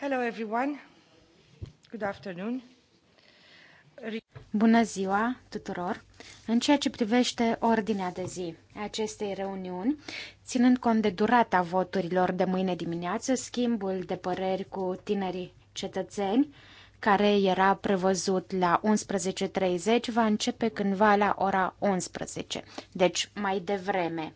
Hello everyone. Good afternoon. Bună ziua tuturor! În ceea ce privește ordinea de zi a acestei reuniuni, ținând cont de durata voturilor de mâine dimineață, schimbul de păreri cu tinerii cetățeni, care era prevăzut la 11.30, va începe cândva la ora 11, deci mai devreme.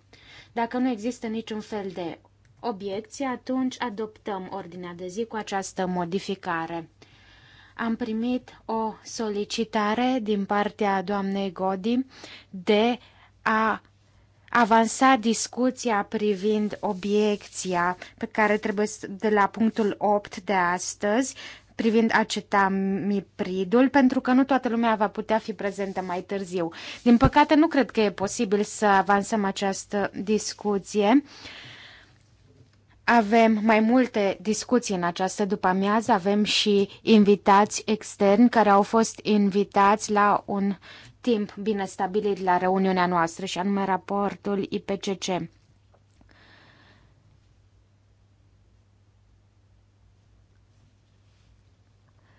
Dacă nu există niciun fel de obiecții, atunci adoptăm ordinea de zi cu această modificare. Am primit o solicitare din partea doamnei Godi de a avansa discuția privind obiecția pe care trebuie de la punctul 8 de astăzi privind acetamipridul, pentru că nu toată lumea va putea fi prezentă mai târziu. Din păcate, nu cred că e posibil să avansăm această discuție. Uh, avem mai multe discuții în această după-amiază, avem și invitați externi care au fost invitați la un timp bine stabilit la reuniunea noastră și anume raportul IPCC.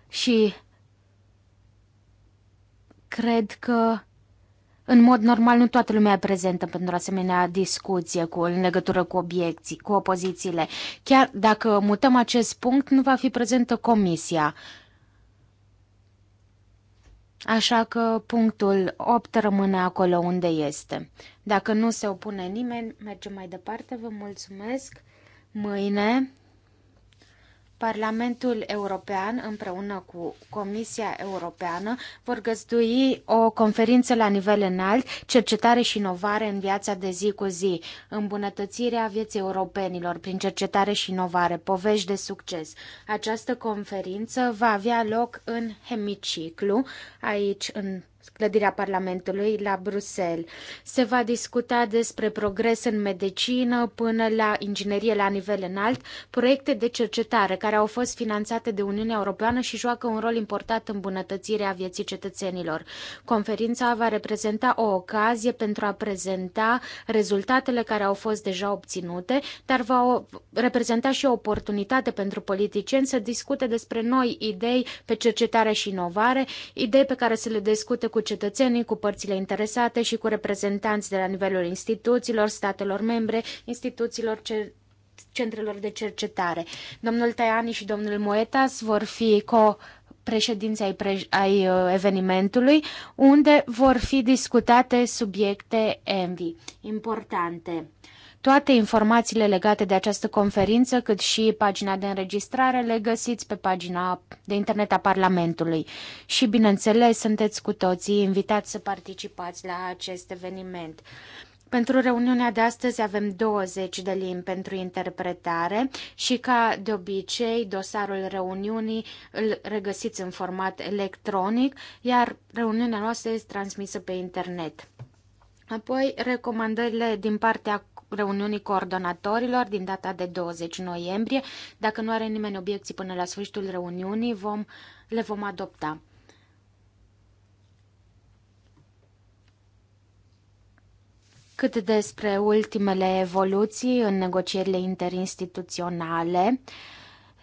Și cred că în mod normal, nu toată lumea e prezentă pentru asemenea discuție cu, în legătură cu obiecții, cu opozițiile. Chiar dacă mutăm acest punct, nu va fi prezentă comisia. Așa că punctul 8 rămâne acolo unde este. Dacă nu se opune nimeni, mergem mai departe. Vă mulțumesc. Mâine Parlamentul European împreună cu Comisia Europeană vor găzdui o conferință la nivel înalt, cercetare și inovare în viața de zi cu zi, îmbunătățirea vieții europenilor prin cercetare și inovare, povești de succes. Această conferință va avea loc în hemiciclu, aici în clădirea Parlamentului la Bruxelles. Se va discuta despre progres în medicină până la inginerie la nivel înalt, proiecte de cercetare care au fost finanțate de Uniunea Europeană și joacă un rol important în bunătățirea vieții cetățenilor. Conferința va reprezenta o ocazie pentru a prezenta rezultatele care au fost deja obținute, dar va reprezenta și o oportunitate pentru politicieni să discute despre noi idei pe cercetare și inovare, idei pe care să le discute cu cetățenii, cu părțile interesate și cu reprezentanți de la nivelul instituțiilor, statelor membre, instituțiilor ce centrelor de cercetare. Domnul Tajani și domnul Moetas vor fi co președinții ai, pre- ai uh, evenimentului, unde vor fi discutate subiecte envi importante. Toate informațiile legate de această conferință, cât și pagina de înregistrare, le găsiți pe pagina de internet a Parlamentului. Și, bineînțeles, sunteți cu toții invitați să participați la acest eveniment. Pentru reuniunea de astăzi avem 20 de limbi pentru interpretare și ca de obicei dosarul reuniunii îl regăsiți în format electronic, iar reuniunea noastră este transmisă pe internet. Apoi, recomandările din partea reuniunii coordonatorilor din data de 20 noiembrie. Dacă nu are nimeni obiecții până la sfârșitul reuniunii, vom, le vom adopta. Cât despre ultimele evoluții în negocierile interinstituționale, uh,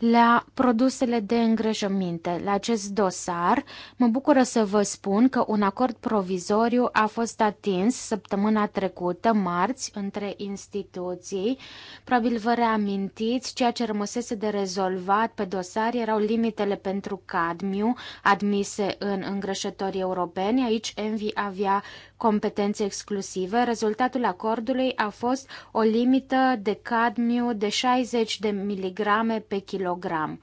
la produsele de îngrijăminte. la acest dosar. Mă bucură să vă spun că un acord provizoriu a fost atins săptămâna trecută, marți, între instituții. Probabil vă reamintiți, ceea ce rămăsese de rezolvat pe dosar erau limitele pentru cadmiu admise în îngrășători europeni. Aici Envi avea competențe exclusive, rezultatul acordului a fost o limită de cadmiu de 60 de miligrame pe kilogram.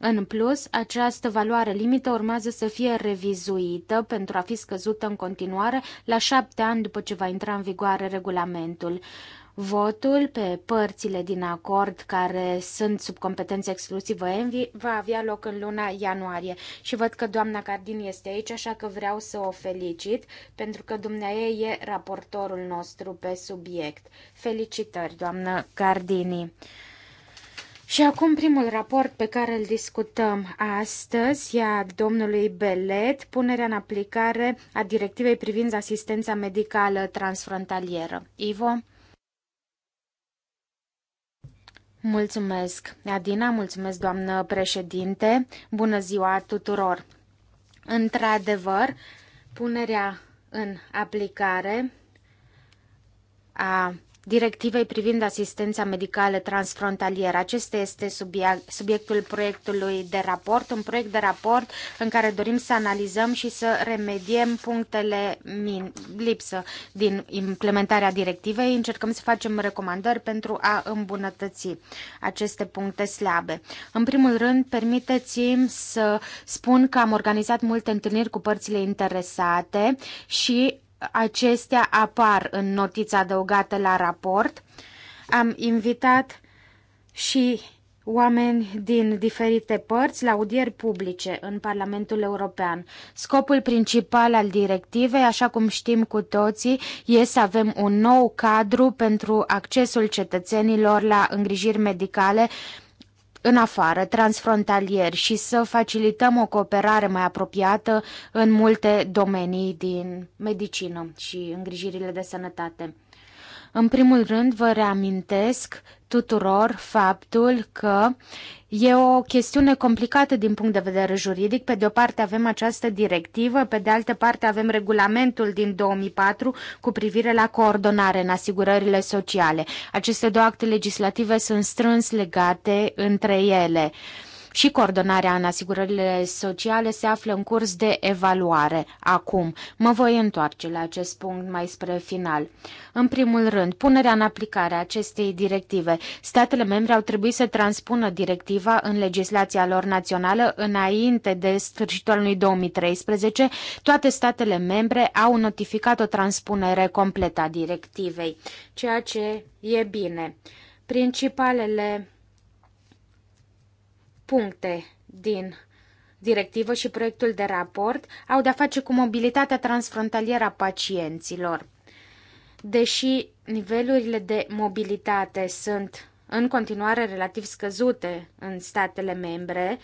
În plus, această valoare limită urmează să fie revizuită pentru a fi scăzută în continuare la șapte ani după ce va intra în vigoare regulamentul. Votul pe părțile din acord care sunt sub competență exclusivă ENVI va avea loc în luna ianuarie și văd că doamna Cardin este aici, așa că vreau să o felicit pentru că dumneaei e raportorul nostru pe subiect. Felicitări, doamnă Cardini! Și acum primul raport pe care îl discutăm astăzi e a domnului Belet, punerea în aplicare a directivei privind asistența medicală transfrontalieră. Ivo? Mulțumesc, Adina, mulțumesc, doamnă președinte. Bună ziua tuturor. Într-adevăr, punerea în aplicare a directivei privind asistența medicală transfrontalieră. Acesta este subiectul proiectului de raport, un proiect de raport în care dorim să analizăm și să remediem punctele min, lipsă din implementarea directivei. Încercăm să facem recomandări pentru a îmbunătăți aceste puncte slabe. În primul rând, permiteți-mi să spun că am organizat multe întâlniri cu părțile interesate și acestea apar în notița adăugată la raport. Am invitat și oameni din diferite părți la audieri publice în Parlamentul European. Scopul principal al directivei, așa cum știm cu toții, e să avem un nou cadru pentru accesul cetățenilor la îngrijiri medicale în afară, transfrontalier și să facilităm o cooperare mai apropiată în multe domenii din medicină și îngrijirile de sănătate. În primul rând, vă reamintesc tuturor faptul că e o chestiune complicată din punct de vedere juridic. Pe de o parte avem această directivă, pe de altă parte avem regulamentul din 2004 cu privire la coordonare în asigurările sociale. Aceste două acte legislative sunt strâns legate între ele. Uh, și coordonarea în asigurările sociale se află în curs de evaluare. Acum, mă voi întoarce la acest punct mai spre final. În primul rând, punerea în aplicare a acestei directive. Statele membre au trebuit să transpună directiva în legislația lor națională înainte de sfârșitul anului 2013. Toate statele membre au notificat o transpunere completă a directivei, ceea ce e bine. Principalele puncte din directivă și proiectul de raport au de-a face cu mobilitatea transfrontalieră a pacienților. Deși nivelurile de mobilitate sunt în continuare relativ scăzute în statele membre,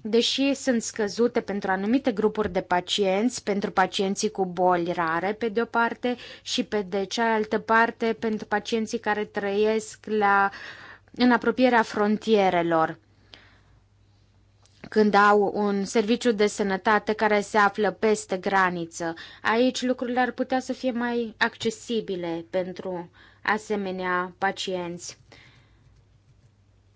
deși sunt scăzute pentru anumite grupuri de pacienți, pentru pacienții cu boli rare, pe de-o parte, și pe de cealaltă parte, pentru pacienții care trăiesc la, în apropierea frontierelor când au un serviciu de sănătate care se află peste graniță. Aici lucrurile ar putea să fie mai accesibile pentru asemenea pacienți.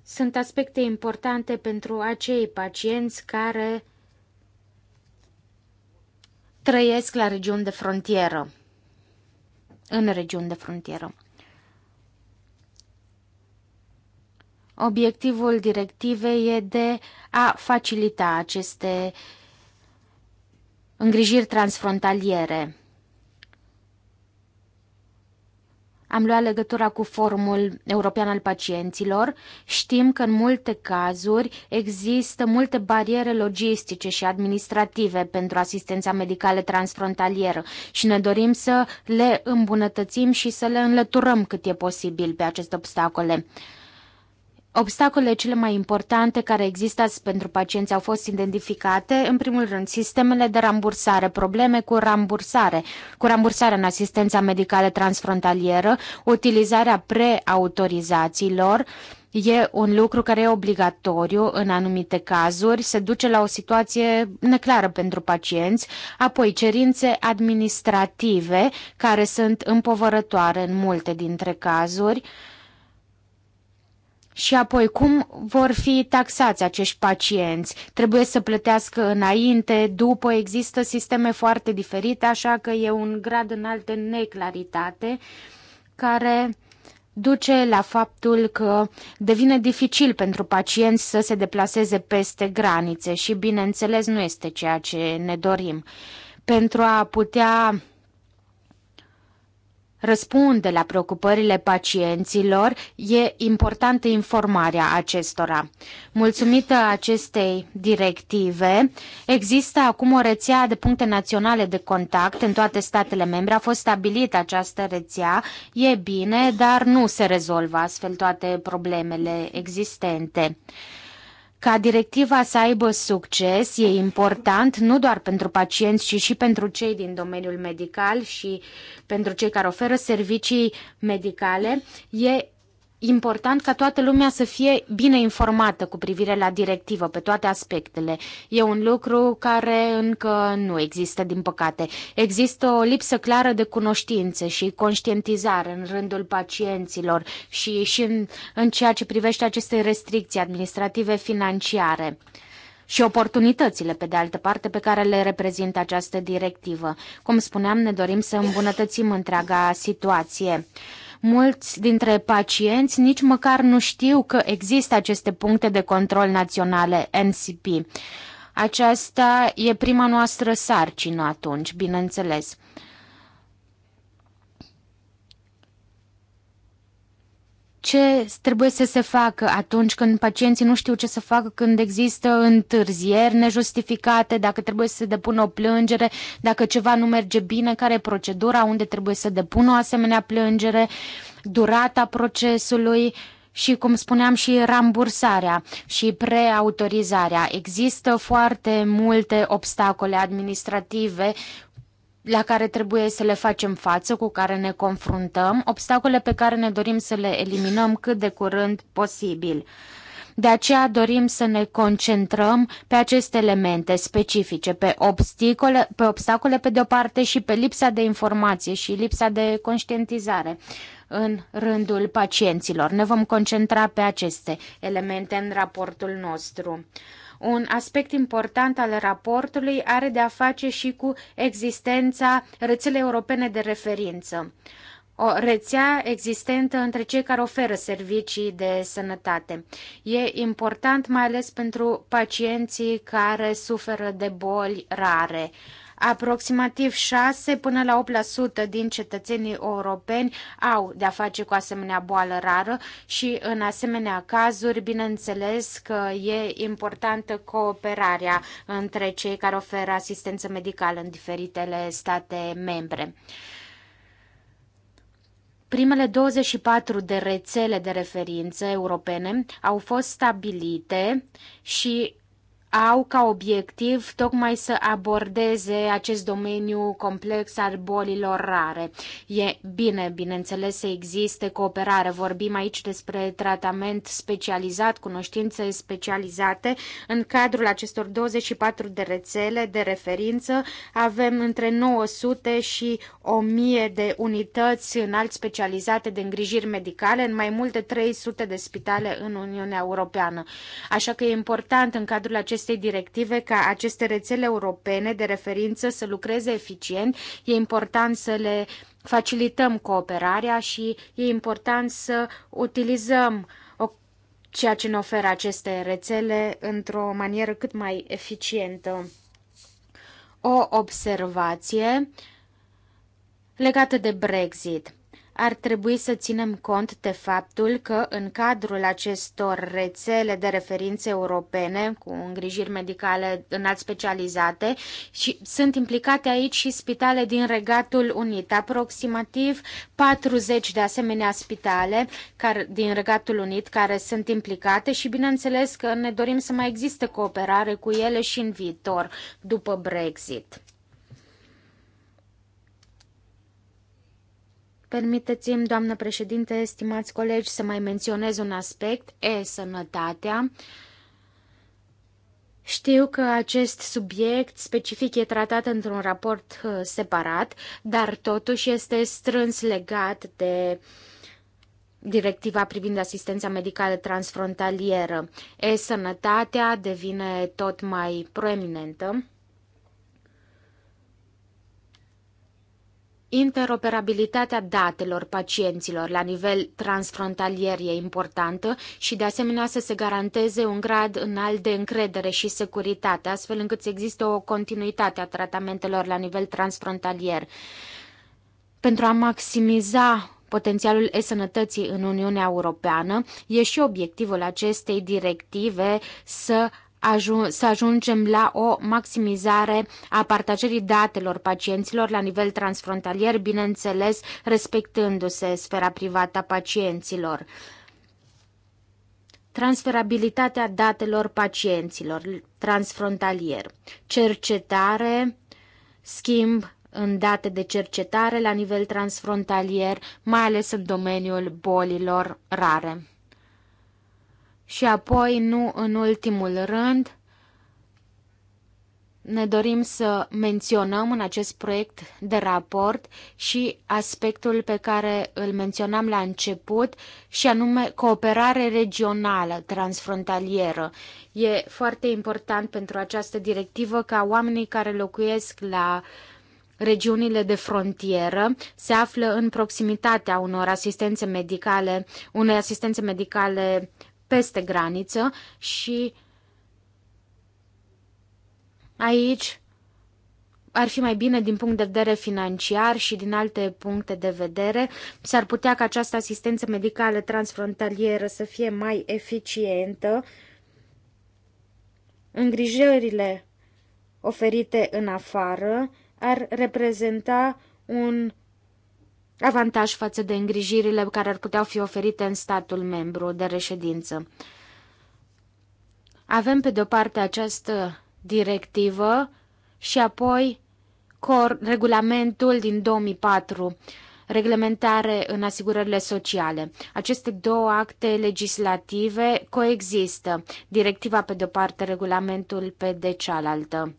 Sunt aspecte importante pentru acei pacienți care trăiesc la regiuni de frontieră, în regiuni de frontieră. Obiectivul directivei e de a facilita aceste îngrijiri transfrontaliere. Am luat legătura cu Forumul European al Pacienților. Știm că în multe cazuri există multe bariere logistice și administrative pentru asistența medicală transfrontalieră și ne dorim să le îmbunătățim și să le înlăturăm cât e posibil pe aceste obstacole. Obstacolele cele mai importante care există pentru pacienți au fost identificate, în primul rând, sistemele de rambursare, probleme cu rambursare, cu rambursarea în asistența medicală transfrontalieră, utilizarea preautorizațiilor, E un lucru care e obligatoriu în anumite cazuri, se duce la o situație neclară pentru pacienți, apoi cerințe administrative care sunt împovărătoare în multe dintre cazuri, și apoi, cum vor fi taxați acești pacienți? Trebuie să plătească înainte, după, există sisteme foarte diferite, așa că e un grad înalt de neclaritate care duce la faptul că devine dificil pentru pacienți să se deplaseze peste granițe și, bineînțeles, nu este ceea ce ne dorim. Pentru a putea răspunde la preocupările pacienților, e importantă informarea acestora. Mulțumită acestei directive, există acum o rețea de puncte naționale de contact în toate statele membre. A fost stabilită această rețea, e bine, dar nu se rezolvă astfel toate problemele existente. Ca directiva să aibă succes e important nu doar pentru pacienți, ci și pentru cei din domeniul medical și pentru cei care oferă servicii medicale. E important ca toată lumea să fie bine informată cu privire la directivă pe toate aspectele. E un lucru care încă nu există, din păcate. Există o lipsă clară de cunoștințe și conștientizare în rândul pacienților și, și în, în ceea ce privește aceste restricții administrative financiare și oportunitățile, pe de altă parte, pe care le reprezintă această directivă. Cum spuneam, ne dorim să îmbunătățim întreaga situație. Mulți dintre pacienți nici măcar nu știu că există aceste puncte de control naționale, NCP. Aceasta e prima noastră sarcină atunci, bineînțeles. ce trebuie să se facă atunci când pacienții nu știu ce să facă, când există întârzieri nejustificate, dacă trebuie să depună o plângere, dacă ceva nu merge bine, care e procedura, unde trebuie să depună o asemenea plângere, durata procesului și, cum spuneam, și rambursarea și preautorizarea. Există foarte multe obstacole administrative la care trebuie să le facem față, cu care ne confruntăm, obstacole pe care ne dorim să le eliminăm cât de curând posibil. De aceea dorim să ne concentrăm pe aceste elemente specifice, pe obstacole, pe obstacole pe de-o parte și pe lipsa de informație și lipsa de conștientizare în rândul pacienților. Ne vom concentra pe aceste elemente în raportul nostru. Un aspect important al raportului are de a face și cu existența rețelei europene de referință o rețea existentă între cei care oferă servicii de sănătate. E important mai ales pentru pacienții care suferă de boli rare. Aproximativ 6 până la 8% din cetățenii europeni au de-a face cu asemenea boală rară și în asemenea cazuri, bineînțeles că e importantă cooperarea între cei care oferă asistență medicală în diferitele state membre. Primele 24 de rețele de referință europene au fost stabilite și au ca obiectiv tocmai să abordeze acest domeniu complex al bolilor rare. E bine, bineînțeles, să existe cooperare. Vorbim aici despre tratament specializat, cunoștințe specializate. În cadrul acestor 24 de rețele de referință avem între 900 și 1000 de unități înalt specializate de îngrijiri medicale în mai multe 300 de spitale în Uniunea Europeană. Așa că e important în cadrul acestor acestei directive ca aceste rețele europene de referință să lucreze eficient. E important să le facilităm cooperarea și e important să utilizăm ceea ce ne oferă aceste rețele într-o manieră cât mai eficientă. O observație legată de Brexit ar trebui să ținem cont de faptul că în cadrul acestor rețele de referințe europene cu îngrijiri medicale înalt specializate și sunt implicate aici și spitale din Regatul Unit, aproximativ 40 de asemenea spitale care, din Regatul Unit care sunt implicate și bineînțeles că ne dorim să mai existe cooperare cu ele și în viitor după Brexit. Permiteți-mi, doamnă președinte, stimați colegi, să mai menționez un aspect, e-sănătatea. Știu că acest subiect specific e tratat într-un raport separat, dar totuși este strâns legat de directiva privind asistența medicală transfrontalieră. E-sănătatea devine tot mai proeminentă. Interoperabilitatea datelor pacienților la nivel transfrontalier e importantă și de asemenea să se garanteze un grad înalt de încredere și securitate, astfel încât să existe o continuitate a tratamentelor la nivel transfrontalier. Pentru a maximiza potențialul e-sănătății în Uniunea Europeană, e și obiectivul acestei directive să să ajungem la o maximizare a partajării datelor pacienților la nivel transfrontalier, bineînțeles respectându-se sfera privată a pacienților. Transferabilitatea datelor pacienților transfrontalier, cercetare, schimb în date de cercetare la nivel transfrontalier, mai ales în domeniul bolilor rare. Și apoi, nu în ultimul rând, ne dorim să menționăm în acest proiect de raport și aspectul pe care îl menționam la început, și anume cooperare regională, transfrontalieră. E foarte important pentru această directivă ca oamenii care locuiesc la regiunile de frontieră se află în proximitatea unor asistențe medicale, unei asistențe medicale uh, peste graniță și aici ar fi mai bine din punct de vedere financiar și din alte puncte de vedere. S-ar putea ca această asistență medicală transfrontalieră să fie mai eficientă. Îngrijările oferite în afară ar reprezenta un avantaj față de îngrijirile care ar putea fi oferite în statul membru de reședință. Avem pe de-o parte această directivă și apoi cor, regulamentul din 2004, reglementare în asigurările sociale. Aceste două acte legislative coexistă, directiva pe de-o parte, regulamentul pe de cealaltă.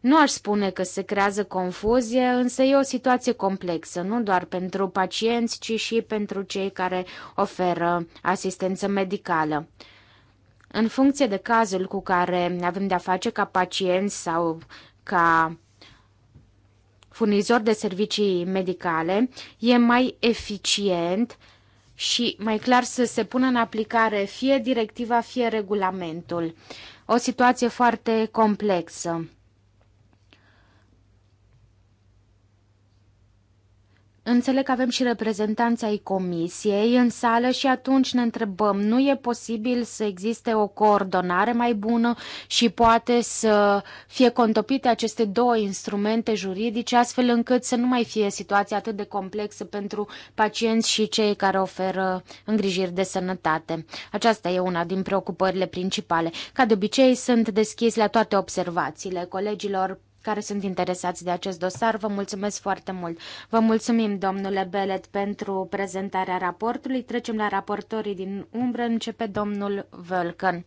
Nu aș spune că se creează confuzie, însă e o situație complexă, nu doar pentru pacienți, ci și pentru cei care oferă asistență medicală. În funcție de cazul cu care avem de-a face ca pacienți sau ca furnizor de servicii medicale, e mai eficient și mai clar să se pună în aplicare fie directiva, fie regulamentul. O situație foarte complexă. Înțeleg că avem și reprezentanța ai comisiei în sală și atunci ne întrebăm, nu e posibil să existe o coordonare mai bună și poate să fie contopite aceste două instrumente juridice astfel încât să nu mai fie situația atât de complexă pentru pacienți și cei care oferă îngrijiri de sănătate. Aceasta e una din preocupările principale. Ca de obicei, sunt deschis la toate observațiile colegilor care sunt interesați de acest dosar. Vă mulțumesc foarte mult. Vă mulțumim, domnule Belet, pentru prezentarea raportului. Trecem la raportorii din umbră. Începe domnul Völken.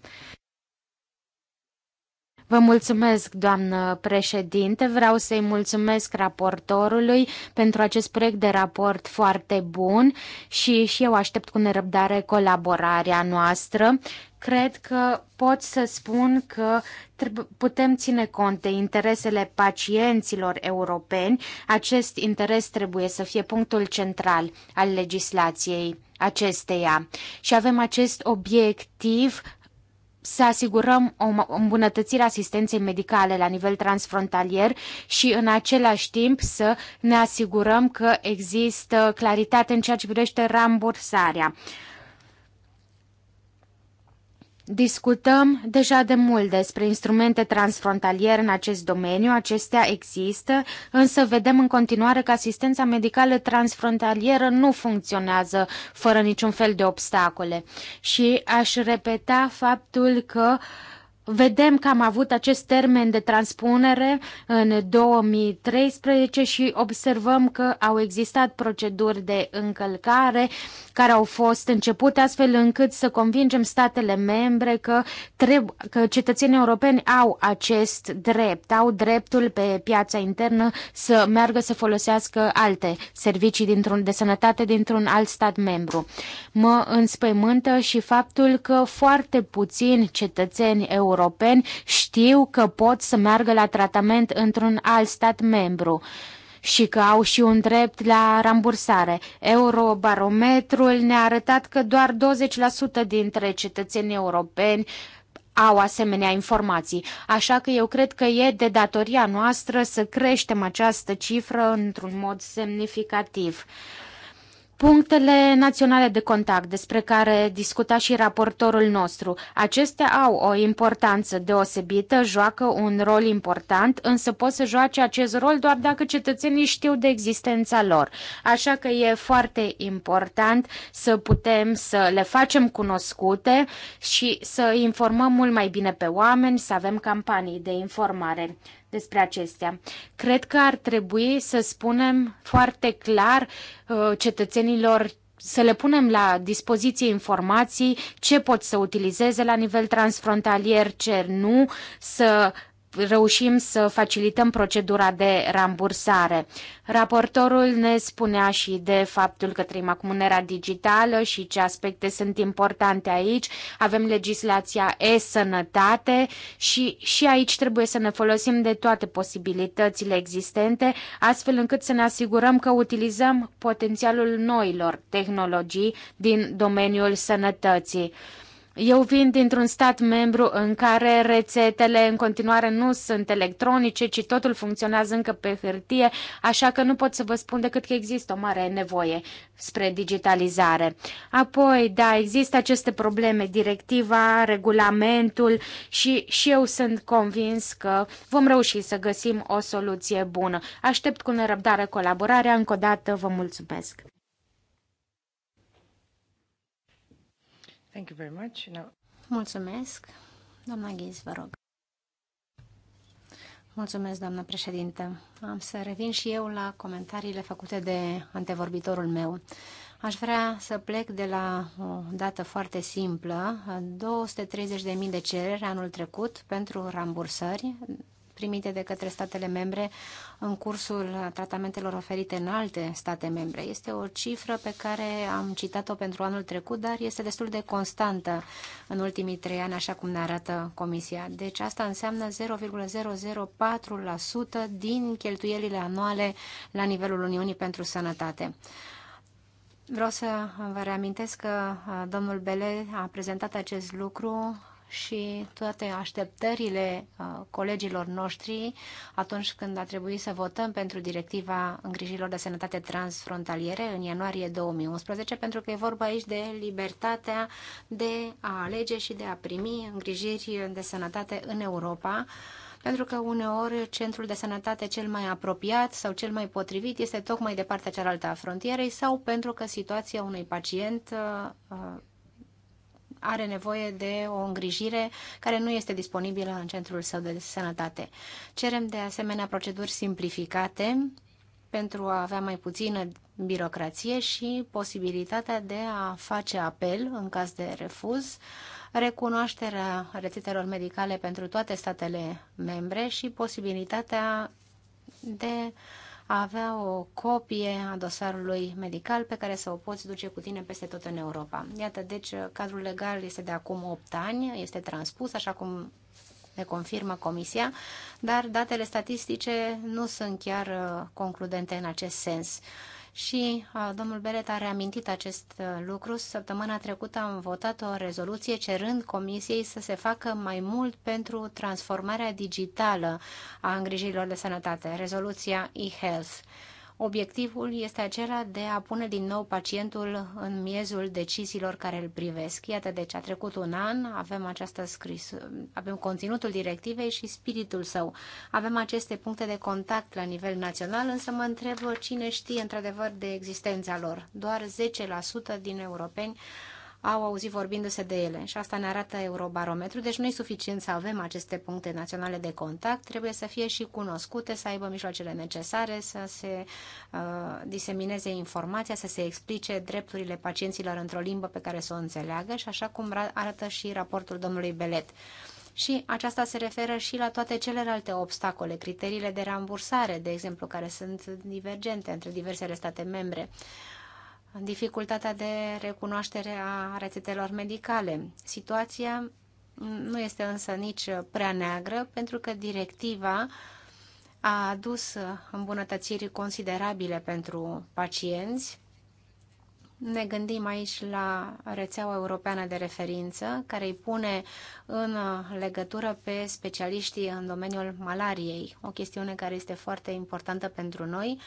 Vă mulțumesc, doamnă președinte. Vreau să-i mulțumesc raportorului pentru acest proiect de raport foarte bun și, și eu aștept cu nerăbdare colaborarea noastră. Cred că pot să spun că putem ține cont de interesele pacienților europeni. Acest interes trebuie să fie punctul central al legislației acesteia. Și avem acest obiectiv să asigurăm o îmbunătățire a asistenței medicale la nivel transfrontalier și în același timp să ne asigurăm că există claritate în ceea ce privește rambursarea. Uh, Discutăm deja de mult despre instrumente transfrontaliere în acest domeniu, acestea există, însă vedem în continuare că asistența medicală transfrontalieră nu funcționează fără niciun fel de obstacole. Și aș repeta faptul că Vedem că am avut acest termen de transpunere în 2013 și observăm că au existat proceduri de încălcare care au fost începute astfel încât să convingem statele membre că, treb- că cetățenii europeni au acest drept, au dreptul pe piața internă să meargă să folosească alte servicii dintr-un, de sănătate dintr-un alt stat membru. Mă înspăimântă și faptul că foarte puțini cetățeni europeni știu că pot să meargă la tratament într-un alt stat membru. Uh, și că au și un drept la rambursare. Eurobarometrul ne-a arătat că doar 20% dintre cetățenii europeni au asemenea informații, așa că eu cred că e de datoria noastră să creștem această cifră într-un mod semnificativ. Punctele naționale de contact, despre care discuta și raportorul nostru, acestea au o importanță deosebită, joacă un rol important, însă pot să joace acest rol doar dacă cetățenii știu de existența lor. Așa că e foarte important să putem să le facem cunoscute și să informăm mult mai bine pe oameni, să avem campanii de informare despre acestea. Cred că ar trebui să spunem foarte clar uh, cetățenilor să le punem la dispoziție informații, ce pot să utilizeze la nivel transfrontalier, ce nu, să reușim să facilităm procedura de rambursare. Raportorul ne spunea și de faptul că trăim acum în era digitală și ce aspecte sunt importante aici. Avem legislația e-sănătate și, și aici trebuie să ne folosim de toate posibilitățile existente, astfel încât să ne asigurăm că utilizăm potențialul noilor tehnologii din domeniul sănătății. Eu vin dintr-un stat membru în care rețetele în continuare nu sunt electronice, ci totul funcționează încă pe hârtie, așa că nu pot să vă spun decât că există o mare nevoie spre digitalizare. Apoi, da, există aceste probleme, directiva, regulamentul și, și eu sunt convins că vom reuși să găsim o soluție bună. Aștept cu nerăbdare colaborarea. Încă o dată vă mulțumesc! Thank you very much. Now... Mulțumesc. Doamna Ghiz, vă rog. Mulțumesc, doamnă președinte. Am să revin și eu la comentariile făcute de antevorbitorul meu. Aș vrea să plec de la o dată foarte simplă, 230.000 de cereri anul trecut pentru rambursări primite de către statele membre în cursul tratamentelor oferite în alte state membre. Este o cifră pe care am citat-o pentru anul trecut, dar este destul de constantă în ultimii trei ani, așa cum ne arată Comisia. Deci asta înseamnă 0,004% din cheltuielile anuale la nivelul Uniunii pentru Sănătate. Vreau să vă reamintesc că uh, domnul Bele a prezentat acest lucru și toate așteptările uh, colegilor noștri atunci când a trebuit să votăm pentru directiva îngrijirilor de sănătate transfrontaliere în ianuarie 2011, pentru că e vorba aici de libertatea de a alege și de a primi îngrijiri de sănătate în Europa pentru că uneori centrul de sănătate cel mai apropiat sau cel mai potrivit este tocmai de partea cealaltă a frontierei sau pentru că situația unui pacient uh, uh, are nevoie de o îngrijire care nu este disponibilă în centrul său de sănătate. Cerem de asemenea proceduri simplificate pentru a avea mai puțină birocrație și posibilitatea de a face apel în caz de refuz, recunoașterea rețetelor medicale pentru toate statele membre și posibilitatea de a avea o copie a dosarului medical pe care să o poți duce cu tine peste tot în Europa. Iată, deci cadrul legal este de acum 8 ani, este transpus, așa cum ne confirmă Comisia, dar datele statistice nu sunt chiar uh, concludente în acest sens și domnul Beret a reamintit acest lucru. Săptămâna trecută am votat o rezoluție cerând Comisiei să se facă mai mult pentru transformarea digitală a îngrijirilor de sănătate, rezoluția e-health. Obiectivul este acela de a pune din nou pacientul în miezul deciziilor care îl privesc. Iată, deci a trecut un an, avem această scris, avem conținutul directivei și spiritul său. Avem aceste puncte de contact la nivel național, însă mă întreb cine știe într-adevăr de existența lor. Doar 10% din europeni au auzit vorbindu-se de ele și asta ne arată Eurobarometru, deci nu e suficient să avem aceste puncte naționale de contact, trebuie să fie și cunoscute, să aibă mijloacele necesare, să se uh, disemineze informația, să se explice drepturile pacienților într-o limbă pe care să o înțeleagă și așa cum arată și raportul domnului Belet și aceasta se referă și la toate celelalte obstacole, criteriile de rambursare, de exemplu, care sunt divergente între diversele state membre dificultatea de recunoaștere a rețetelor medicale. Situația nu este însă nici prea neagră, pentru că directiva a adus îmbunătățiri considerabile pentru pacienți ne gândim aici la rețeaua europeană de referință, care îi pune în legătură pe specialiștii în domeniul malariei, o chestiune care este foarte importantă pentru noi.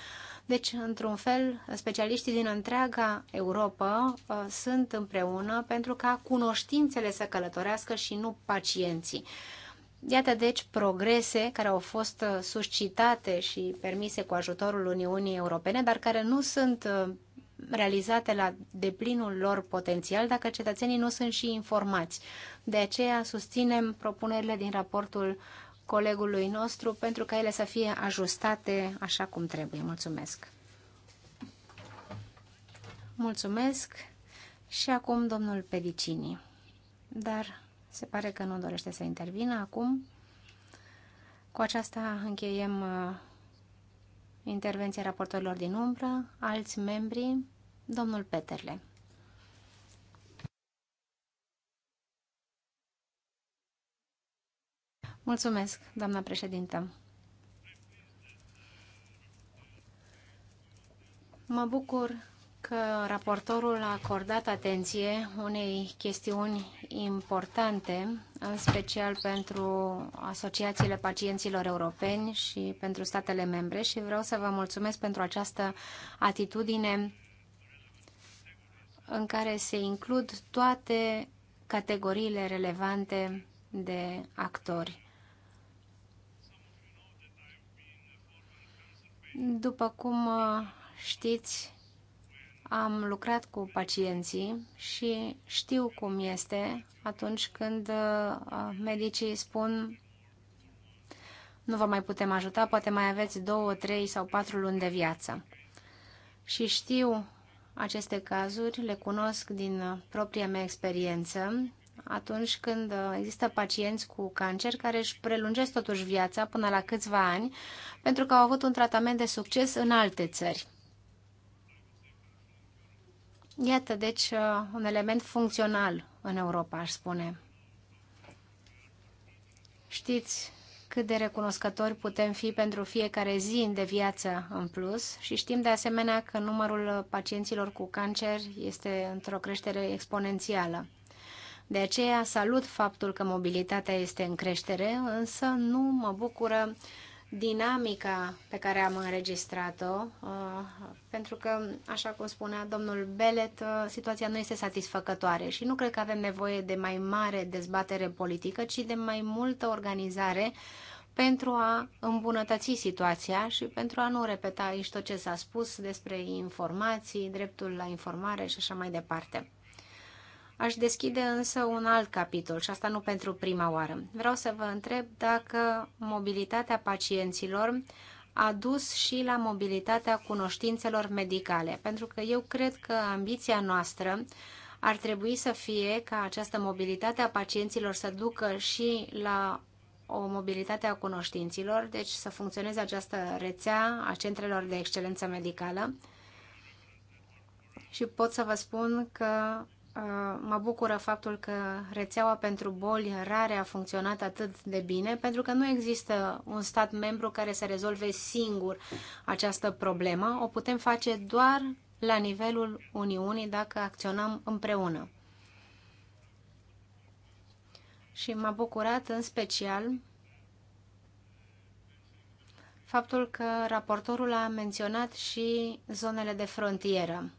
Deci, într-un fel, specialiștii din întreaga Europa uh, sunt împreună pentru ca cunoștințele să călătorească și nu pacienții. Iată deci progrese care au fost uh, suscitate și permise cu ajutorul Uniunii Europene, dar care nu sunt uh, realizate la deplinul lor potențial dacă cetățenii nu sunt și informați. De aceea susținem propunerile din raportul colegului nostru pentru ca ele să fie ajustate așa cum trebuie. Mulțumesc! Mulțumesc și acum domnul Pedicini. Dar se pare că nu dorește să intervină acum. Cu aceasta încheiem uh, intervenția raportorilor din umbră, alți membri, domnul Peterle. Mulțumesc, doamna președintă. Mă bucur că raportorul a acordat atenție unei chestiuni importante, în special pentru asociațiile pacienților europeni și pentru statele membre și vreau să vă mulțumesc pentru această atitudine în care se includ toate categoriile relevante de actori. După cum uh, știți, am lucrat cu pacienții și știu cum este atunci când uh, medicii spun nu vă mai putem ajuta, poate mai aveți două, trei sau patru luni de viață. Și știu aceste cazuri, le cunosc din uh, propria mea experiență, atunci când uh, există pacienți cu cancer care își prelungesc totuși viața până la câțiva ani pentru că au avut un tratament de succes în alte țări. Iată, deci, uh, un element funcțional în Europa, aș spune. Știți cât de recunoscători putem fi pentru fiecare zi de viață în plus și știm de asemenea că numărul pacienților cu cancer este într-o creștere exponențială. De aceea salut faptul că mobilitatea este în creștere, însă nu mă bucură uh, dinamica pe care am înregistrat-o, uh, pentru că, așa cum spunea domnul Belet, uh, situația nu este satisfăcătoare și nu cred că avem nevoie de mai mare dezbatere politică, ci de mai multă organizare pentru a îmbunătăți situația și pentru a nu repeta aici tot ce s-a spus despre informații, dreptul la informare și așa mai departe. Aș deschide însă un alt capitol și asta nu pentru prima oară. Vreau să vă întreb dacă mobilitatea pacienților a dus și la mobilitatea cunoștințelor medicale, pentru că eu cred că ambiția noastră ar trebui să fie ca această mobilitate a pacienților să ducă și la o mobilitate a cunoștinților, deci să funcționeze această rețea a centrelor de excelență medicală. Și pot să vă spun că mă bucură faptul că rețeaua pentru boli rare a funcționat atât de bine, pentru că nu există un stat membru care să rezolve singur această problemă. O putem face doar la nivelul Uniunii dacă acționăm împreună. Și m-a bucurat în special faptul că raportorul a menționat și zonele de frontieră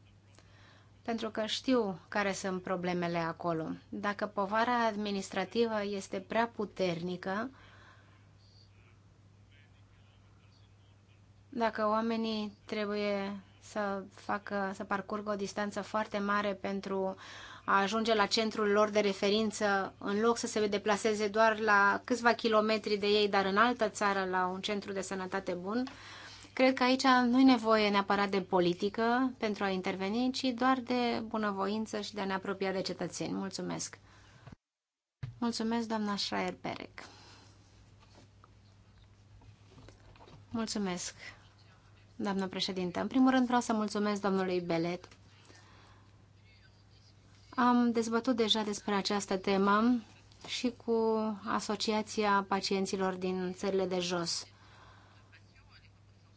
pentru că știu care sunt problemele acolo. Dacă povara administrativă este prea puternică, dacă oamenii trebuie să facă, să parcurgă o distanță foarte mare pentru a ajunge la centrul lor de referință, în loc să se deplaseze doar la câțiva kilometri de ei, dar în altă țară, la un centru de sănătate bun, Cred că aici nu e nevoie neapărat de politică pentru a interveni, ci doar de bunăvoință și de a ne apropia de cetățeni. Mulțumesc! Mulțumesc, doamna Schreier Perec. Mulțumesc, doamnă președintă. În primul rând vreau să mulțumesc domnului Belet. Am dezbătut deja despre această temă și cu Asociația Pacienților din țările de jos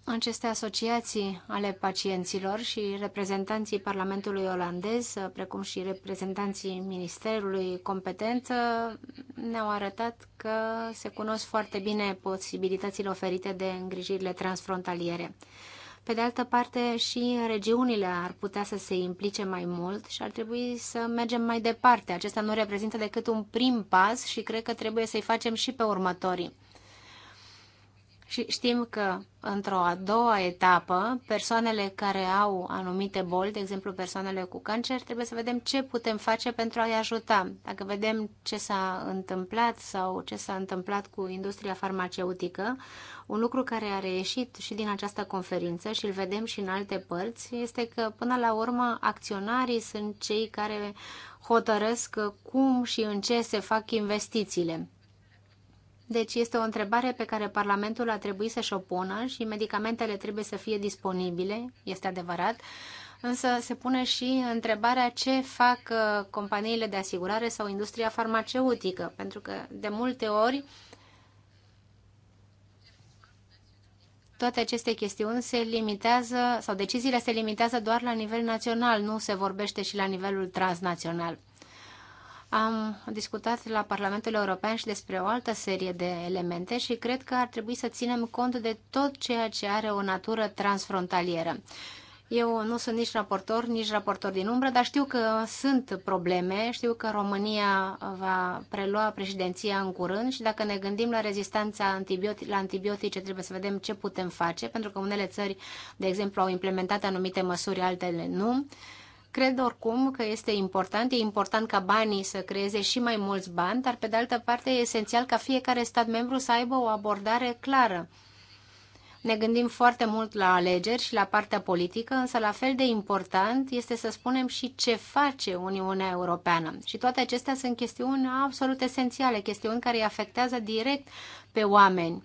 aceste asociații ale pacienților și reprezentanții Parlamentului olandez, precum și reprezentanții Ministerului competent, ne-au arătat că se cunosc foarte bine posibilitățile oferite de îngrijirile transfrontaliere. Pe de altă parte, și regiunile ar putea să se implice mai mult și ar trebui să mergem mai departe. Acesta nu reprezintă decât un prim pas și cred că trebuie să-i facem și pe următorii. Și știm că într-o a doua etapă, persoanele care au anumite boli, de exemplu persoanele cu cancer, trebuie să vedem ce putem face pentru a-i ajuta. Dacă vedem ce s-a întâmplat sau ce s-a întâmplat cu industria farmaceutică, un lucru care a reieșit și din această conferință și îl vedem și în alte părți, este că până la urmă acționarii sunt cei care hotărăsc cum și în ce se fac investițiile. Deci este o întrebare pe care Parlamentul a trebuit să-și o pună și medicamentele trebuie să fie disponibile, este adevărat, însă se pune și întrebarea ce fac uh, companiile de asigurare sau industria farmaceutică, pentru că de multe ori toate aceste chestiuni se limitează sau deciziile se limitează doar la nivel național, nu se vorbește și la nivelul transnațional. Am discutat la Parlamentul European și despre o altă serie de elemente și cred că ar trebui să ținem cont de tot ceea ce are o natură transfrontalieră. Eu nu sunt nici raportor, nici raportor din umbră, dar știu că sunt probleme, știu că România va prelua președinția în curând și dacă ne gândim la rezistența antibiotic, la antibiotice, trebuie să vedem ce putem face, pentru că unele țări, de exemplu, au implementat anumite măsuri, altele nu. Cred oricum că este important, e important ca banii să creeze și mai mulți bani, dar pe de altă parte e esențial ca fiecare stat membru să aibă o abordare clară. Ne gândim foarte mult la alegeri și la partea politică, însă la fel de important este să spunem și ce face Uniunea Europeană. Și toate acestea sunt chestiuni absolut esențiale, chestiuni care îi afectează direct pe oameni.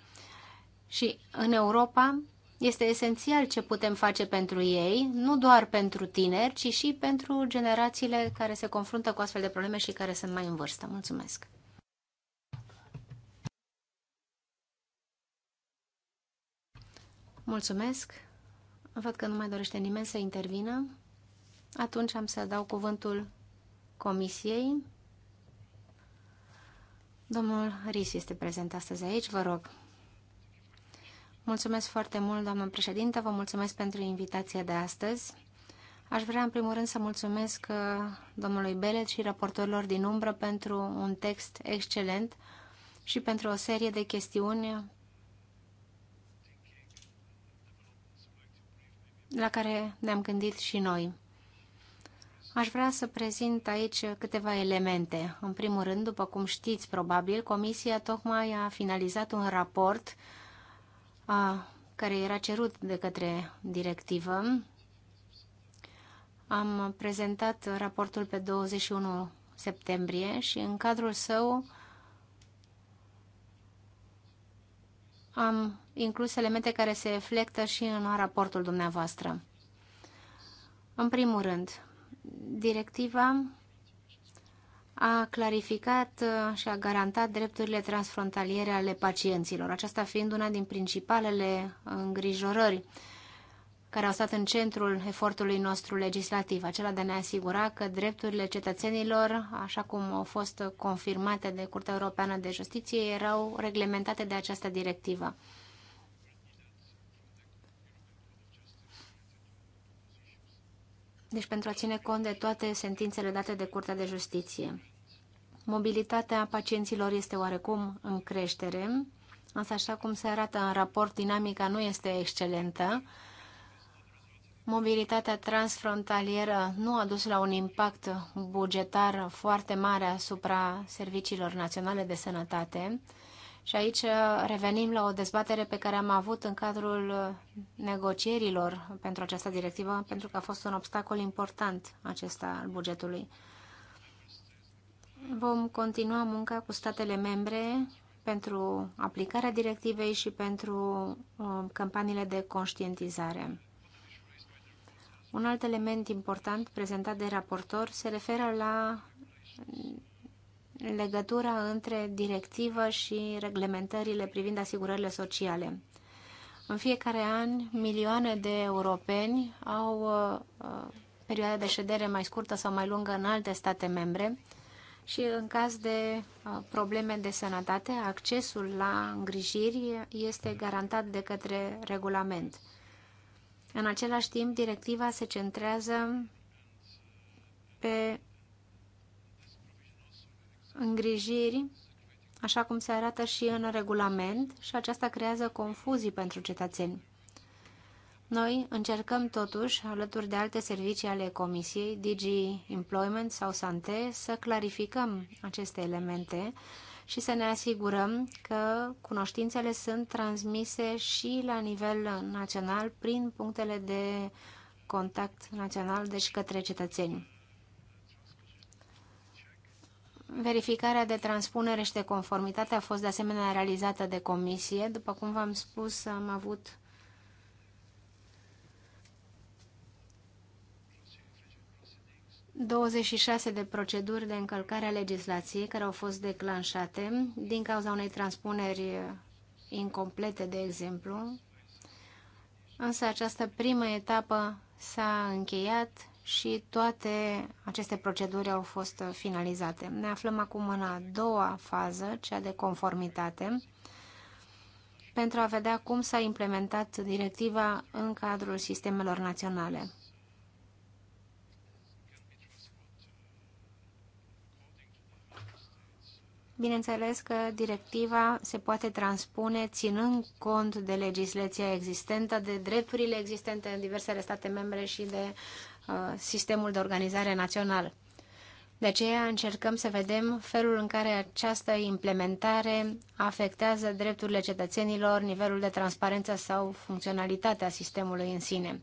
Și în Europa este esențial ce putem face pentru ei, nu doar pentru tineri, ci și pentru generațiile care se confruntă cu astfel de probleme și care sunt mai în vârstă. Mulțumesc! Mulțumesc! Văd că nu mai dorește nimeni să intervină. Atunci am să dau cuvântul comisiei. Domnul Ris este prezent astăzi aici, vă rog. Mulțumesc foarte mult, doamnă președintă, vă mulțumesc pentru invitația de astăzi. Aș vrea, în primul rând, să mulțumesc uh, domnului Belet și raportorilor din umbră pentru un text excelent și pentru o serie de chestiuni la care ne-am gândit și noi. Aș vrea să prezint aici câteva elemente. În primul rând, după cum știți probabil, Comisia tocmai a finalizat un raport uh, a, care era cerut de către directivă. Am prezentat raportul pe 21 septembrie și în cadrul său am inclus elemente care se reflectă și în raportul dumneavoastră. În primul rând, directiva a clarificat uh, și a garantat drepturile transfrontaliere ale pacienților, aceasta fiind una din principalele îngrijorări care au stat în centrul efortului nostru legislativ, acela de a ne asigura că drepturile cetățenilor, așa cum au fost confirmate de Curtea Europeană de Justiție, erau reglementate de această directivă. deci pentru a ține cont de toate sentințele date de Curtea de Justiție. Mobilitatea pacienților este oarecum în creștere, însă așa cum se arată în raport, dinamica nu este excelentă. Mobilitatea transfrontalieră nu a dus la un impact bugetar foarte mare asupra serviciilor naționale de sănătate, și aici uh, revenim la o dezbatere pe care am avut în cadrul uh, negocierilor pentru această directivă, pentru că a fost un obstacol important acesta al bugetului. Vom continua munca cu statele membre pentru aplicarea directivei și pentru uh, campaniile de conștientizare. Un alt element important prezentat de raportor se referă la legătura între directivă și reglementările privind asigurările sociale. În fiecare an, milioane de europeni au uh, uh, perioade de ședere mai scurtă sau mai lungă în alte state membre și în caz de uh, probleme de sănătate, accesul la îngrijiri este garantat de către regulament. În același timp, directiva se centrează pe îngrijiri, așa cum se arată și în regulament, și aceasta creează confuzii pentru cetățeni. Noi încercăm totuși, alături de alte servicii ale Comisiei, Digi Employment sau Sante, să clarificăm aceste elemente și să ne asigurăm că cunoștințele sunt transmise și la nivel național prin punctele de contact național, deci către cetățeni. Verificarea de transpunere și de conformitate a fost de asemenea realizată de comisie. După cum v-am spus, am avut ...26 de proceduri de încălcare a legislației care au fost declanșate din cauza unei transpuneri incomplete, de exemplu. Însă această primă etapă s-a încheiat și toate aceste proceduri au fost finalizate. Ne aflăm acum în a doua fază, cea de conformitate, pentru a vedea cum s-a implementat directiva în cadrul sistemelor naționale. Bineînțeles că directiva se poate transpune ținând cont de legislația existentă, de drepturile existente în diversele state membre și de Uh, sistemul de organizare național. De aceea încercăm să vedem felul în care această implementare afectează drepturile cetățenilor, nivelul de transparență sau funcționalitatea sistemului în sine.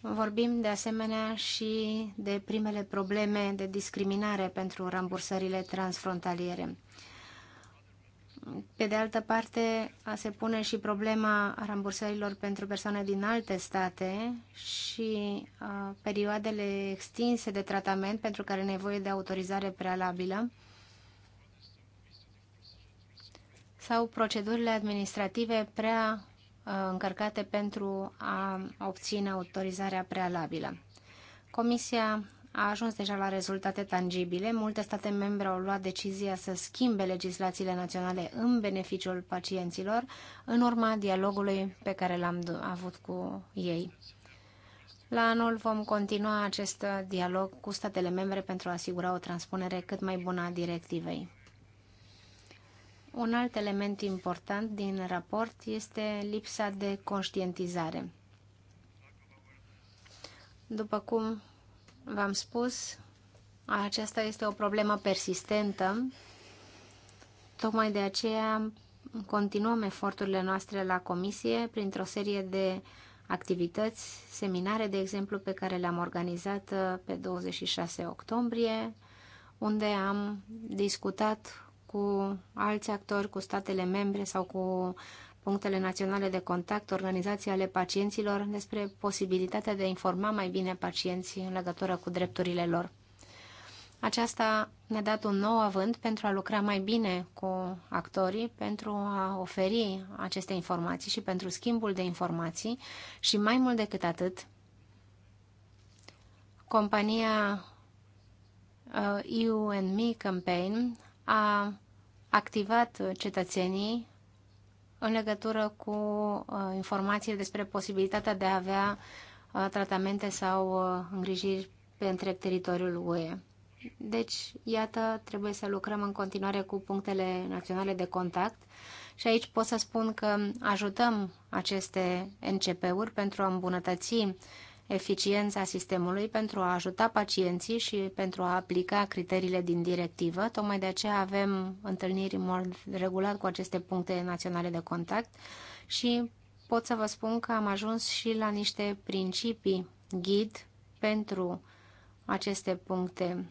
Vorbim de asemenea și de primele probleme de discriminare pentru rambursările transfrontaliere. Pe de altă parte, se pune și problema rambursărilor pentru persoane din alte state și uh, perioadele extinse de tratament pentru care nevoie de autorizare prealabilă sau procedurile administrative prea uh, încărcate pentru a obține autorizarea prealabilă. Comisia a ajuns deja la rezultate tangibile. Multe state membre au luat decizia să schimbe legislațiile naționale în beneficiul pacienților, în urma dialogului pe care l-am avut cu ei. La anul vom continua acest dialog cu statele membre pentru a asigura o transpunere cât mai bună a directivei. Un alt element important din raport este lipsa de conștientizare. După cum v-am spus, aceasta este o problemă persistentă. Tocmai de aceea continuăm eforturile noastre la comisie printr-o serie de activități, seminare, de exemplu, pe care le-am organizat uh, pe 26 octombrie, unde am discutat cu alți actori, cu statele membre sau cu punctele naționale de contact, organizații ale pacienților despre posibilitatea de a informa mai bine pacienții în legătură cu drepturile lor. Aceasta ne-a dat un nou avânt pentru a lucra mai bine cu actorii, pentru a oferi aceste informații și pentru schimbul de informații și mai mult decât atât, compania uh, EU and Me Campaign a activat cetățenii în legătură cu uh, informații despre posibilitatea de a avea uh, tratamente sau uh, îngrijiri pe întreg teritoriul UE. Deci, iată, trebuie să lucrăm în continuare cu punctele naționale de contact și aici pot să spun că ajutăm aceste NCP-uri pentru a îmbunătăți eficiența sistemului pentru a ajuta pacienții și pentru a aplica criteriile din directivă. Tocmai de aceea avem întâlniri în mod regulat cu aceste puncte naționale de contact și pot să vă spun că am ajuns și la niște principii ghid pentru aceste puncte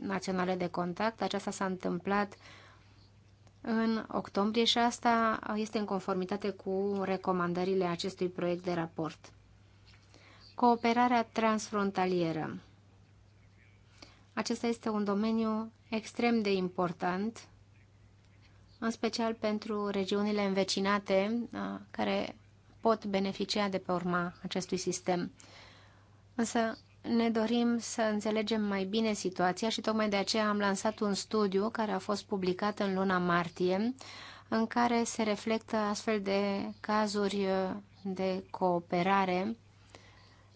naționale de contact. Aceasta s-a întâmplat în octombrie și asta este în conformitate cu recomandările acestui proiect de raport. Cooperarea transfrontalieră. Acesta este un domeniu extrem de important, în special pentru regiunile învecinate uh, care pot beneficia de pe urma acestui sistem. Însă ne dorim să înțelegem mai bine situația și tocmai de aceea am lansat un studiu care a fost publicat în luna martie, în care se reflectă astfel de cazuri uh, de cooperare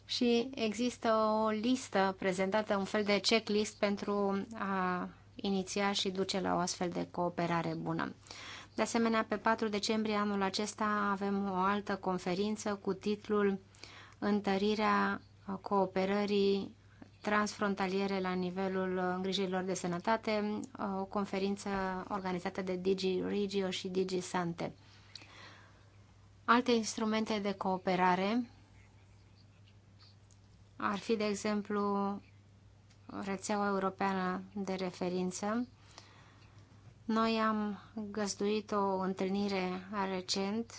și există o listă prezentată, un fel de checklist pentru a iniția și duce la o astfel de cooperare bună. De asemenea, pe 4 decembrie anul acesta avem o altă conferință cu titlul Întărirea cooperării transfrontaliere la nivelul îngrijirilor de sănătate, o conferință organizată de Digi Regio și Digi Sante. Alte instrumente de cooperare ar fi, de exemplu, rețeaua europeană de referință. Noi am găzduit o întâlnire recent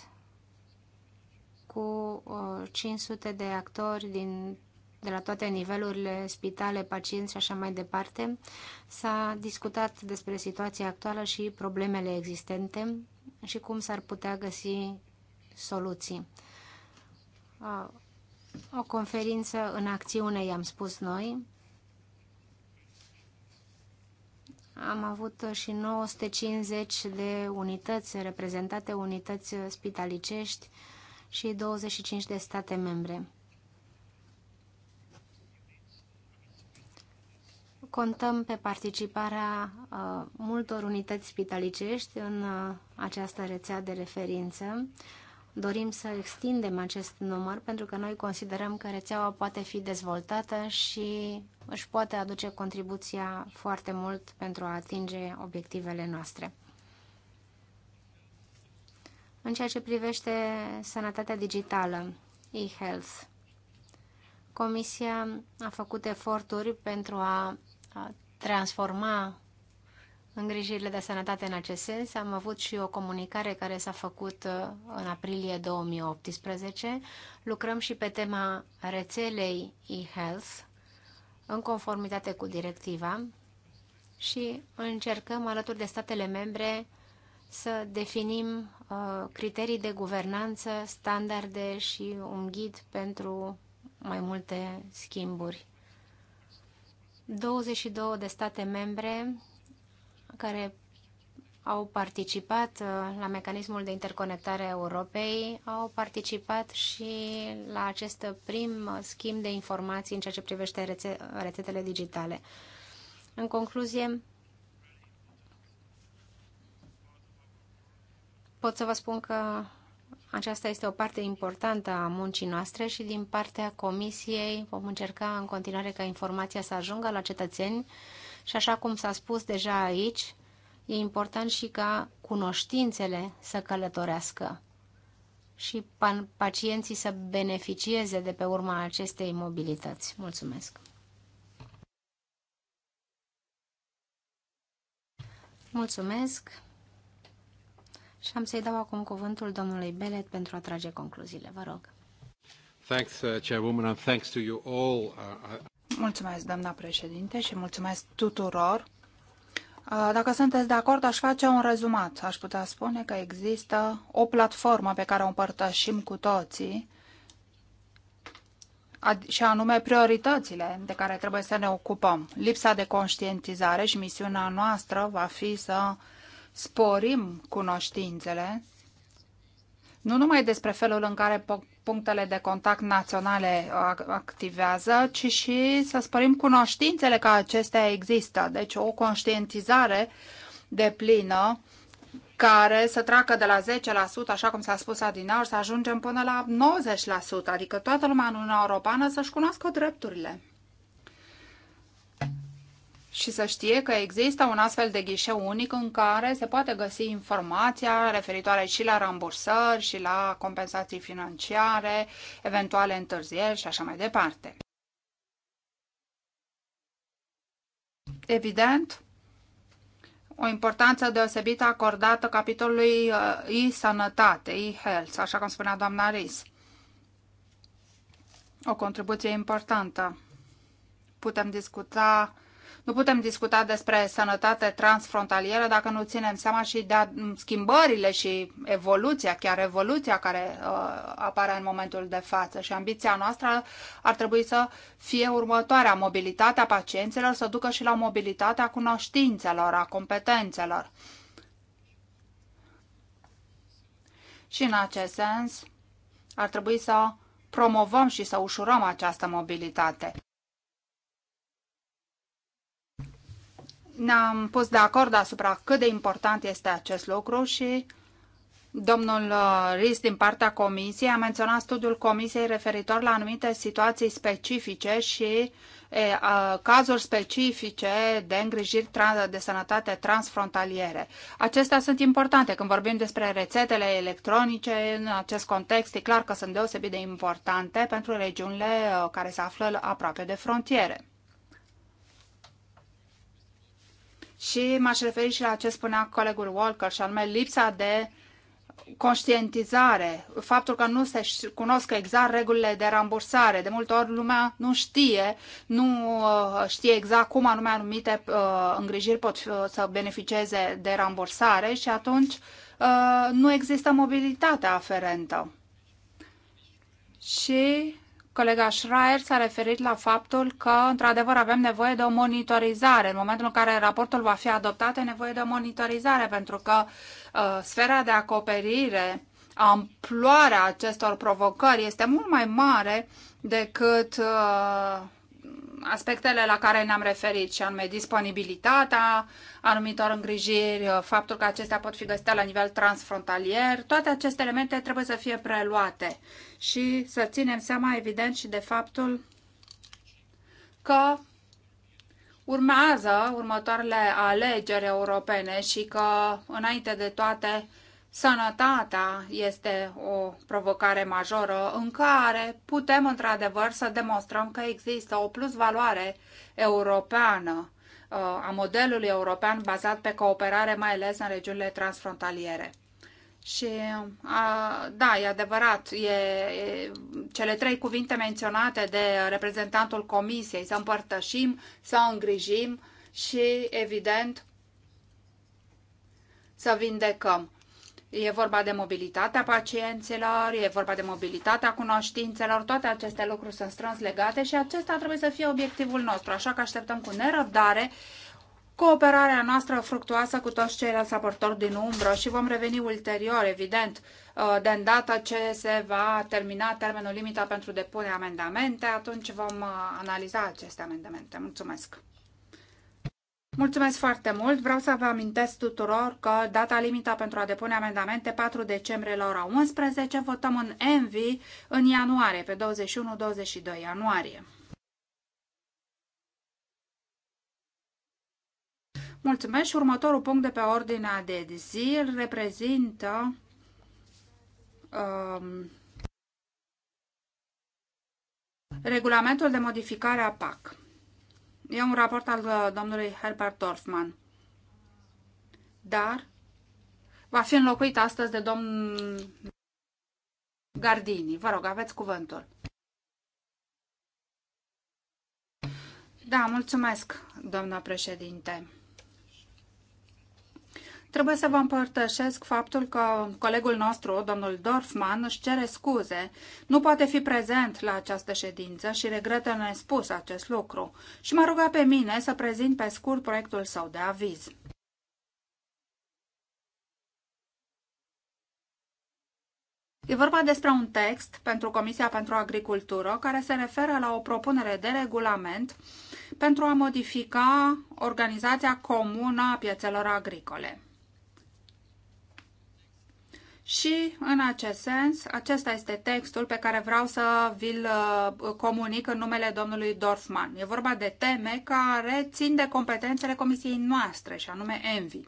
cu 500 uh, de actori din, de la toate nivelurile, spitale, pacienți și așa mai departe. S-a discutat despre situația actuală și problemele existente și cum s-ar putea găsi soluții uh, o conferință în acțiune, i-am spus noi. Am avut și 950 de unități reprezentate, unități spitalicești și 25 de state membre. contăm pe participarea uh, multor unități spitalicești în uh, această rețea de referință dorim să extindem acest număr pentru că noi considerăm că rețeaua poate fi dezvoltată și își poate aduce contribuția foarte mult pentru a atinge obiectivele noastre. În ceea ce privește sănătatea digitală, e-health, Comisia a făcut eforturi pentru a transforma îngrijirile de sănătate în acest sens. Am avut și o comunicare care s-a făcut uh, în aprilie 2018. Lucrăm și pe tema rețelei e-health în conformitate cu directiva și încercăm alături de statele membre să definim uh, criterii de guvernanță, standarde și un ghid pentru mai multe schimburi. 22 de state membre care au participat uh, la mecanismul de interconectare a Europei, au participat și la acest prim schimb de informații în ceea ce privește rețe rețetele digitale. În concluzie, pot să vă spun că aceasta este o parte importantă a muncii noastre și din partea Comisiei vom încerca în continuare ca informația să ajungă la cetățeni și așa cum s-a spus deja aici, e important și ca cunoștințele să călătorească și pacienții să beneficieze de pe urma acestei mobilități. Mulțumesc! Mulțumesc! Și am să-i dau acum cuvântul domnului Belet pentru a trage concluziile. Vă rog. Thanks, uh, Chairwoman, and thanks to you all. Uh, Mulțumesc, doamna președinte, și mulțumesc tuturor. Uh, dacă sunteți de acord, aș face un rezumat. Aș putea spune că există o platformă pe care o împărtășim cu toții, și anume prioritățile de care trebuie să ne ocupăm. Lipsa de conștientizare și misiunea noastră va fi să sporim cunoștințele nu numai despre felul în care punctele de contact naționale activează, ci și să spărim cunoștințele că acestea există. Deci o conștientizare de plină care să treacă de la 10%, așa cum s-a spus adinaur, să ajungem până la 90%, adică toată lumea în Uniunea Europeană să-și cunoască drepturile și să știe că există un astfel de ghișeu unic în care se poate găsi informația referitoare și la rambursări și la compensații financiare, eventuale întârzieri și așa mai departe. Evident, o importanță deosebită acordată capitolului uh, e-sănătate, e-health, așa cum spunea doamna Riz. O contribuție importantă. Putem discuta nu putem discuta despre sănătate transfrontalieră dacă nu ținem seama și de schimbările și evoluția, chiar evoluția care uh, apare în momentul de față. Și ambiția noastră ar trebui să fie următoarea, mobilitatea pacienților să ducă și la mobilitatea cunoștințelor, a competențelor. Și în acest sens ar trebui să promovăm și să ușurăm această mobilitate. ne-am pus de acord asupra cât de important este acest lucru și domnul uh, Ris din partea comisiei a menționat studiul comisiei referitor la anumite situații specifice și e, a, cazuri specifice de îngrijiri de sănătate transfrontaliere. Acestea sunt importante. Când vorbim despre rețetele electronice, în acest context e clar că sunt deosebit de importante pentru regiunile uh, care se află aproape de frontiere. Și m-aș referi și la ce spunea colegul Walker, și anume lipsa de conștientizare, faptul că nu se cunosc exact regulile de rambursare. De multe ori lumea nu știe, nu uh, știe exact cum anume anumite uh, îngrijiri pot uh, să beneficieze de rambursare și atunci nu există mobilitatea aferentă. Și Colega Schreier s-a referit la faptul că, într-adevăr, avem nevoie de o monitorizare. În momentul în care raportul va fi adoptat, e nevoie de o monitorizare, pentru că uh, sfera de acoperire, amploarea acestor provocări este mult mai mare decât uh, aspectele la care ne-am referit și anume disponibilitatea anumitor îngrijiri, uh, faptul că acestea pot fi găsite la nivel transfrontalier, toate aceste elemente trebuie să fie preluate și să ținem seama evident și de faptul că urmează următoarele alegeri europene și că înainte de toate Sănătatea este o provocare majoră în care putem într-adevăr să demonstrăm că există o plusvaloare europeană uh, a modelului european bazat pe cooperare, mai ales în regiunile transfrontaliere. Și a, da, e adevărat, e, e, cele trei cuvinte menționate de reprezentantul comisiei, să împărtășim, să îngrijim și, evident, să vindecăm. E vorba de mobilitatea pacienților, e vorba de mobilitatea cunoștințelor, toate aceste lucruri sunt strâns legate și acesta trebuie să fie obiectivul nostru, așa că așteptăm cu nerăbdare cooperarea noastră fructuoasă cu toți ceilalți aportori din umbră și vom reveni ulterior, evident, uh, de îndată ce se va termina termenul limită pentru depunerea amendamente, atunci vom uh, analiza aceste amendamente. Mulțumesc! Mulțumesc foarte mult! Vreau să vă amintesc tuturor că data limita pentru a depune amendamente 4 decembrie la ora 11, votăm în ENVI în ianuarie, pe 21-22 ianuarie. Mulțumesc următorul punct de pe ordinea de zi reprezintă um, regulamentul de modificare a PAC. E un raport al uh, domnului Herbert Dorfman. Dar va fi înlocuit astăzi de domn Gardini. Vă rog, aveți cuvântul. Da, mulțumesc, doamna președinte. Trebuie să vă împărtășesc faptul că colegul nostru, domnul Dorfman, își cere scuze. Nu poate fi prezent la această ședință și regretă nespus acest lucru și m-a rugat pe mine să prezint pe scurt proiectul său de aviz. E vorba despre un text pentru Comisia pentru Agricultură care se referă la o propunere de regulament pentru a modifica organizația comună a piețelor agricole. Și, în acest sens, acesta este textul pe care vreau să vi-l uh, comunic în numele domnului Dorfman. E vorba de teme care țin de competențele comisiei noastre, și anume ENVI.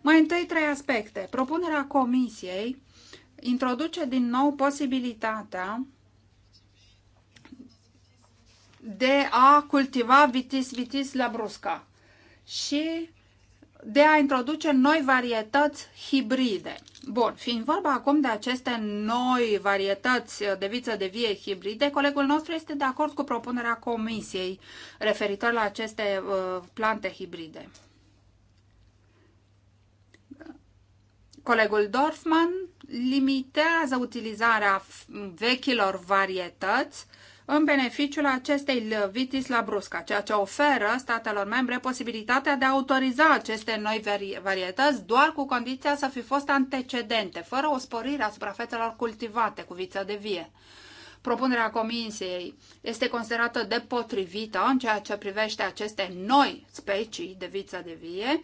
Mai întâi trei aspecte. Propunerea comisiei introduce din nou posibilitatea de a cultiva vitis vitis la brusca și de a introduce noi varietăți hibride. Bun, fiind vorba acum de aceste noi varietăți de viță de vie hibride, colegul nostru este de acord cu propunerea comisiei referitor la aceste uh, plante hibride. Colegul Dorfman limitează utilizarea vechilor varietăți în beneficiul acestei vitis la brusca, ceea ce oferă statelor membre posibilitatea de a autoriza aceste noi varietăți doar cu condiția să fi fost antecedente, fără o sporire a suprafețelor cultivate cu viță de vie propunerea Comisiei este considerată de potrivită în ceea ce privește aceste noi specii de viță de vie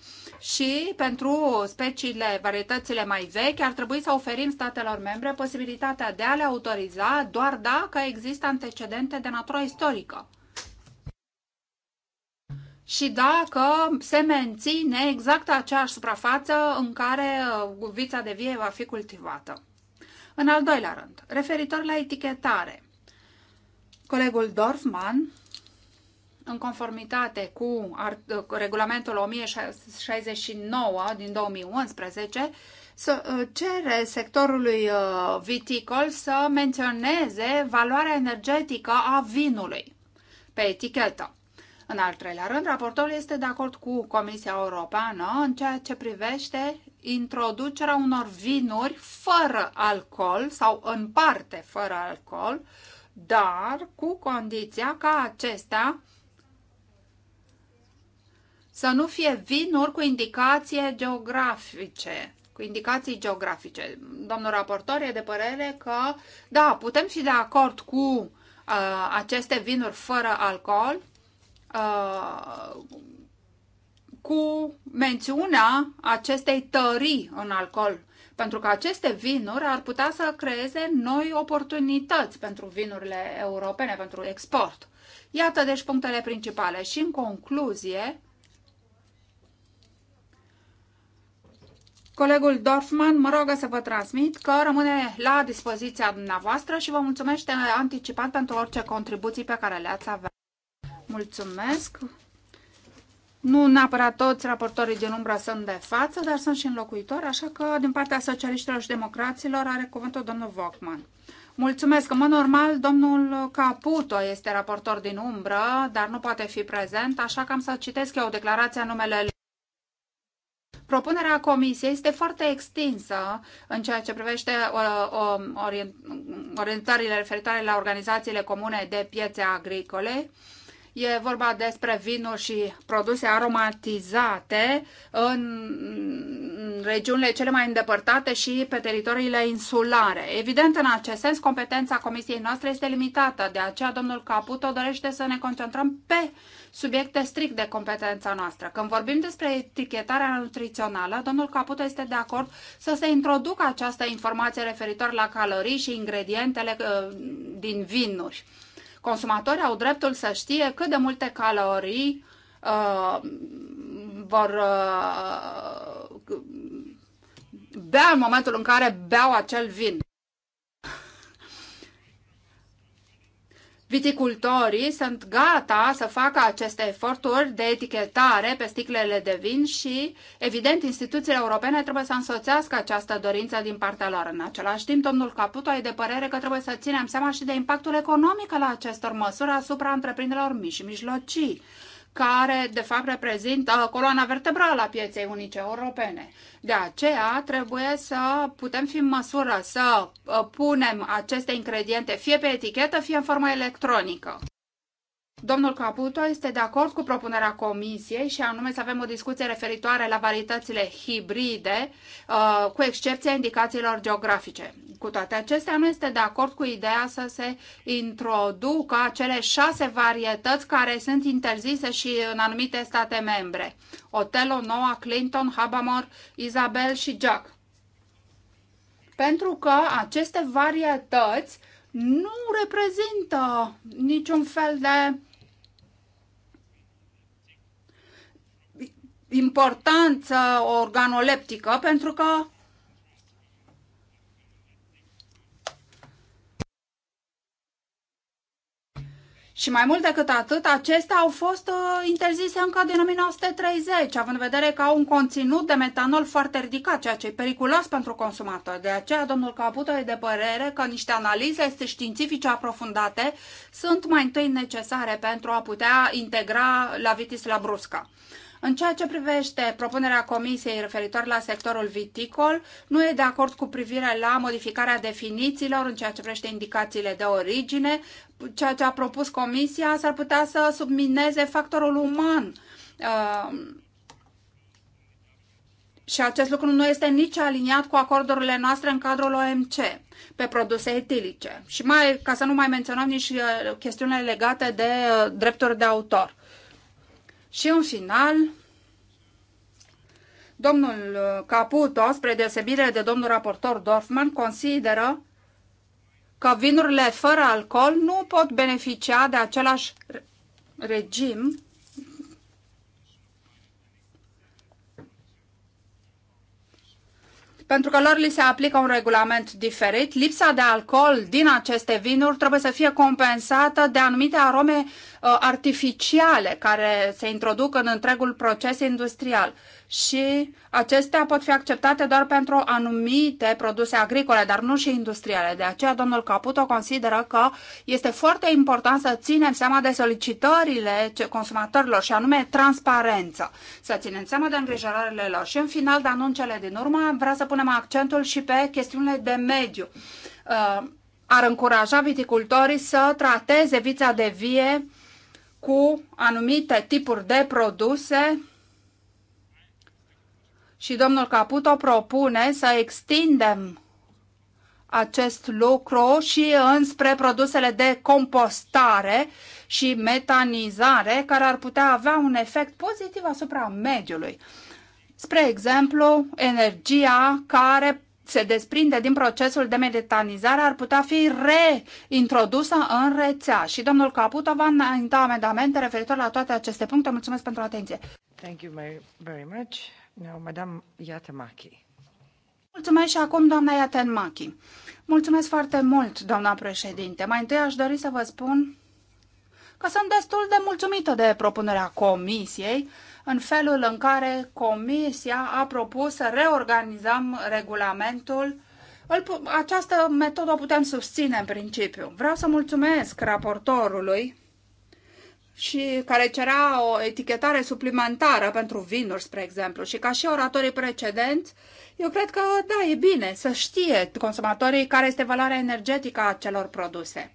și pentru speciile, varietățile mai vechi ar trebui să oferim statelor membre posibilitatea de a le autoriza doar dacă există antecedente de natură istorică și dacă se menține exact aceeași suprafață în care uh, vița de vie va fi cultivată. În al doilea rând, referitor la etichetare, colegul Dorfman, în conformitate cu regulamentul 1069 din 2011, să uh, cere sectorului uh, viticol să menționeze valoarea energetică a vinului pe etichetă. În al treilea rând, raportorul este de acord cu Comisia Europeană în ceea ce privește introducerea unor vinuri fără alcool sau în parte fără alcool, dar cu condiția ca acestea să nu fie vinuri cu indicație geografice. Cu indicații geografice. Domnul raportor e de părere că, da, putem fi de acord cu uh, aceste vinuri fără alcool, uh, cu mențiunea acestei tării în alcool. Pentru că aceste vinuri ar putea să creeze noi oportunități pentru vinurile europene, pentru export. Iată deci punctele principale. Și în concluzie, Colegul Dorfman mă rogă să vă transmit că rămâne la dispoziția dumneavoastră și vă mulțumesc anticipat pentru orice contribuții pe care le-ați avea. Mulțumesc! Nu neapărat toți raportorii din umbră sunt de față, dar sunt și înlocuitori, așa că din partea socialiștilor și democraților are cuvântul domnul Vocman. Mulțumesc. În mod normal, domnul Caputo este raportor din umbră, dar nu poate fi prezent, așa că am să citesc eu declarația numele lui. Propunerea comisiei este foarte extinsă în ceea ce privește uh, um, orientările referitoare la organizațiile comune de piețe agricole E vorba despre vinuri și produse aromatizate în regiunile cele mai îndepărtate și pe teritoriile insulare. Evident, în acest sens, competența comisiei noastre este limitată, de aceea domnul Caputo dorește să ne concentrăm pe subiecte strict de competența noastră. Când vorbim despre etichetarea nutrițională, domnul Caputo este de acord să se introducă această informație referitor la calorii și ingredientele uh, din vinuri. Consumatorii au dreptul să știe cât de multe calorii uh, vor uh, bea în momentul în care beau acel vin. viticultorii sunt gata să facă aceste eforturi de etichetare pe sticlele de vin și, evident, instituțiile europene trebuie să însoțească această dorință din partea lor. În același timp, domnul Caputo e de părere că trebuie să ținem seama și de impactul economic al acestor măsuri asupra întreprinderilor mici și mijlocii care de fapt reprezintă coloana vertebrală a pieței unice europene. De aceea trebuie să putem fi în măsură să uh, punem aceste ingrediente fie pe etichetă, fie în formă electronică. Domnul Caputo este de acord cu propunerea comisiei și anume să avem o discuție referitoare la varietățile hibride, uh, cu excepția indicațiilor geografice. Cu toate acestea, nu este de acord cu ideea să se introducă acele șase varietăți care sunt interzise și în anumite state membre. Otelo, Noa, Clinton, Habamor, Isabel și Jack. Pentru că aceste varietăți nu reprezintă niciun fel de importanță organoleptică pentru că Și mai mult decât atât, acestea au fost uh, interzise încă din 1930, având în vedere că au un conținut de metanol foarte ridicat, ceea ce e periculos pentru consumator. De aceea, domnul Caputo e de părere că niște analize științifice aprofundate sunt mai întâi necesare pentru a putea integra la vitis la brusca. În ceea ce privește propunerea Comisiei referitor la sectorul viticol, nu e de acord cu privire la modificarea definițiilor în ceea ce privește indicațiile de origine. Ceea ce a propus Comisia s-ar putea să submineze factorul uman. Uh, și acest lucru nu este nici aliniat cu acordurile noastre în cadrul OMC pe produse etilice. Și mai, ca să nu mai menționăm nici uh, chestiunile legate de uh, drepturi de autor. Și în final, domnul Caputo, spre deosebire de domnul raportor Dorfman, consideră că vinurile fără alcool nu pot beneficia de același regim pentru că lor li se aplică un regulament diferit. Lipsa de alcool din aceste vinuri trebuie să fie compensată de anumite arome Uh, artificiale care se introduc în întregul proces industrial și acestea pot fi acceptate doar pentru anumite produse agricole, dar nu și industriale. De aceea, domnul Caputo consideră că este foarte important să ținem seama de solicitările consumatorilor și anume transparență, să ținem seama de îngrijorările lor. Și în final, dar nu în cele din urmă, vrea să punem accentul și pe chestiunile de mediu. Uh, ar încuraja viticultorii să trateze vița de vie cu anumite tipuri de produse și domnul Caputo propune să extindem acest lucru și înspre produsele de compostare și metanizare care ar putea avea un efect pozitiv asupra mediului. Spre exemplu, energia care se desprinde din procesul de medicalizare ar putea fi reintrodusă în rețea. Și domnul Caputo va înainta amendamente referitor la toate aceste puncte. Mulțumesc pentru atenție. Thank you very much. Now, Madame Mulțumesc și acum, doamna Iatenmachi. Mulțumesc foarte mult, doamna președinte. Mai întâi aș dori să vă spun că sunt destul de mulțumită de propunerea comisiei în felul în care Comisia a propus să reorganizăm regulamentul. Această metodă o putem susține în principiu. Vreau să mulțumesc raportorului și care cerea o etichetare suplimentară pentru vinuri, spre exemplu. Și ca și oratorii precedenți, eu cred că, da, e bine să știe consumatorii care este valoarea energetică a celor produse.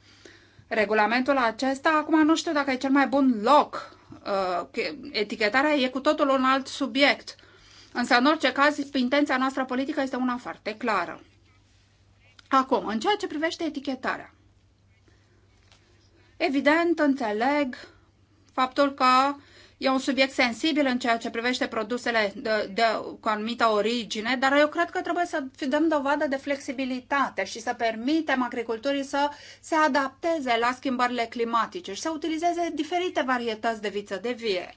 Regulamentul acesta, acum nu știu dacă e cel mai bun loc Uh, etichetarea e cu totul un alt subiect. Însă, în orice caz, intenția noastră politică este una foarte clară. Acum, în ceea ce privește etichetarea. Evident, înțeleg faptul că E un subiect sensibil în ceea ce privește produsele de, de, cu anumită origine, dar eu cred că trebuie să dăm dovadă de flexibilitate și să permitem agriculturii să se adapteze la schimbările climatice și să utilizeze diferite varietăți de viță de vie.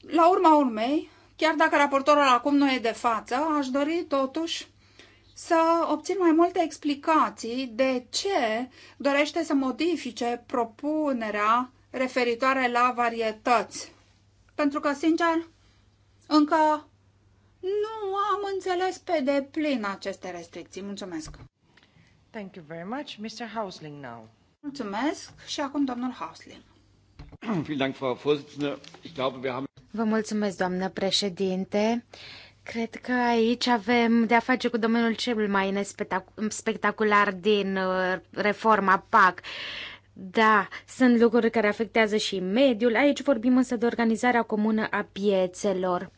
La urma urmei, chiar dacă raportorul acum nu e de față, aș dori totuși să obțin mai multe explicații de ce dorește să modifice propunerea referitoare la varietăți. Pentru că, sincer, încă nu am înțeles pe deplin aceste restricții. Mulțumesc! Thank you very much, Mr. Hausling now. Mulțumesc și acum domnul Hausling. Vă mulțumesc, doamnă președinte. Cred că aici avem de a face cu domeniul cel mai spectacular din uh, reforma PAC. Da, sunt lucruri care afectează și mediul, aici vorbim însă de organizarea comună a piețelor.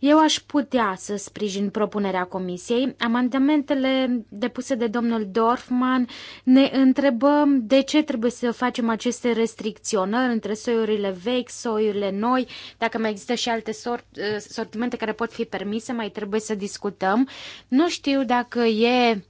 Eu aș putea să sprijin propunerea comisiei. Amandamentele depuse de domnul Dorfman ne întrebăm de ce trebuie să facem aceste restricționări între soiurile vechi, soiurile noi, dacă mai există și alte sort, eh, sortimente care pot fi permise, mai trebuie să discutăm. Nu știu dacă e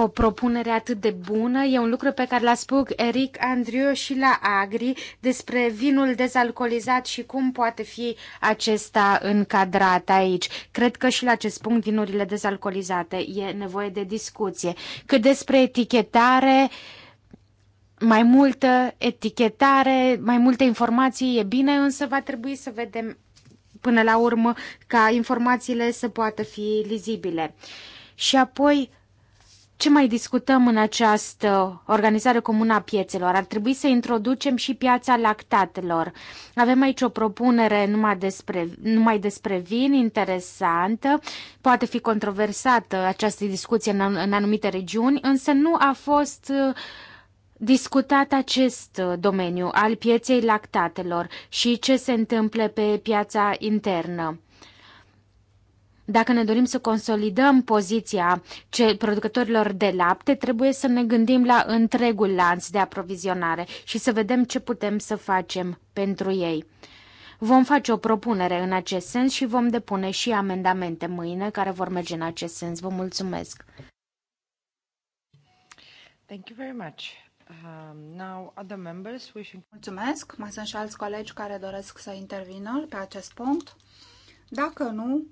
o propunere atât de bună. E un lucru pe care l-a spus Eric Andriu și la Agri despre vinul dezalcoolizat și cum poate fi acesta încadrat aici. Cred că și la acest punct vinurile dezalcoolizate e nevoie de discuție. Cât despre etichetare, mai multă etichetare, mai multe informații e bine, însă va trebui să vedem până la urmă ca informațiile să poată fi lizibile. Și apoi, ce mai discutăm în această organizare comună a piețelor? Ar trebui să introducem și piața lactatelor. Avem aici o propunere numai despre, numai despre vin, interesantă. Poate fi controversată această discuție în, în anumite regiuni, însă nu a fost uh, discutat acest uh, domeniu al pieței lactatelor și ce se întâmplă pe piața internă. Dacă ne dorim să consolidăm poziția ce producătorilor de lapte, trebuie să ne gândim la întregul lanț de aprovizionare și să vedem ce putem să facem pentru ei. Vom face o propunere în acest sens și vom depune și amendamente mâine care vor merge în acest sens. Vă mulțumesc! Thank you very much. Um, now other members wishing... Mulțumesc! Mai sunt și alți colegi care doresc să intervină pe acest punct. Dacă nu,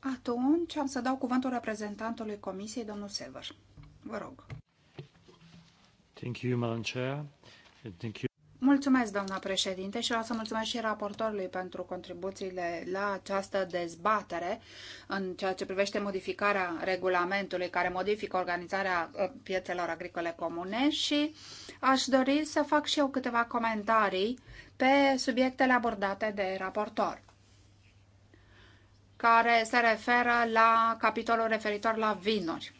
atunci am să dau cuvântul reprezentantului Comisiei, domnul Sever. Vă rog. Thank you, Madam Chair. Thank you. Mulțumesc, doamna președinte, și vreau să mulțumesc și raportorului pentru contribuțiile la această dezbatere în ceea ce privește modificarea regulamentului care modifică organizarea uh, piețelor agricole comune și aș dori să fac și eu câteva comentarii pe subiectele abordate de raportor care se referă la capitolul referitor la vinuri.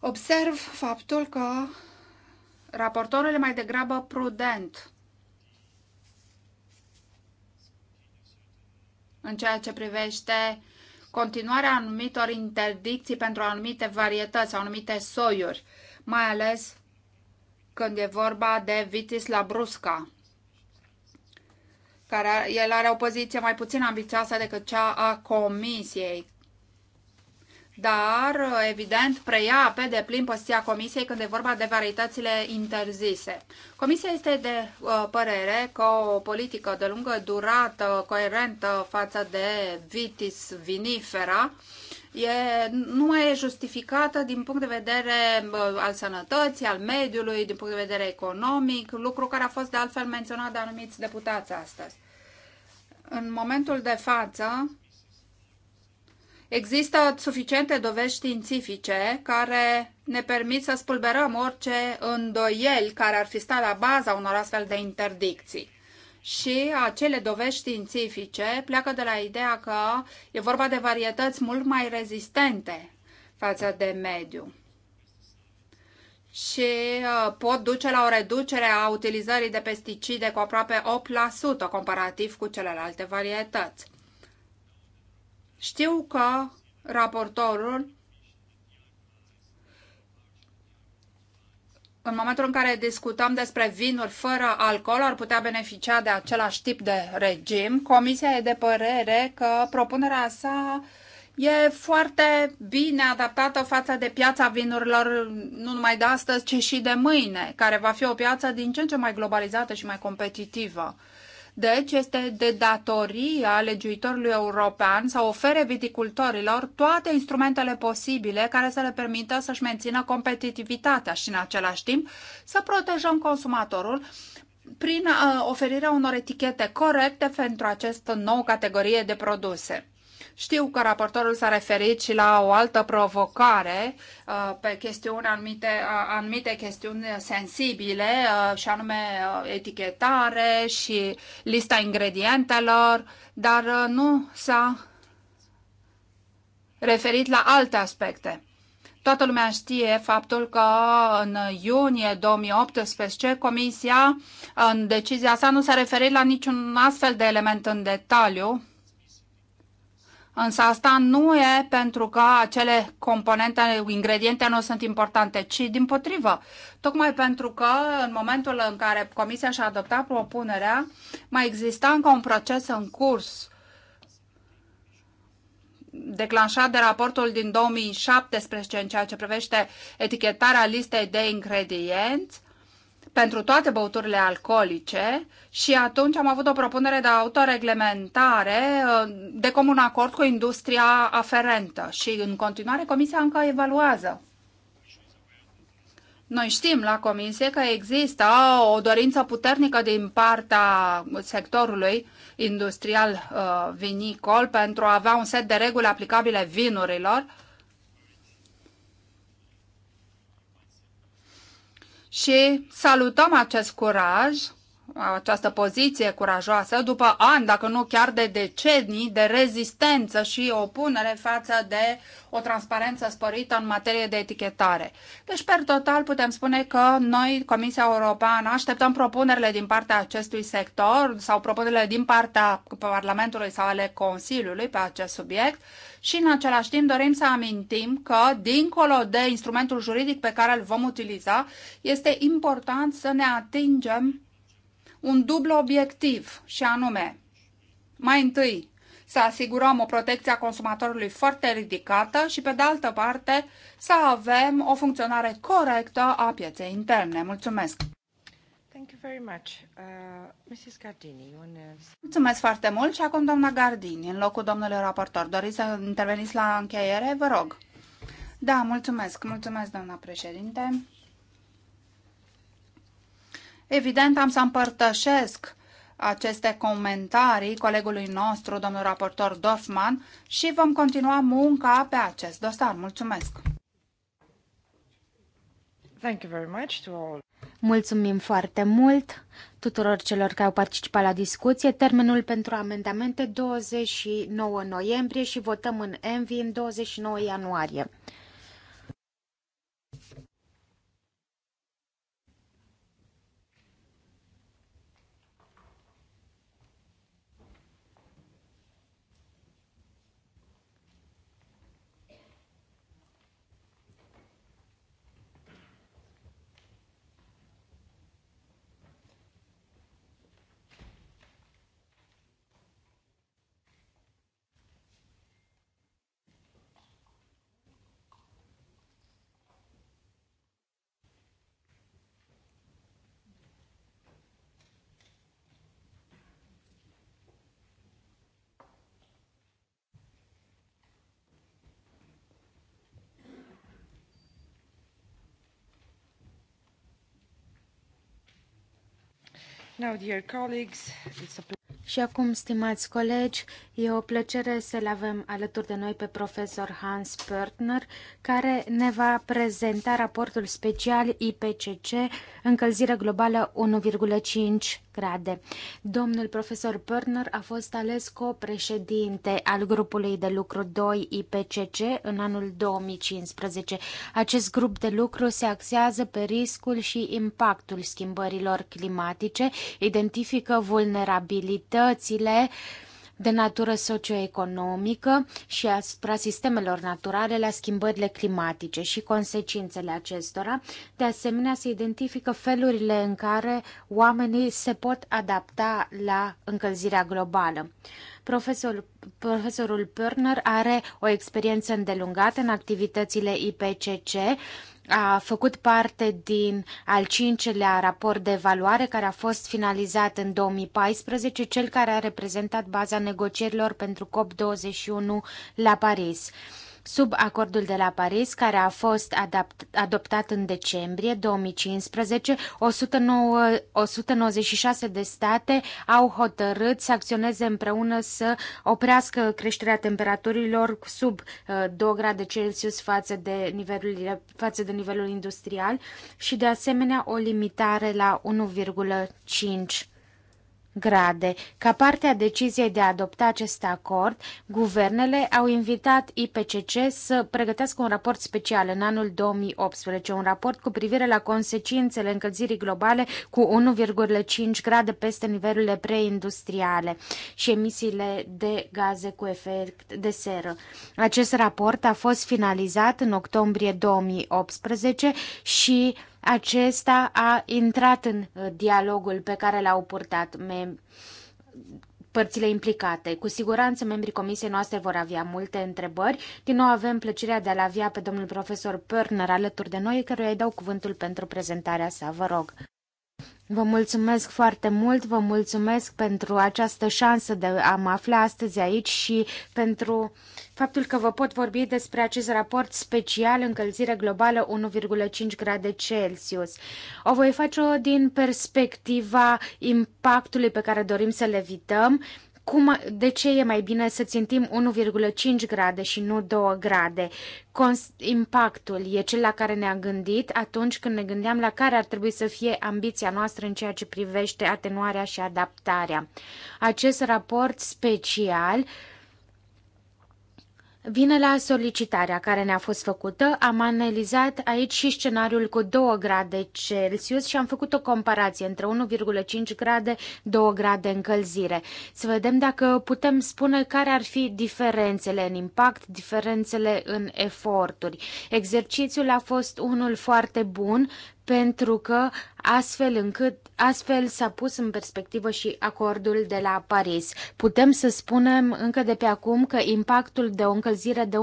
Observ faptul că raportorul e mai degrabă prudent în ceea ce privește continuarea anumitor interdicții pentru anumite varietăți, sau anumite soiuri, mai ales când e vorba de vitis la brusca care el are o poziție mai puțin ambițioasă decât cea a Comisiei. Dar, evident, preia pe deplin poziția Comisiei când e vorba de varietățile interzise. Comisia este de uh, părere că o politică de lungă durată, coerentă față de vitis vinifera, uh, e, nu e justificată din punct de vedere al sănătății, al mediului, din punct de vedere economic, lucru care a fost de altfel menționat de anumiți deputați astăzi. În momentul de față, există suficiente dovezi științifice care ne permit să spulberăm orice îndoieli care ar fi stat la baza unor astfel de interdicții și acele dovești științifice pleacă de la ideea că e vorba de varietăți mult mai rezistente față de mediu și pot duce la o reducere a utilizării de pesticide cu aproape 8% comparativ cu celelalte varietăți. Știu că raportorul în momentul în care discutăm despre vinuri fără alcool, ar putea beneficia de același tip de regim. Comisia e de părere că propunerea sa e foarte bine adaptată față de piața vinurilor, nu numai de astăzi, ci și de mâine, care va fi o piață din ce în ce mai globalizată și mai competitivă. Deci este de datoria legiuitorului european să ofere viticultorilor toate instrumentele posibile care să le permită să-și mențină competitivitatea și în același timp să protejăm consumatorul prin uh, oferirea unor etichete corecte pentru această nouă categorie de produse. Știu că raportorul s-a referit și la o altă provocare uh, pe chestiuni anumite, uh, anumite chestiuni sensibile, uh, și anume etichetare și lista ingredientelor, dar nu s-a referit la alte aspecte. Toată lumea știe faptul că în iunie 2018 Comisia, în decizia sa, nu s-a referit la niciun astfel de element în detaliu, Însă asta nu e pentru că acele componente, ingrediente nu sunt importante, ci din potrivă. Tocmai pentru că în momentul în care Comisia și-a adoptat propunerea, mai exista încă un proces în curs declanșat de raportul din 2017 în ceea ce privește etichetarea listei de ingredienți pentru toate băuturile alcoolice și atunci am avut o propunere de autoreglementare uh, de comun acord cu industria aferentă și în continuare Comisia încă evaluează. Noi știm la Comisie că există o dorință puternică din partea sectorului industrial uh, vinicol pentru a avea un set de reguli aplicabile vinurilor și salutăm acest curaj această poziție curajoasă după ani, dacă nu chiar de decenii, de rezistență și opunere față de o transparență sporită în materie de etichetare. Deci, per total, putem spune că noi, Comisia Europeană, așteptăm propunerile din partea acestui sector sau propunerile din partea Parlamentului sau ale Consiliului pe acest subiect și, în același timp, dorim să amintim că, dincolo de instrumentul juridic pe care îl vom utiliza, este important să ne atingem un dublu obiectiv și anume, mai întâi, să asigurăm o protecție a consumatorului foarte ridicată și, pe de altă parte, să avem o funcționare corectă a pieței interne. Mulțumesc! Thank you very much. Uh, Mrs. Gardini, you wanna... Mulțumesc foarte mult și acum doamna Gardini, în locul domnului raportor. Doriți să interveniți la încheiere? Vă rog. Da, mulțumesc. Mulțumesc, doamna președinte. Evident, am să împărtășesc aceste comentarii colegului nostru, domnul raportor Dorfman, și vom continua munca pe acest dosar. Mulțumesc! Thank you very much to all. Mulțumim foarte mult tuturor celor care au participat la discuție. Termenul pentru amendamente 29 noiembrie și votăm în Envi în 29 ianuarie. Now, dear colleagues, it's a și acum, stimați colegi, e o plăcere să-l avem alături de noi pe profesor Hans Pörtner, care ne va prezenta raportul special IPCC Încălzire globală 1,5 grade. Domnul profesor Pörtner a fost ales co-președinte al grupului de lucru 2 IPCC în anul 2015. Acest grup de lucru se axează pe riscul și impactul schimbărilor climatice, identifică vulnerabilități realitățile de natură socioeconomică și asupra sistemelor naturale la schimbările climatice și consecințele acestora. De asemenea, se identifică felurile în care oamenii se pot adapta la încălzirea globală. Profesor, profesorul Pörner are o experiență îndelungată în activitățile IPCC, a făcut parte din al cincelea raport de evaluare care a fost finalizat în 2014, cel care a reprezentat baza negocierilor pentru COP21 la Paris sub acordul de la Paris, care a fost adoptat în decembrie 2015, 109, 196 de state au hotărât să acționeze împreună să oprească creșterea temperaturilor sub uh, 2 grade Celsius față de, nivelul, față de nivelul industrial și, de asemenea, o limitare la 1,5 grade. Ca parte a deciziei de a adopta acest acord, guvernele au invitat IPCC să pregătească un raport special în anul 2018, un raport cu privire la consecințele încălzirii globale cu 1,5 grade peste nivelurile preindustriale și emisiile de gaze cu efect de seră. Acest raport a fost finalizat în octombrie 2018 și acesta a intrat în uh, dialogul pe care l-au purtat mem- părțile implicate. Cu siguranță membrii comisiei noastre vor avea multe întrebări. Din nou avem plăcerea de a-l avea pe domnul profesor Pörner alături de noi, căruia îi dau cuvântul pentru prezentarea sa. Vă rog. Vă mulțumesc foarte mult, vă mulțumesc pentru această șansă de a mă afla astăzi aici și pentru faptul că vă pot vorbi despre acest raport special încălzire globală 1,5 grade Celsius. O voi face din perspectiva impactului pe care dorim să-l evităm, cum, de ce e mai bine să țintim 1,5 grade și nu 2 grade? Cons- impactul e cel la care ne-am gândit atunci când ne gândeam la care ar trebui să fie ambiția noastră în ceea ce privește atenuarea și adaptarea. Acest raport special uh, vine la solicitarea care ne-a fost făcută. Am analizat aici și scenariul cu 2 grade Celsius și am făcut o comparație între 1,5 grade, 2 grade încălzire. Să vedem dacă putem spune care ar fi diferențele în impact, diferențele în eforturi. Exercițiul a fost unul foarte bun pentru că astfel încât astfel s-a pus în perspectivă și acordul de la Paris. Putem să spunem încă de pe acum că impactul de o încălzire de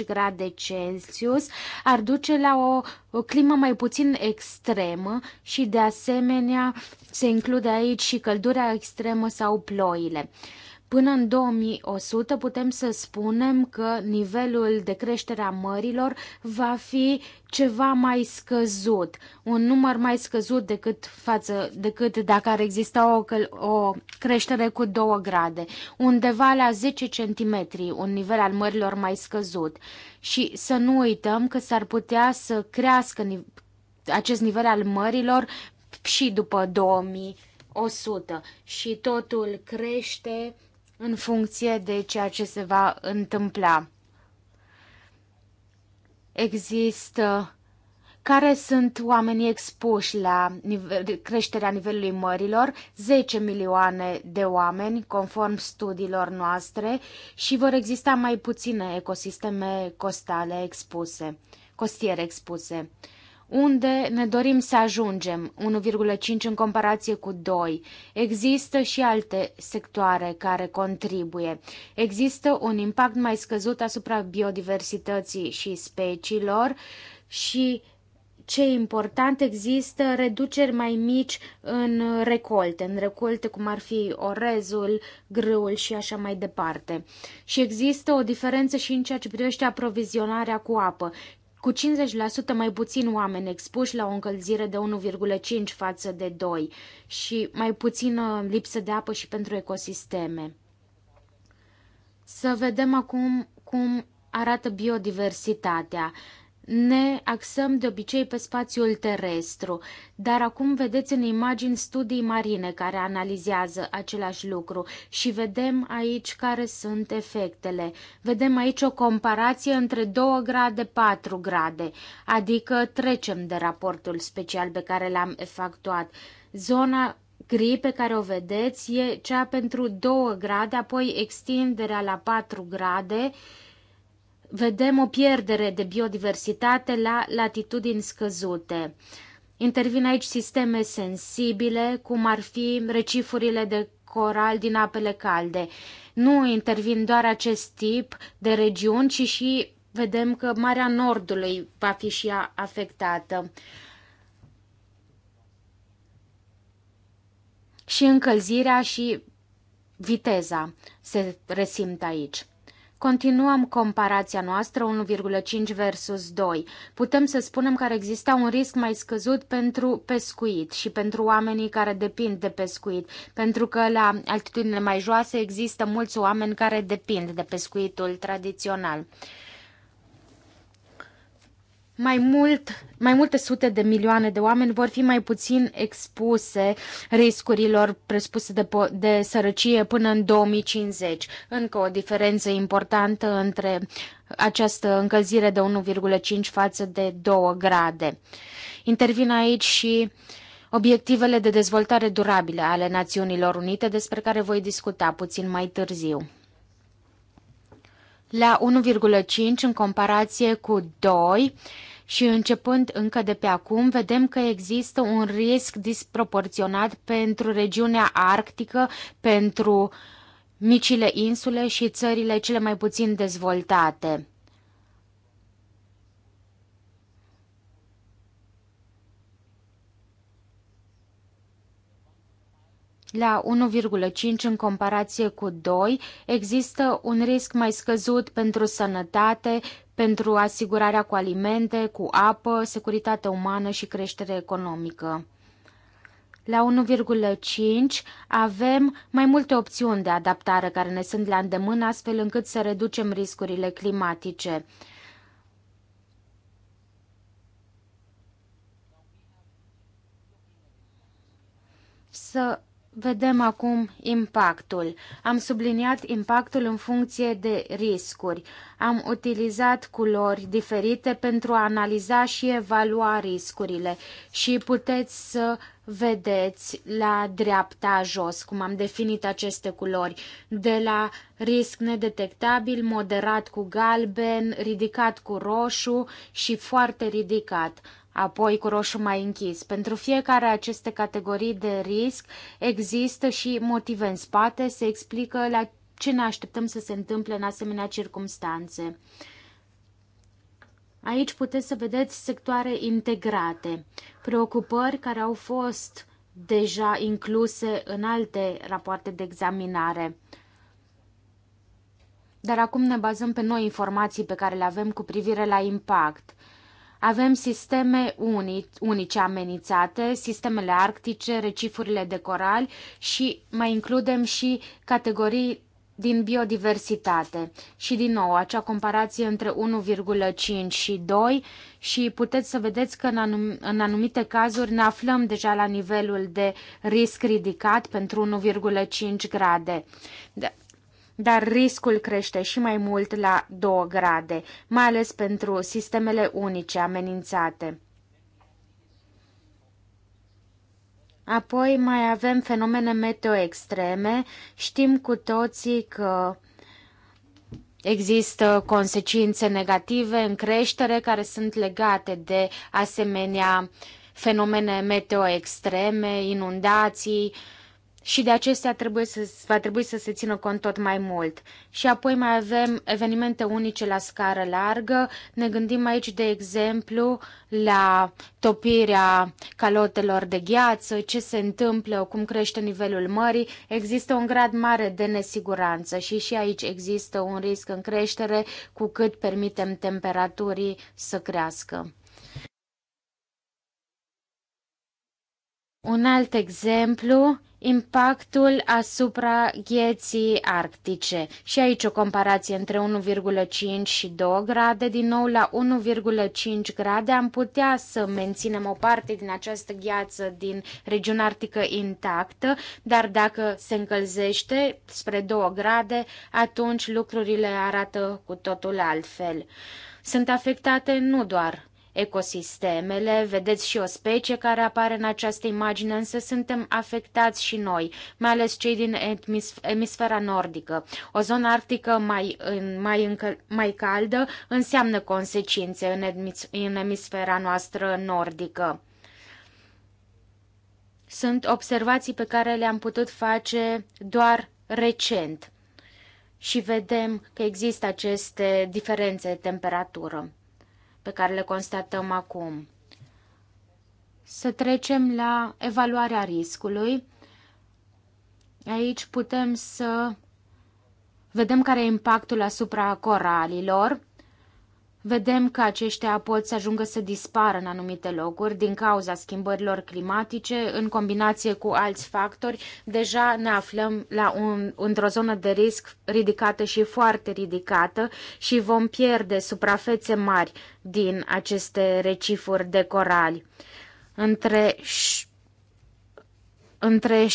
1,5 grade Celsius ar duce la o, o climă mai puțin extremă și de asemenea se include aici și căldura extremă sau ploile. Uh, Până în 2100 putem să spunem că nivelul de creștere a mărilor va fi ceva mai scăzut, un număr mai scăzut decât, față, decât dacă ar exista o, o creștere cu 2 grade, undeva la 10 cm, un nivel al mărilor mai scăzut. Și să nu uităm că s-ar putea să crească acest nivel al mărilor și după 2100 și totul crește în funcție de ceea ce se va întâmpla. Există care sunt oamenii expuși la nivel, creșterea nivelului mărilor, 10 milioane de oameni, conform studiilor noastre, și vor exista mai puține ecosisteme costale expuse, costiere expuse unde ne dorim să ajungem, 1,5 în comparație cu 2. Există și alte sectoare care contribuie. Există un impact mai scăzut asupra biodiversității și speciilor și ce important există reduceri mai mici în recolte, în recolte cum ar fi orezul, grâul și așa mai departe. Și există o diferență și în ceea ce privește aprovizionarea cu apă cu 50% mai puțin oameni expuși la o încălzire de 1,5 față de 2 și mai puțină lipsă de apă și pentru ecosisteme. Să vedem acum cum arată biodiversitatea ne axăm de obicei pe spațiul terestru, dar acum vedeți în imagini studii marine care analizează același lucru și vedem aici care sunt efectele. Vedem aici o comparație între 2 grade 4 grade, adică trecem de raportul special pe care l-am efectuat. Zona gri pe care o vedeți e cea pentru 2 grade, apoi extinderea la 4 grade, vedem o pierdere de biodiversitate la latitudini scăzute. Intervin aici sisteme sensibile, cum ar fi recifurile de coral din apele calde. Nu intervin doar acest tip de regiuni, ci și vedem că Marea Nordului va fi și ea afectată. Și încălzirea și viteza se resimt aici. Continuăm comparația noastră 1,5 versus 2. Putem să spunem că ar exista un risc mai scăzut pentru pescuit și pentru oamenii care depind de pescuit, pentru că la altitudinile mai joase există mulți oameni care depind de pescuitul tradițional mai, mult, mai multe sute de milioane de oameni vor fi mai puțin expuse riscurilor presupuse de, de sărăcie până în 2050. Încă o diferență importantă între această încălzire de 1,5 față de 2 grade. Intervin aici și obiectivele de dezvoltare durabilă ale Națiunilor Unite, despre care voi discuta puțin mai târziu la 1,5 în comparație cu 2 și începând încă de pe acum, vedem că există un risc disproporționat pentru regiunea arctică, pentru micile insule și țările cele mai puțin dezvoltate. la 1,5 în comparație cu 2, există un risc mai scăzut pentru sănătate, pentru asigurarea cu alimente, cu apă, securitate umană și creștere economică. La 1,5 avem mai multe opțiuni de adaptare care ne sunt la îndemână astfel încât să reducem riscurile climatice. Să Vedem acum impactul. Am subliniat impactul în funcție de riscuri. Am utilizat culori diferite pentru a analiza și evalua riscurile și puteți să vedeți la dreapta jos cum am definit aceste culori, de la risc nedetectabil, moderat cu galben, ridicat cu roșu și foarte ridicat apoi cu roșu mai închis. Pentru fiecare aceste categorii de risc există și motive în spate, se explică la ce ne așteptăm să se întâmple în asemenea circumstanțe. Aici puteți să vedeți sectoare integrate, preocupări care au fost deja incluse în alte rapoarte de examinare. Dar acum ne bazăm pe noi informații pe care le avem cu privire la impact. Avem sisteme unice amenințate, sistemele arctice, recifurile de corali și mai includem și categorii din biodiversitate. Și din nou, acea comparație între 1,5 și 2 și puteți să vedeți că în, anum- în anumite cazuri ne aflăm deja la nivelul de risc ridicat pentru 1,5 grade. De- da, dar riscul crește și mai mult la 2 grade, mai ales pentru sistemele unice amenințate. Apoi mai avem fenomene meteo extreme. Știm cu toții că există consecințe negative în creștere care sunt legate de asemenea fenomene meteo extreme, inundații, uh, și de acestea trebuie să, va trebui să se țină cont tot mai mult. Și apoi mai avem evenimente unice la scară largă. Ne gândim aici, de exemplu, la topirea calotelor de gheață, ce se întâmplă, cum crește nivelul mării. Există un grad mare de nesiguranță și și aici există un risc în creștere cu cât permitem temperaturii să crească. Un alt exemplu impactul asupra gheții arctice. Și aici o comparație între 1,5 și 2 grade. Din nou, la 1,5 grade am putea să menținem o parte din această gheață din regiunea arctică intactă, dar dacă se încălzește spre 2 grade, atunci lucrurile arată cu totul altfel. Sunt afectate nu doar ecosistemele. Vedeți și o specie care apare în această imagine, însă suntem afectați și noi, mai ales cei din emisfera nordică. O zonă arctică mai, mai, încă, mai caldă înseamnă consecințe în, emis, în emisfera noastră nordică. Sunt observații pe care le-am putut face doar recent și vedem că există aceste diferențe de temperatură pe care le constatăm acum. Să trecem la evaluarea riscului. Aici putem să vedem care e impactul asupra coralilor Vedem că aceștia pot să ajungă să dispară în anumite locuri din cauza schimbărilor climatice în combinație cu alți factori. Deja ne aflăm la un, într-o zonă de risc ridicată și foarte ridicată și vom pierde suprafețe mari din aceste recifuri de corali. Între, între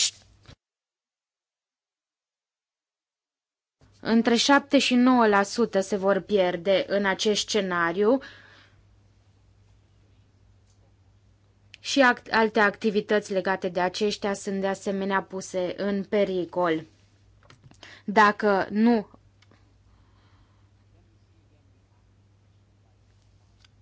Între 7 și 9% se vor pierde în acest scenariu și act alte activități legate de aceștia sunt de asemenea puse în pericol. Dacă nu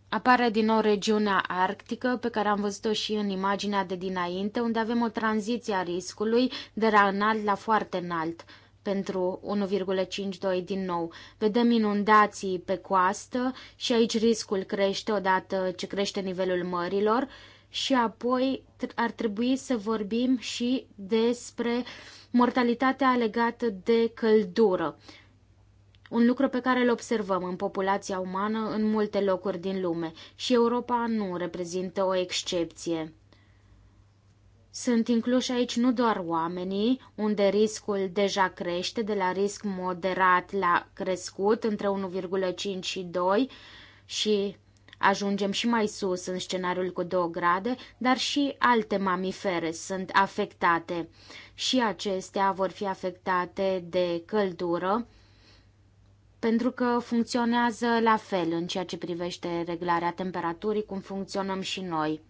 Apare din nou regiunea arctică, pe care am văzut-o și în imaginea de dinainte, unde avem o tranziție a riscului de la înalt la foarte înalt pentru 1,52 din nou. Vedem inundații pe coastă și aici riscul crește odată ce crește nivelul mărilor și apoi ar trebui să vorbim și despre mortalitatea legată de căldură. Un lucru pe care îl observăm în populația umană în multe locuri din lume și Europa nu reprezintă o excepție. Sunt incluși aici nu doar oamenii, unde riscul deja crește de la risc moderat la crescut între 1,5 și 2 și ajungem și mai sus în scenariul cu 2 grade, dar și alte mamifere sunt afectate și acestea vor fi afectate de căldură pentru că funcționează la fel în ceea ce privește reglarea temperaturii cum funcționăm și noi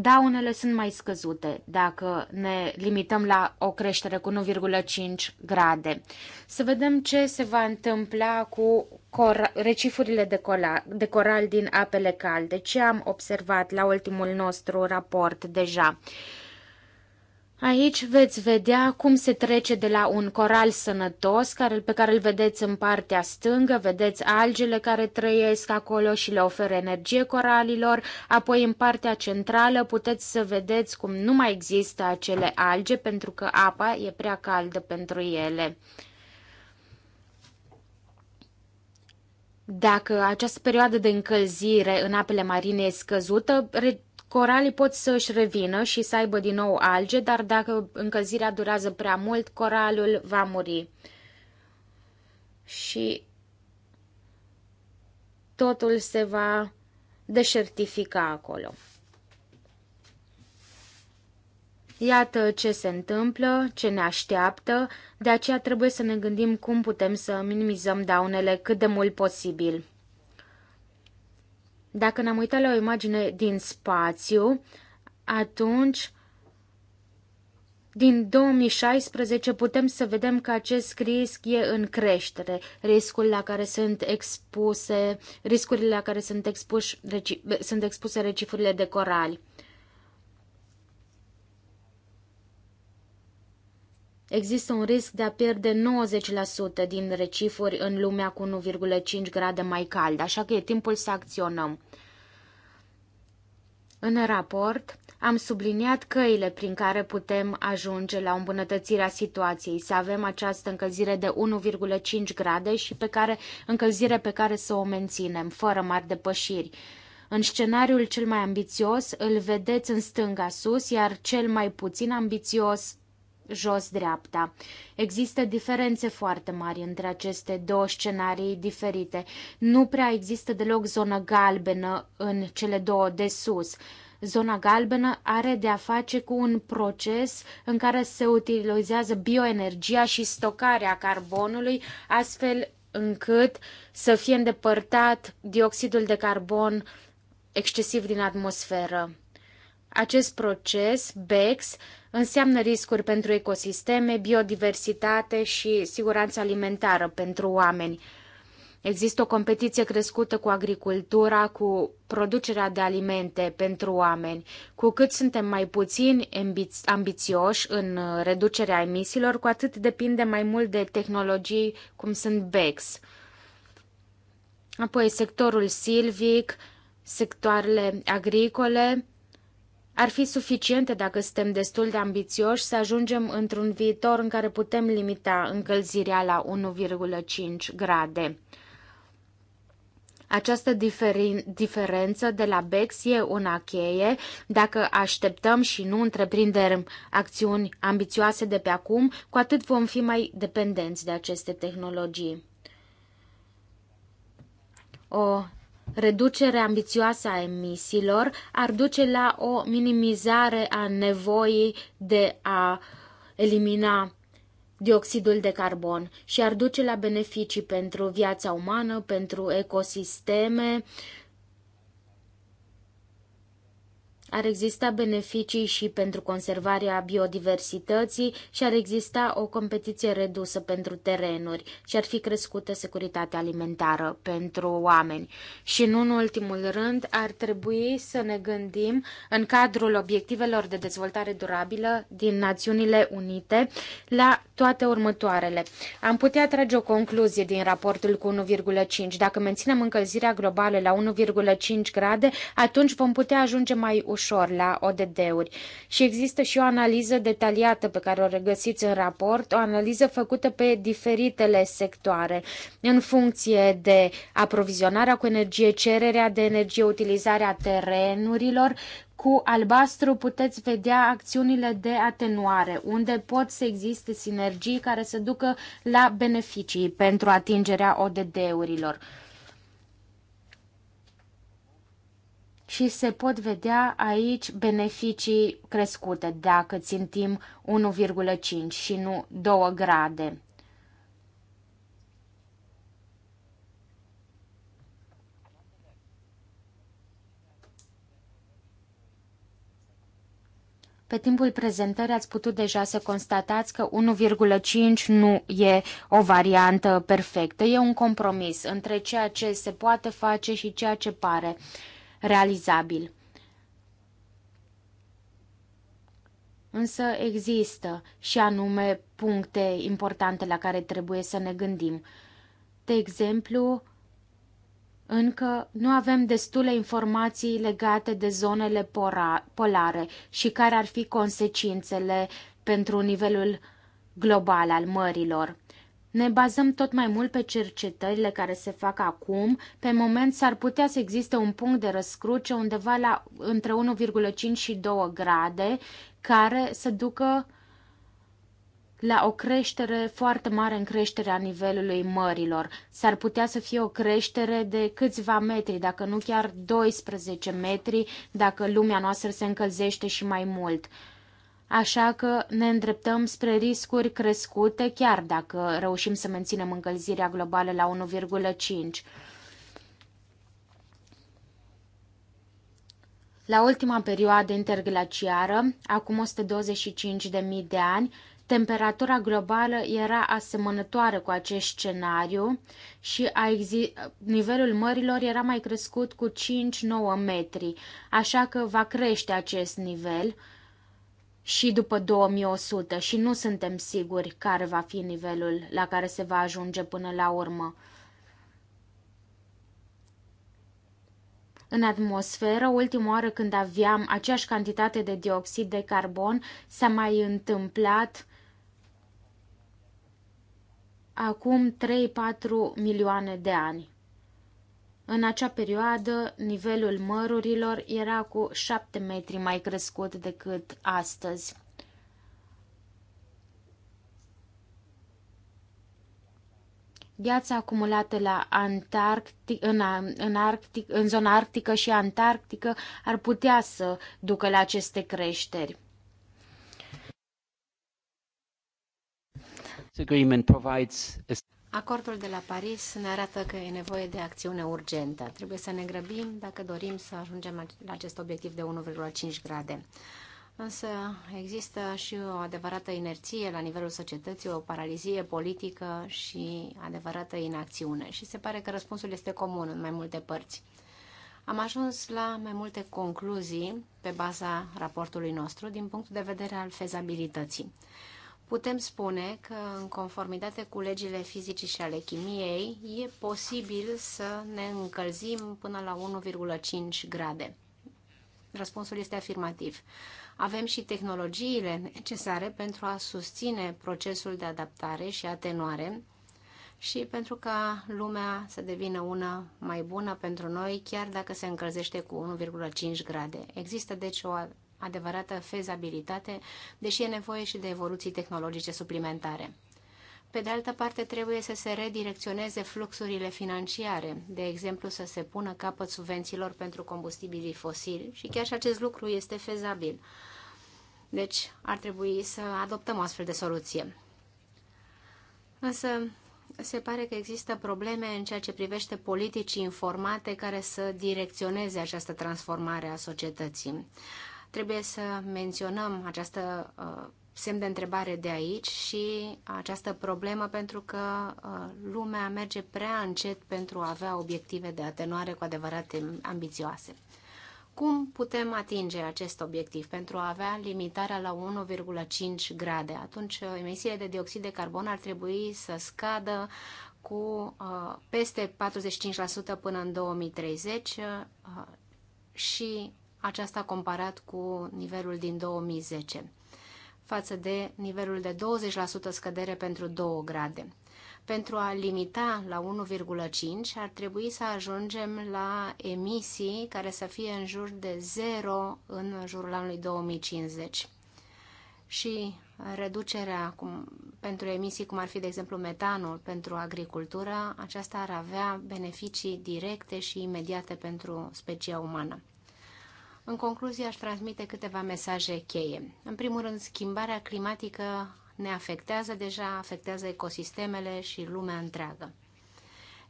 daunele sunt mai scăzute dacă ne limităm la o creștere cu 1,5 grade. Să vedem ce se va întâmpla cu cor- recifurile de, cola- de coral din apele calde, ce am observat la ultimul nostru raport deja. Uh, Aici veți vedea cum se trece de la un coral sănătos care, pe care îl vedeți în partea stângă, vedeți algele care trăiesc acolo și le oferă energie coralilor, apoi în partea centrală puteți să vedeți cum nu mai există acele alge pentru că apa e prea caldă pentru ele. Dacă această perioadă de încălzire în apele marine e scăzută, Coralii pot să își revină și să aibă din nou alge, dar dacă încălzirea durează prea mult, coralul va muri. Și totul se va deșertifica acolo. Iată ce se întâmplă, ce ne așteaptă, de aceea trebuie să ne gândim cum putem să minimizăm daunele cât de mult posibil. Dacă ne-am uitat la o imagine din spațiu, atunci din 2016 putem să vedem că acest risc e în creștere, riscul la care sunt expuse, riscurile la care sunt, expuși, reci, sunt expuse recifurile de corali. Există un risc de a pierde 90% din recifuri în lumea cu 1,5 grade mai cald, așa că e timpul să acționăm. În raport am subliniat căile prin care putem ajunge la îmbunătățirea situației, să avem această încălzire de 1,5 grade și pe care, încălzire pe care să o menținem, fără mari depășiri. În scenariul cel mai ambițios îl vedeți în stânga sus, iar cel mai puțin ambițios jos-dreapta. Există diferențe foarte mari între aceste două scenarii diferite. Nu prea există deloc zonă galbenă în cele două de sus. Zona galbenă are de a face cu un proces în care se utilizează bioenergia și stocarea carbonului, astfel încât să fie îndepărtat dioxidul de carbon excesiv din atmosferă. Acest proces, BEX, înseamnă riscuri pentru ecosisteme, biodiversitate și siguranță alimentară pentru oameni. Există o competiție crescută cu agricultura, cu producerea de alimente pentru oameni. Cu cât suntem mai puțin ambiți- ambițioși în reducerea emisiilor, cu atât depinde mai mult de tehnologii cum sunt BECS. Apoi sectorul silvic, sectoarele agricole, ar fi suficiente dacă suntem destul de ambițioși să ajungem într-un viitor în care putem limita încălzirea la 1,5 grade. Această diferență de la BEX e una cheie. Dacă așteptăm și nu întreprindem acțiuni ambițioase de pe acum, cu atât vom fi mai dependenți de aceste tehnologii. O Reducerea ambițioasă a emisiilor ar duce la o minimizare a nevoii de a elimina dioxidul de carbon și ar duce la beneficii pentru viața umană, pentru ecosisteme, ar exista beneficii și pentru conservarea biodiversității și ar exista o competiție redusă pentru terenuri și ar fi crescută securitatea alimentară pentru oameni. Și nu în ultimul rând, ar trebui să ne gândim în cadrul obiectivelor de dezvoltare durabilă din Națiunile Unite la toate următoarele. Am putea trage o concluzie din raportul cu 1,5. Dacă menținem încălzirea globală la 1,5 grade, atunci vom putea ajunge mai ușor ușor la ODD-uri. Și există și o analiză detaliată pe care o regăsiți în raport, o analiză făcută pe diferitele sectoare, în funcție de aprovizionarea cu energie, cererea de energie, utilizarea terenurilor, cu albastru puteți vedea acțiunile de atenuare, unde pot să existe sinergii care să ducă la beneficii pentru atingerea ODD-urilor. și se pot vedea aici beneficii crescute dacă țintim 1,5 și nu 2 grade. Pe timpul prezentării ați putut deja să constatați că 1,5 nu e o variantă perfectă, e un compromis între ceea ce se poate face și ceea ce pare realizabil. Însă există și anume puncte importante la care trebuie să ne gândim. De exemplu, încă nu avem destule informații legate de zonele polare și care ar fi consecințele pentru nivelul global al mărilor. Ne bazăm tot mai mult pe cercetările care se fac acum. Pe moment s-ar putea să existe un punct de răscruce undeva la între 1,5 și 2 grade care să ducă la o creștere foarte mare în creșterea nivelului mărilor. S-ar putea să fie o creștere de câțiva metri, dacă nu chiar 12 metri, dacă lumea noastră se încălzește și mai mult. Așa că ne îndreptăm spre riscuri crescute, chiar dacă reușim să menținem încălzirea globală la 1,5. La ultima perioadă interglaciară, acum 125.000 de ani, temperatura globală era asemănătoare cu acest scenariu și a exi- nivelul mărilor era mai crescut cu 5-9 metri, așa că va crește acest nivel și după 2100 și nu suntem siguri care va fi nivelul la care se va ajunge până la urmă. În atmosferă, ultima oară când aveam aceeași cantitate de dioxid de carbon, s-a mai întâmplat acum 3-4 milioane de ani. În acea perioadă, nivelul mărurilor era cu 7 metri mai crescut decât astăzi. Gheața acumulată la Antarctic, în, în, Arctic, în zona arctică și antarctică ar putea să ducă la aceste creșteri. Acordul de la Paris ne arată că e nevoie de acțiune urgentă. Trebuie să ne grăbim dacă dorim să ajungem la acest obiectiv de 1,5 grade. Însă există și o adevărată inerție la nivelul societății, o paralizie politică și adevărată inacțiune. Și se pare că răspunsul este comun în mai multe părți. Am ajuns la mai multe concluzii pe baza raportului nostru din punctul de vedere al fezabilității putem spune că, în conformitate cu legile fizicii și ale chimiei, e posibil să ne încălzim până la 1,5 grade. Răspunsul este afirmativ. Avem și tehnologiile necesare pentru a susține procesul de adaptare și atenuare și pentru ca lumea să devină una mai bună pentru noi, chiar dacă se încălzește cu 1,5 grade. Există deci o adevărată fezabilitate, deși e nevoie și de evoluții tehnologice suplimentare. Pe de altă parte, trebuie să se redirecționeze fluxurile financiare, de exemplu să se pună capăt subvențiilor pentru combustibilii fosili și chiar și acest lucru este fezabil. Deci ar trebui să adoptăm o astfel de soluție. Însă se pare că există probleme în ceea ce privește politicii informate care să direcționeze această transformare a societății. Trebuie să menționăm această uh, semn de întrebare de aici și această problemă pentru că uh, lumea merge prea încet pentru a avea obiective de atenuare cu adevărat ambițioase. Cum putem atinge acest obiectiv pentru a avea limitarea la 1,5 grade? Atunci uh, emisiile de dioxid de carbon ar trebui să scadă cu peste 45% până în 2030 și aceasta comparat cu nivelul din 2010, față de nivelul de 20% scădere pentru 2 grade. Pentru a limita la 1,5 ar trebui să ajungem la emisii care să fie în jur de 0 în jurul anului 2050. Și reducerea cum, pentru emisii, cum ar fi, de exemplu, metanul pentru agricultură, aceasta ar avea beneficii directe și imediate pentru specia umană. În concluzie, aș transmite câteva mesaje cheie. În primul rând, schimbarea climatică ne afectează deja, afectează ecosistemele și lumea întreagă.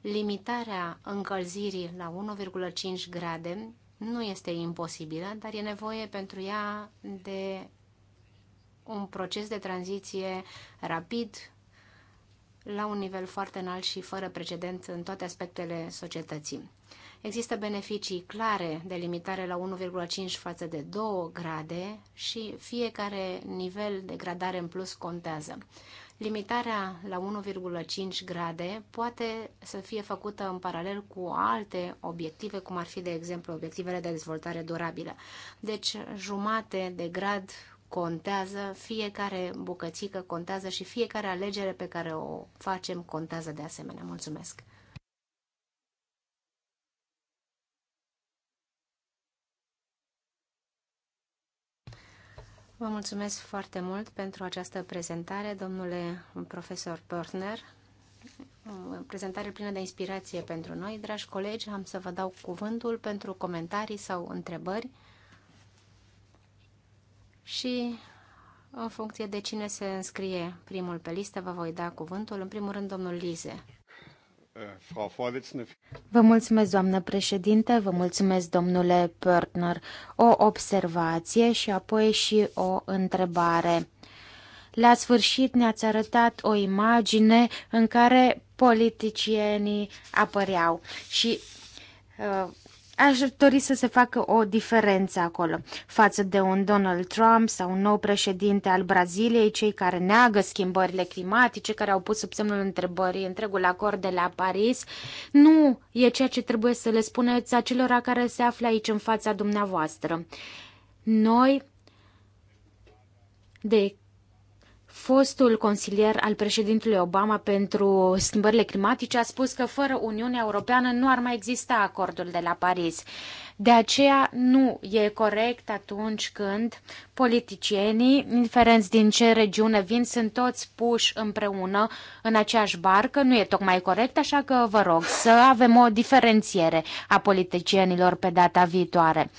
Limitarea încălzirii la 1,5 grade nu este imposibilă, dar e nevoie pentru ea de un proces de tranziție rapid, la un nivel foarte înalt și fără precedent în toate aspectele societății. Există beneficii clare de limitare la 1,5 față de 2 grade și fiecare nivel de gradare în plus contează. Limitarea la 1,5 grade poate să fie făcută în paralel cu alte obiective, cum ar fi, de exemplu, obiectivele de dezvoltare durabilă. Deci, jumate de grad contează, fiecare bucățică contează și fiecare alegere pe care o facem contează de asemenea. Mulțumesc! Vă mulțumesc foarte mult pentru această prezentare, domnule profesor Börner. Prezentare plină de inspirație pentru noi. Dragi colegi, am să vă dau cuvântul pentru comentarii sau întrebări și în funcție de cine se înscrie primul pe listă, vă voi da cuvântul. În primul rând, domnul Lize. Vă mulțumesc, doamnă președinte, vă mulțumesc, domnule Pörtner. O observație și apoi și o întrebare. La sfârșit ne-ați arătat o imagine în care politicienii apăreau și uh, Aș dori să se facă o diferență acolo față de un Donald Trump sau un nou președinte al Braziliei, cei care neagă schimbările climatice, care au pus sub semnul întrebării întregul acord de la Paris. Nu e ceea ce trebuie să le spuneți acelora care se află aici în fața dumneavoastră. Noi, de fostul consilier al președintelui Obama pentru schimbările climatice a spus că fără Uniunea Europeană nu ar mai exista acordul de la Paris. De aceea nu e corect atunci când politicienii, indiferent din ce regiune vin, sunt toți puși împreună în aceeași barcă. Nu e tocmai corect, așa că vă rog să avem o diferențiere a politicienilor pe data viitoare.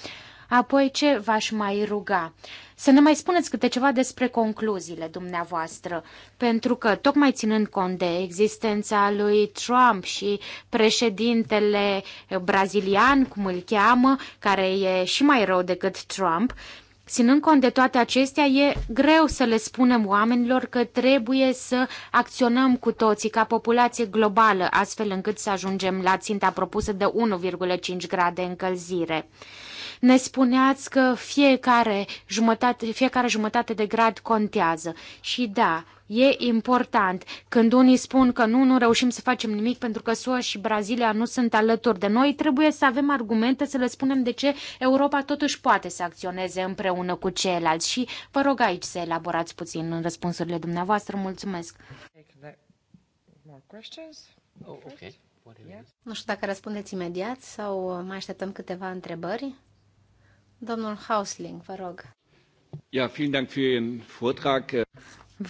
Apoi ce v-aș mai ruga? Să ne mai spuneți câte ceva despre concluziile dumneavoastră, pentru că, tocmai ținând cont de existența lui Trump și președintele brazilian, cum îl cheamă, care e și mai rău decât Trump, Ținând cont de toate acestea, e greu să le spunem oamenilor că trebuie să acționăm cu toții ca populație globală, astfel încât să ajungem la ținta propusă de 1,5 grade încălzire. Ne spuneați că fiecare jumătate, fiecare jumătate de grad contează. Și da, E important când unii spun că nu, nu reușim să facem nimic pentru că SUA și Brazilia nu sunt alături de noi. Trebuie să avem argumente să le spunem de ce Europa totuși poate să acționeze împreună cu ceilalți. Și vă rog aici să elaborați puțin în răspunsurile dumneavoastră. Mulțumesc! Oh, nu știu dacă răspundeți imediat sau mai așteptăm câteva întrebări. Domnul Hausling, vă rog. Ja, vielen Dank für Ihren Vortrag.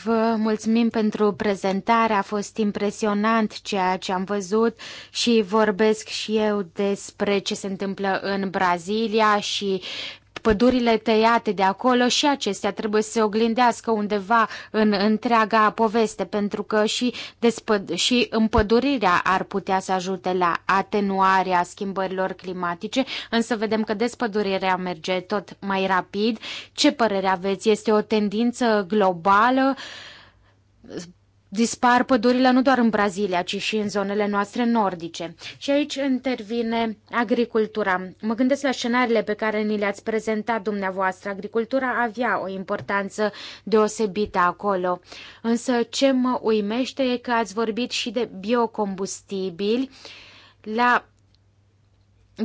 Vă mulțumim pentru prezentare, a fost impresionant ceea ce am văzut și vorbesc și eu despre ce se întâmplă în Brazilia și pădurile tăiate de acolo și acestea trebuie să se oglindească undeva în întreaga poveste, pentru că și, despă- și împădurirea ar putea să ajute la atenuarea schimbărilor climatice, însă vedem că despădurirea merge tot mai rapid. Ce părere aveți? Este o tendință globală? dispar pădurile nu doar în Brazilia, ci și în zonele noastre nordice. Și aici intervine agricultura. Mă gândesc la scenariile pe care ni le-ați prezentat dumneavoastră. Agricultura avea o importanță deosebită acolo. Însă ce mă uimește e că ați vorbit și de biocombustibili. La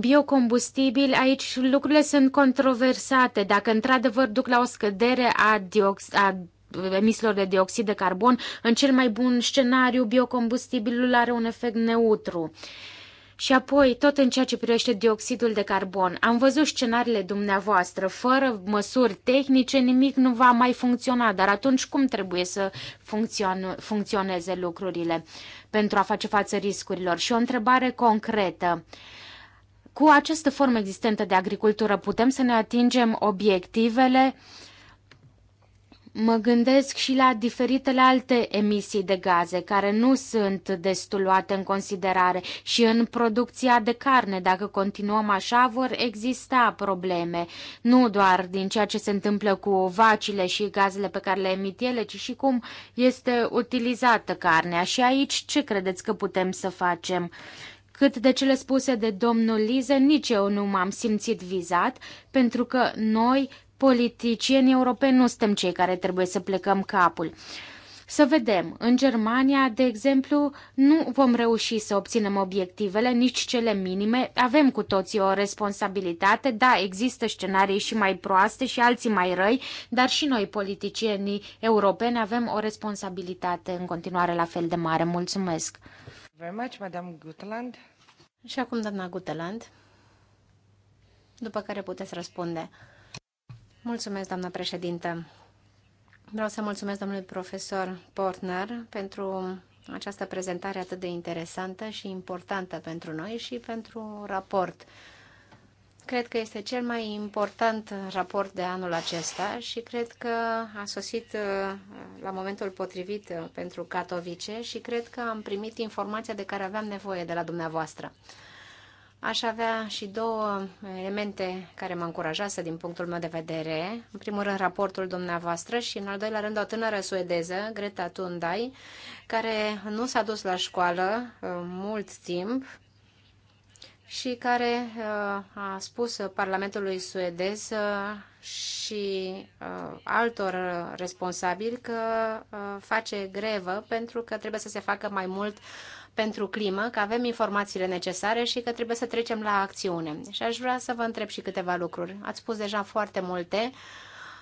biocombustibil, aici lucrurile sunt controversate. Dacă într-adevăr duc la o scădere a, diox- a emisiilor de dioxid de carbon, în cel mai bun scenariu, biocombustibilul are un efect neutru. Și apoi, tot în ceea ce privește dioxidul de carbon, am văzut scenariile dumneavoastră. Fără măsuri tehnice, nimic nu va mai funcționa, dar atunci cum trebuie să funcționeze lucrurile pentru a face față riscurilor? Și o întrebare concretă. Cu această formă existentă de agricultură, putem să ne atingem obiectivele uh, mă gândesc și la diferitele alte emisii de gaze care nu sunt destul luate în considerare și în producția de carne, dacă continuăm așa, vor exista probleme, nu doar din ceea ce se întâmplă cu vacile și gazele pe care le emit ele, ci și cum este utilizată carnea. Și aici ce credeți că putem să facem? Cât de cele spuse de domnul Lize, nici eu nu m-am simțit vizat, pentru că noi politicieni europeni nu suntem cei care trebuie să plecăm capul. Să vedem, în Germania, de exemplu, nu vom reuși să obținem obiectivele, nici cele minime. Avem cu toții o responsabilitate, da, există scenarii și mai proaste și alții mai răi, dar și noi, politicienii europeni, avem o responsabilitate în continuare la fel de mare. Mulțumesc! much, Madame Guteland. Și acum, doamna Guteland, după care puteți răspunde. Mulțumesc, doamnă președintă. Vreau să mulțumesc domnului profesor Portner pentru această prezentare atât de interesantă și importantă pentru noi și pentru raport. Cred că este cel mai important raport de anul acesta și cred că a sosit uh, la momentul potrivit uh, pentru Katowice și cred că am primit informația de care aveam nevoie de la dumneavoastră. Aș avea și două elemente care mă încurajează din punctul meu de vedere. În primul rând, raportul dumneavoastră și, în al doilea rând, o tânără suedeză, Greta Tundai, care nu s-a dus la școală uh, mult timp și care uh, a spus Parlamentului suedez uh, și altor responsabili că face grevă pentru că trebuie să se facă mai mult pentru climă, că avem informațiile necesare și că trebuie să trecem la acțiune. Și aș vrea să vă întreb și câteva lucruri. Ați spus deja foarte multe,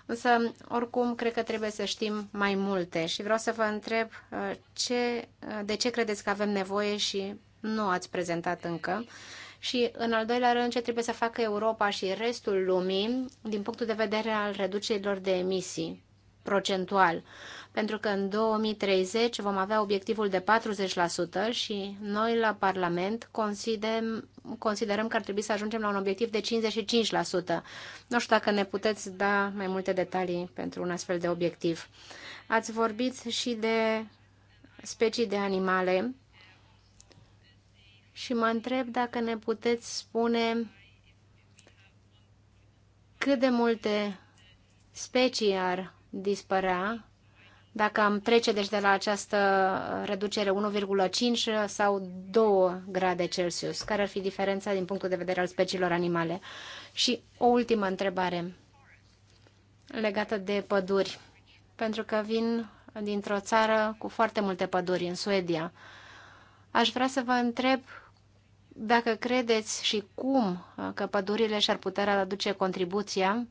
însă oricum cred că trebuie să știm mai multe și vreau să vă întreb uh, ce, uh, de ce credeți că avem nevoie și nu ați prezentat încă. Și, în al doilea rând, ce trebuie să facă Europa și restul lumii din punctul de vedere al reducerilor de emisii procentual. Uh, pentru că în 2030 vom avea obiectivul de 40% și noi la Parlament considerăm, considerăm că ar trebui să ajungem la un obiectiv de 55%. Nu știu dacă ne puteți da mai multe detalii pentru un astfel de obiectiv. Ați vorbit și de specii de animale și mă întreb dacă ne puteți spune cât de multe specii ar dispărea dacă am trece deci de la această reducere 1,5 sau 2 grade Celsius, care ar fi diferența din punctul de vedere al speciilor animale? Și o ultimă întrebare legată de păduri, pentru că vin dintr-o țară cu foarte multe păduri, în Suedia. Aș vrea să vă întreb dacă credeți și cum că pădurile și-ar putea aduce contribuția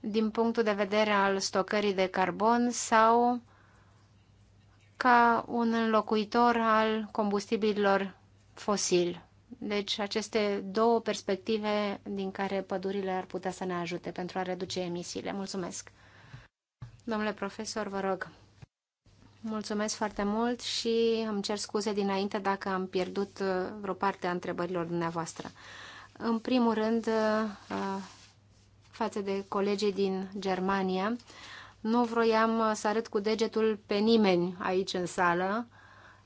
din punctul de vedere al stocării de carbon sau ca un înlocuitor al combustibililor fosili. Deci aceste două perspective din care pădurile ar putea să ne ajute pentru a reduce emisiile. Mulțumesc! Domnule profesor, vă rog. Mulțumesc foarte mult și îmi cer scuze dinainte dacă am pierdut uh, vreo parte a întrebărilor dumneavoastră. În primul rând, uh, față de colegii din Germania. Nu vroiam uh, să arăt cu degetul pe nimeni aici în sală,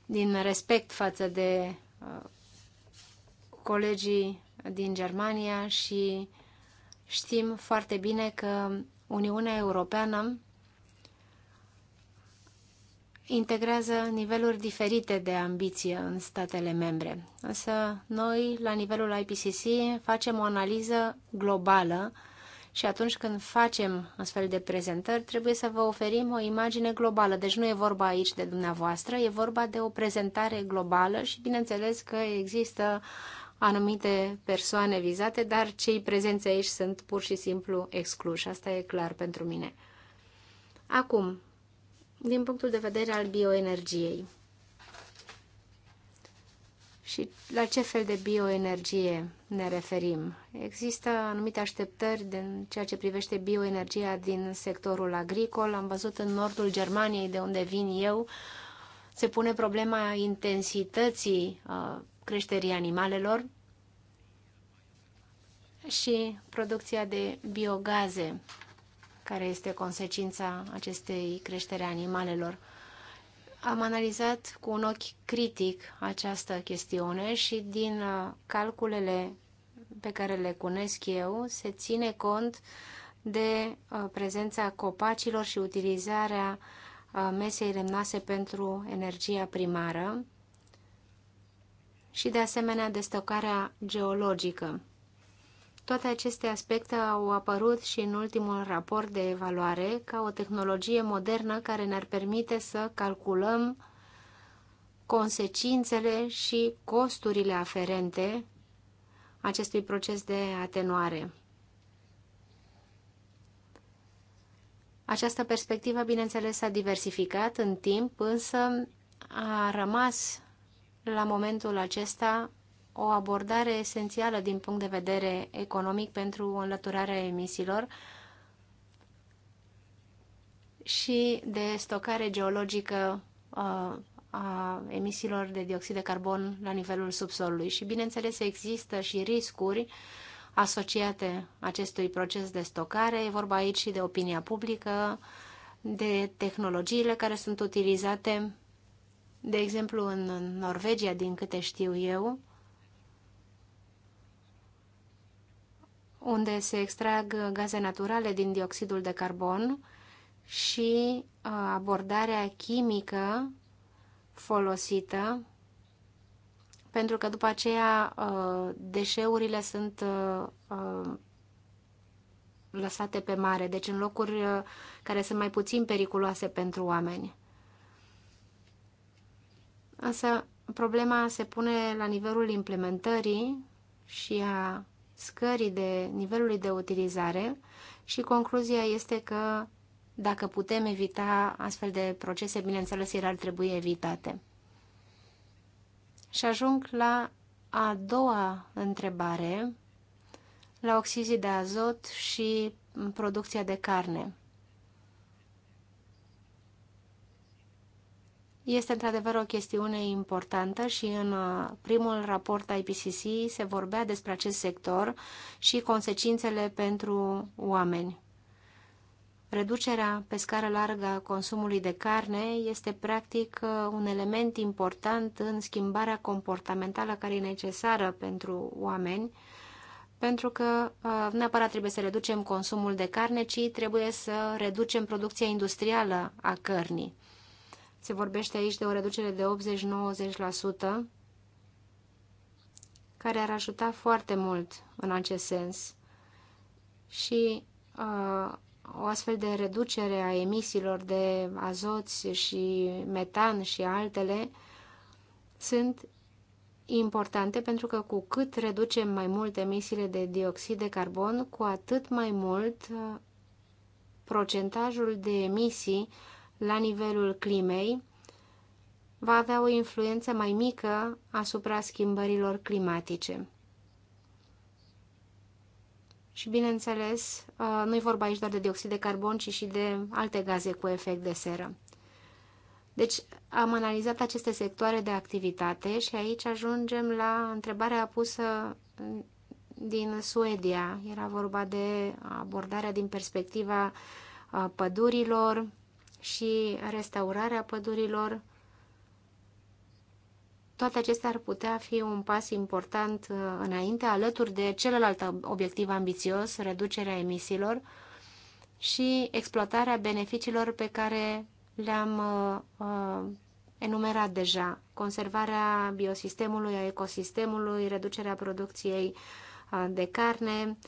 din respect față de uh, colegii din Germania și știm foarte bine că Uniunea Europeană integrează niveluri diferite de ambiție în statele membre. Însă noi, la nivelul IPCC, facem o analiză globală și atunci când facem astfel de prezentări, trebuie să vă oferim o imagine globală. Deci nu e vorba aici de dumneavoastră, e vorba de o prezentare globală și bineînțeles că există anumite persoane vizate, dar cei prezenți aici sunt pur și simplu excluși. Asta e clar pentru mine. Acum, din punctul de vedere al bioenergiei și la ce fel de bioenergie ne referim. Există anumite așteptări din ceea ce privește bioenergia din sectorul agricol. Am văzut în nordul Germaniei, de unde vin eu, se pune problema intensității uh, creșterii animalelor și producția de biogaze, care este consecința acestei creșteri a animalelor. Am analizat cu un ochi critic această chestiune și din uh, calculele pe care le cunesc eu se ține cont de uh, prezența copacilor și utilizarea uh, mesei lemnase pentru energia primară și de asemenea de stocarea geologică. Toate aceste aspecte au apărut și în ultimul raport de evaluare ca o tehnologie modernă care ne-ar permite să calculăm consecințele și costurile aferente acestui proces de atenuare. Această perspectivă, bineînțeles, s-a diversificat în timp, însă a rămas la momentul acesta o abordare esențială din punct de vedere economic pentru înlăturarea emisiilor și de stocare geologică uh, a emisiilor de dioxid de carbon la nivelul subsolului. Și, bineînțeles, există și riscuri asociate acestui proces de stocare. E vorba aici și de opinia publică, de tehnologiile care sunt utilizate, de exemplu, în Norvegia, din câte știu eu, unde se extrag gaze naturale din dioxidul de carbon și uh, abordarea chimică folosită, pentru că după aceea uh, deșeurile sunt uh, uh, lăsate pe mare, deci în locuri care sunt mai puțin periculoase pentru oameni. Însă problema se pune la nivelul implementării și a scării de nivelului de utilizare și concluzia este că dacă putem evita astfel de procese, bineînțeles, ele ar trebui evitate. Și ajung la a doua întrebare, la oxizii de azot și producția de carne. Este într-adevăr o chestiune importantă și în uh, primul raport IPCC se vorbea despre acest sector și consecințele pentru oameni. Reducerea pe scară largă a consumului de carne este practic un element important în schimbarea comportamentală care e necesară pentru oameni, pentru că uh, nu neapărat trebuie să reducem consumul de carne, ci trebuie să reducem producția industrială a cărnii. Se vorbește aici de o reducere de 80-90%, care ar ajuta foarte mult în acest sens. Și uh, o astfel de reducere a emisiilor de azoți și metan și altele sunt importante pentru că cu cât reducem mai mult emisiile de dioxid de carbon, cu atât mai mult uh, procentajul de emisii la nivelul climei va avea o influență mai mică asupra schimbărilor climatice. Și, bineînțeles, uh, nu i vorba aici doar de dioxid de carbon, ci și de alte gaze cu efect de seră. Deci am analizat aceste sectoare de activitate și aici ajungem la întrebarea pusă din Suedia. Era vorba de abordarea din perspectiva uh, pădurilor și restaurarea pădurilor toate acestea ar putea fi un pas important uh, înainte, alături de celălalt obiectiv ambițios, reducerea emisiilor și exploatarea beneficiilor pe care le-am uh, uh enumerat deja. Conservarea biosistemului, a ecosistemului, reducerea producției uh, de carne,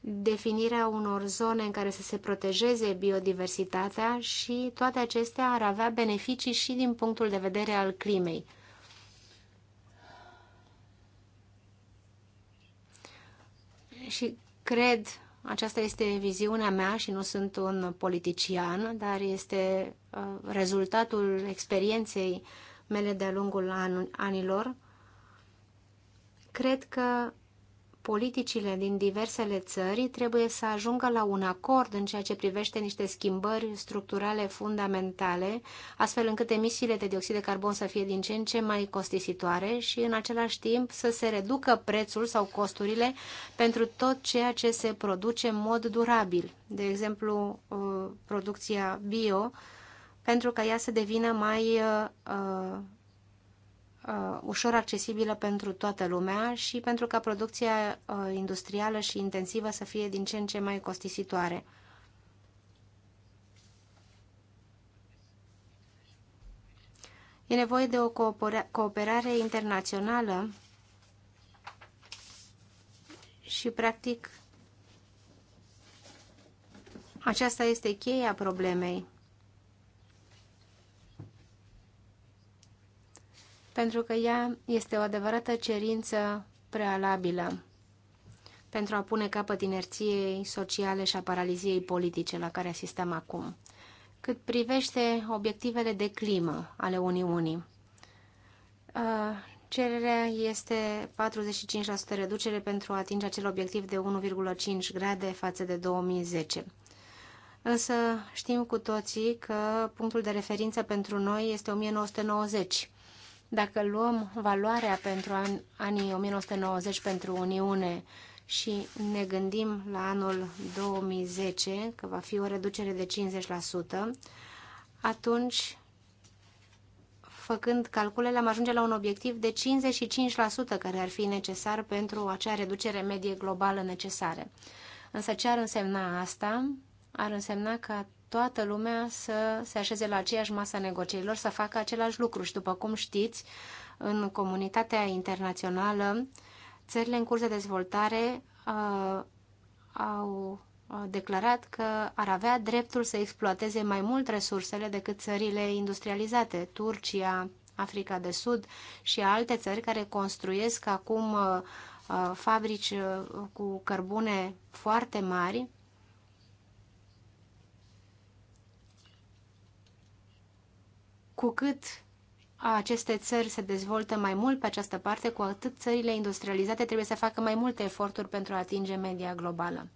definirea unor zone în care să se protejeze biodiversitatea și toate acestea ar avea beneficii și din punctul de vedere al climei. și cred, aceasta este viziunea mea și nu sunt un politician, dar este uh, rezultatul experienței mele de-a lungul anilor, cred că politicile din diversele țări trebuie să ajungă la un acord în ceea ce privește niște schimbări structurale fundamentale, astfel încât emisiile de dioxid de carbon să fie din ce în ce mai costisitoare și în același timp să se reducă prețul sau costurile pentru tot ceea ce se produce în mod durabil, de exemplu uh, producția bio, pentru ca ea să devină mai uh, uh, uh, ușor accesibilă pentru toată lumea și pentru ca producția uh, industrială și intensivă să fie din ce în ce mai costisitoare. E nevoie de o cooperare internațională și, practic, aceasta este cheia problemei. pentru că ea este o adevărată cerință prealabilă pentru a pune capăt inerției sociale și a paraliziei politice la care asistăm acum, cât privește obiectivele de climă ale Uniunii. Uh, cererea este 45% reducere pentru a atinge acel obiectiv de 1,5 grade față de 2010. Însă știm cu toții că punctul de referință pentru noi este 1990 dacă luăm valoarea pentru an, anii 1990 pentru Uniune și ne gândim la anul 2010, că va fi o reducere de 50%, atunci, făcând calculele, am ajunge la un obiectiv de 55% care ar fi necesar pentru acea reducere medie globală necesară. Însă ce ar însemna asta? Ar însemna că toată lumea să se așeze la aceeași masă negocierilor, să facă același lucru. Și după cum știți, în comunitatea internațională, țările în curs de dezvoltare uh, au uh, declarat că ar avea dreptul să exploateze mai mult resursele decât țările industrializate, Turcia, Africa de Sud și alte țări care construiesc acum uh, uh, fabrici cu cărbune foarte mari Cu cât aceste țări se dezvoltă mai mult pe această parte, cu atât țările industrializate trebuie să facă mai multe eforturi pentru a atinge media globală.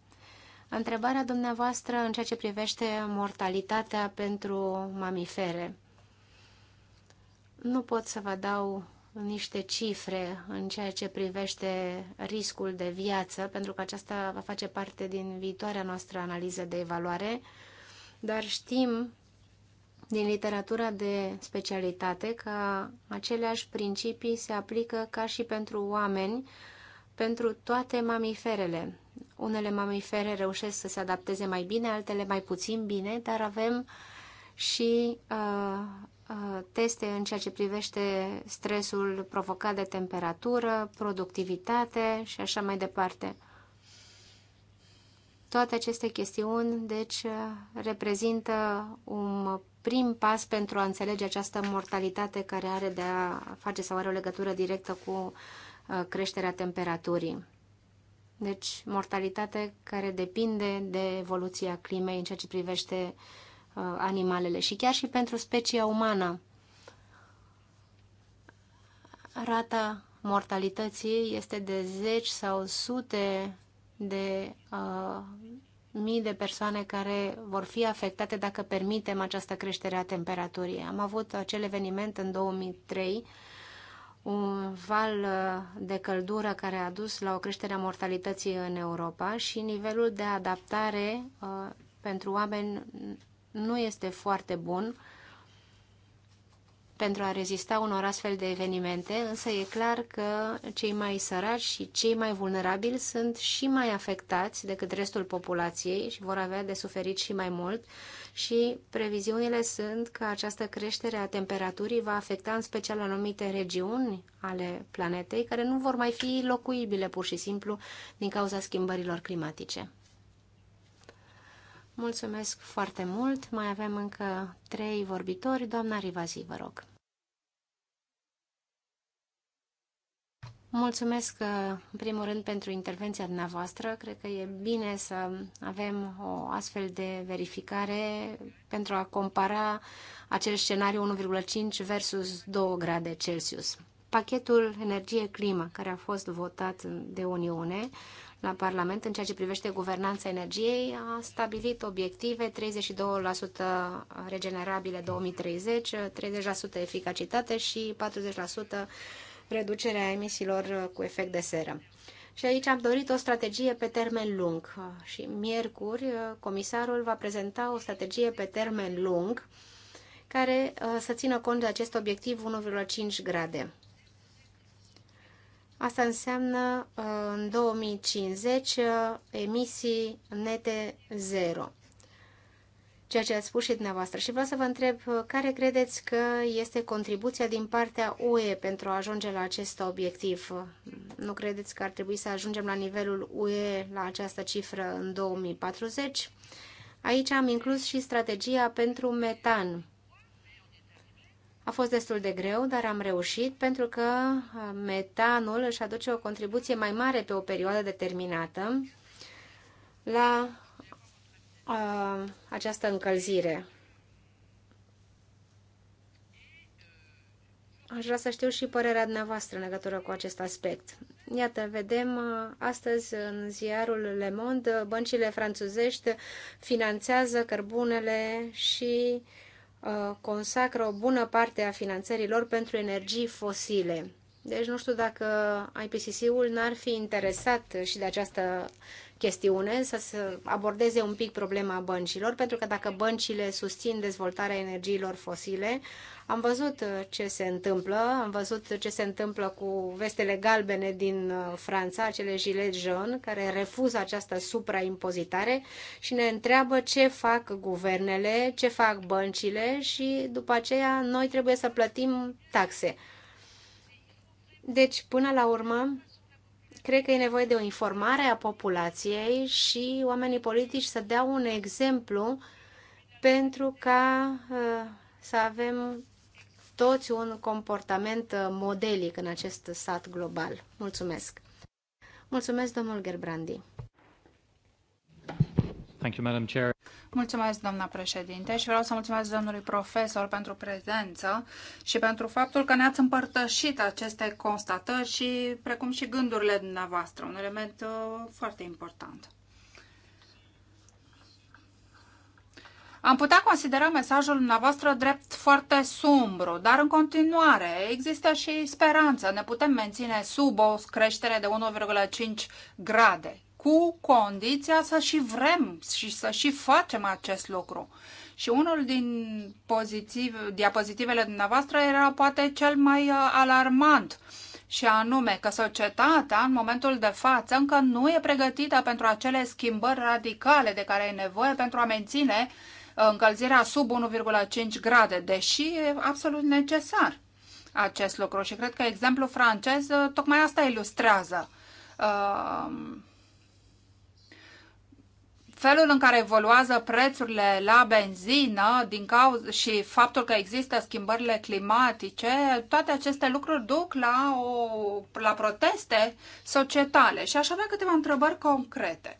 Întrebarea dumneavoastră în ceea ce privește mortalitatea pentru mamifere. Nu pot să vă dau niște cifre în ceea ce privește riscul de viață, pentru că aceasta va face parte din viitoarea noastră analiză de evaluare, dar știm din literatura de specialitate că aceleași principii se aplică ca și pentru oameni, pentru toate mamiferele. Unele mamifere reușesc să se adapteze mai bine, altele mai puțin bine, dar avem și uh, uh, teste în ceea ce privește stresul provocat de temperatură, productivitate și așa mai departe. Toate aceste chestiuni, deci, reprezintă un prim pas pentru a înțelege această mortalitate care are de a face sau are o legătură directă cu uh, creșterea temperaturii. Deci, mortalitate care depinde de evoluția climei în ceea ce privește uh, animalele și chiar și pentru specia umană. Rata mortalității este de zeci sau sute de uh, mii de persoane care vor fi afectate dacă permitem această creștere a temperaturii. Am avut acel eveniment în 2003, un val uh, de căldură care a dus la o creștere a mortalității în Europa și nivelul de adaptare uh, pentru oameni nu este foarte bun pentru a rezista unor astfel de evenimente, însă e clar că cei mai săraci și cei mai vulnerabili sunt și mai afectați decât restul populației și vor avea de suferit și mai mult și previziunile sunt că această creștere a temperaturii va afecta în special anumite regiuni ale planetei care nu vor mai fi locuibile pur și simplu din cauza schimbărilor climatice. Mulțumesc foarte mult. Mai avem încă trei vorbitori. Doamna Rivazi, vă rog. Mulțumesc, în primul rând, pentru intervenția dumneavoastră. Cred că e bine să avem o astfel de verificare pentru a compara acel scenariu 1,5 versus 2 grade Celsius. Pachetul energie-climă, care a fost votat de Uniune, la Parlament în ceea ce privește guvernanța energiei a stabilit obiective 32% regenerabile 2030, 30% eficacitate și 40% reducerea emisiilor cu efect de seră. Și aici am dorit o strategie pe termen lung. Și miercuri, comisarul va prezenta o strategie pe termen lung care să țină cont de acest obiectiv 1,5 grade. Asta înseamnă uh, în 2050 uh, emisii nete zero, ceea ce ați spus și dumneavoastră. Și vreau să vă întreb uh, care credeți că este contribuția din partea UE pentru a ajunge la acest obiectiv? Nu credeți că ar trebui să ajungem la nivelul UE la această cifră în 2040? Aici am inclus și strategia pentru metan a fost destul de greu, dar am reușit pentru că uh, metanul își aduce o contribuție mai mare pe o perioadă determinată la a, uh, această încălzire. Aș vrea să știu și părerea dumneavoastră în legătură cu acest aspect. Iată, vedem uh, astăzi în ziarul Le Monde, băncile franțuzești finanțează cărbunele și uh, Uh, consacră o bună parte a finanțării lor pentru energii fosile. Deci nu știu dacă IPCC-ul n-ar fi interesat și de această chestiune să se abordeze un pic problema băncilor, pentru că dacă băncile susțin dezvoltarea energiilor fosile, am văzut uh, ce se întâmplă, am văzut ce se întâmplă cu vestele galbene din uh, Franța, acele gilet jaune, care refuză această supraimpozitare și ne întreabă ce fac guvernele, ce fac băncile și după aceea noi trebuie să plătim taxe. Deci, până la urmă, cred că e nevoie de o informare a populației și oamenii politici să dea un exemplu pentru ca uh, să avem toți un comportament uh, modelic în acest sat global. Mulțumesc! Mulțumesc, domnul Gerbrandi! Thank you, Madam Chair. Mulțumesc, doamna președinte, și vreau să mulțumesc domnului profesor pentru prezență și pentru faptul că ne-ați împărtășit aceste constatări și precum și gândurile dumneavoastră, un element uh, foarte important. Am putea considera mesajul dumneavoastră drept foarte sumbru, dar în continuare există și speranță. Ne putem menține sub o creștere de 1,5 grade, cu condiția să și vrem și să și facem acest lucru. Și unul din pozitiv, diapozitivele dumneavoastră era poate cel mai uh, alarmant și anume că societatea în momentul de față încă nu e pregătită pentru acele schimbări radicale de care e nevoie pentru a menține uh, încălzirea sub 1,5 grade, deși e absolut necesar acest lucru. Și cred că exemplul francez uh, tocmai asta ilustrează. Uh, felul în care evoluează prețurile la benzină din cauza și faptul că există schimbările climatice, toate aceste lucruri duc la, o, la proteste societale. Și aș avea câteva întrebări concrete.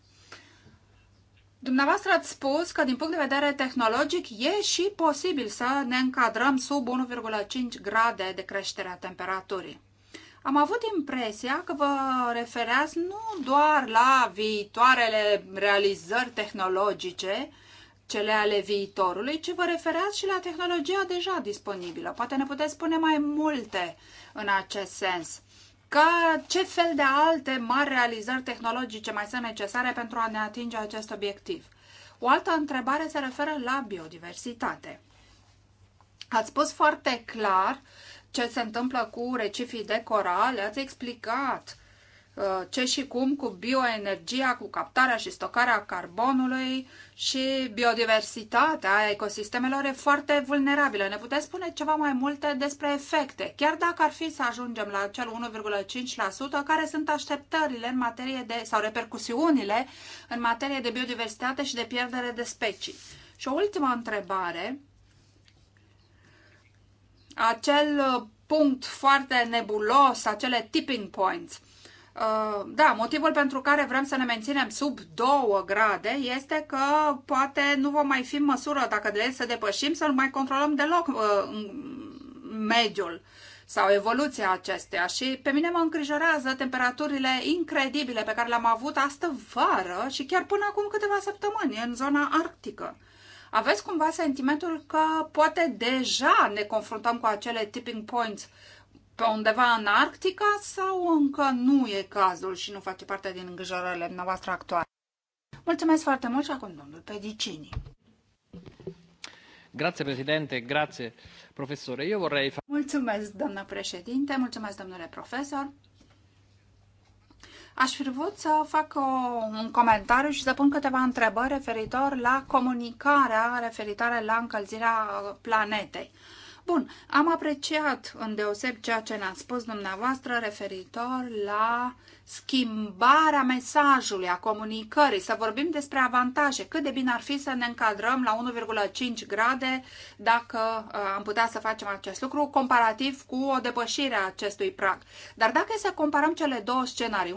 Dumneavoastră ați spus că din punct de vedere tehnologic e și posibil să ne încadrăm sub 1,5 grade de creștere a temperaturii. Am avut impresia că vă refereați nu doar la viitoarele realizări tehnologice, cele ale viitorului, ci vă refereați și la tehnologia deja disponibilă. Poate ne puteți spune mai multe în acest sens. Că ce fel de alte mari realizări tehnologice mai sunt necesare pentru a ne atinge acest obiectiv? O altă întrebare se referă la biodiversitate. Ați spus foarte clar ce se întâmplă cu recifii de coral, ați explicat Uh, ce și cum cu bioenergia, cu captarea și stocarea carbonului și biodiversitatea ecosistemelor e foarte vulnerabilă. Ne puteți spune ceva mai multe despre efecte, chiar dacă ar fi să ajungem la cel 1,5%, care sunt așteptările în materie de, sau repercusiunile în materie de biodiversitate și de pierdere de specii. Și o ultimă întrebare, acel uh, punct foarte nebulos, acele tipping points – Uh, da, motivul pentru care vrem să ne menținem sub 2 grade este că poate nu vom mai fi în măsură, dacă de să depășim, să nu mai controlăm deloc uh, mediul sau evoluția acesteia și pe mine mă îngrijorează temperaturile incredibile pe care le-am avut astă vară și chiar până acum câteva săptămâni în zona arctică. Aveți cumva sentimentul că poate deja ne confruntăm cu acele tipping points pe undeva în Arctica sau încă nu e cazul și nu face parte din îngrijorările noastre actuale? Mulțumesc foarte mult și acum domnul Pedicini. Grazie Presidente, grazie Professore. Eu vorrei... Mulțumesc, doamna președinte, mulțumesc, domnule profesor. Aș fi vrut să fac o, un comentariu și să pun câteva întrebări referitor la comunicarea referitoare la încălzirea planetei. Bun, am apreciat îndeoseb ceea ce ne-a spus dumneavoastră referitor la uh, schimbarea mesajului, a comunicării, să vorbim despre avantaje, cât de bine ar fi să ne încadrăm la 1,5 grade dacă uh, am putea să facem acest lucru, comparativ cu o depășire a acestui prag. Dar dacă e să comparăm cele două scenarii,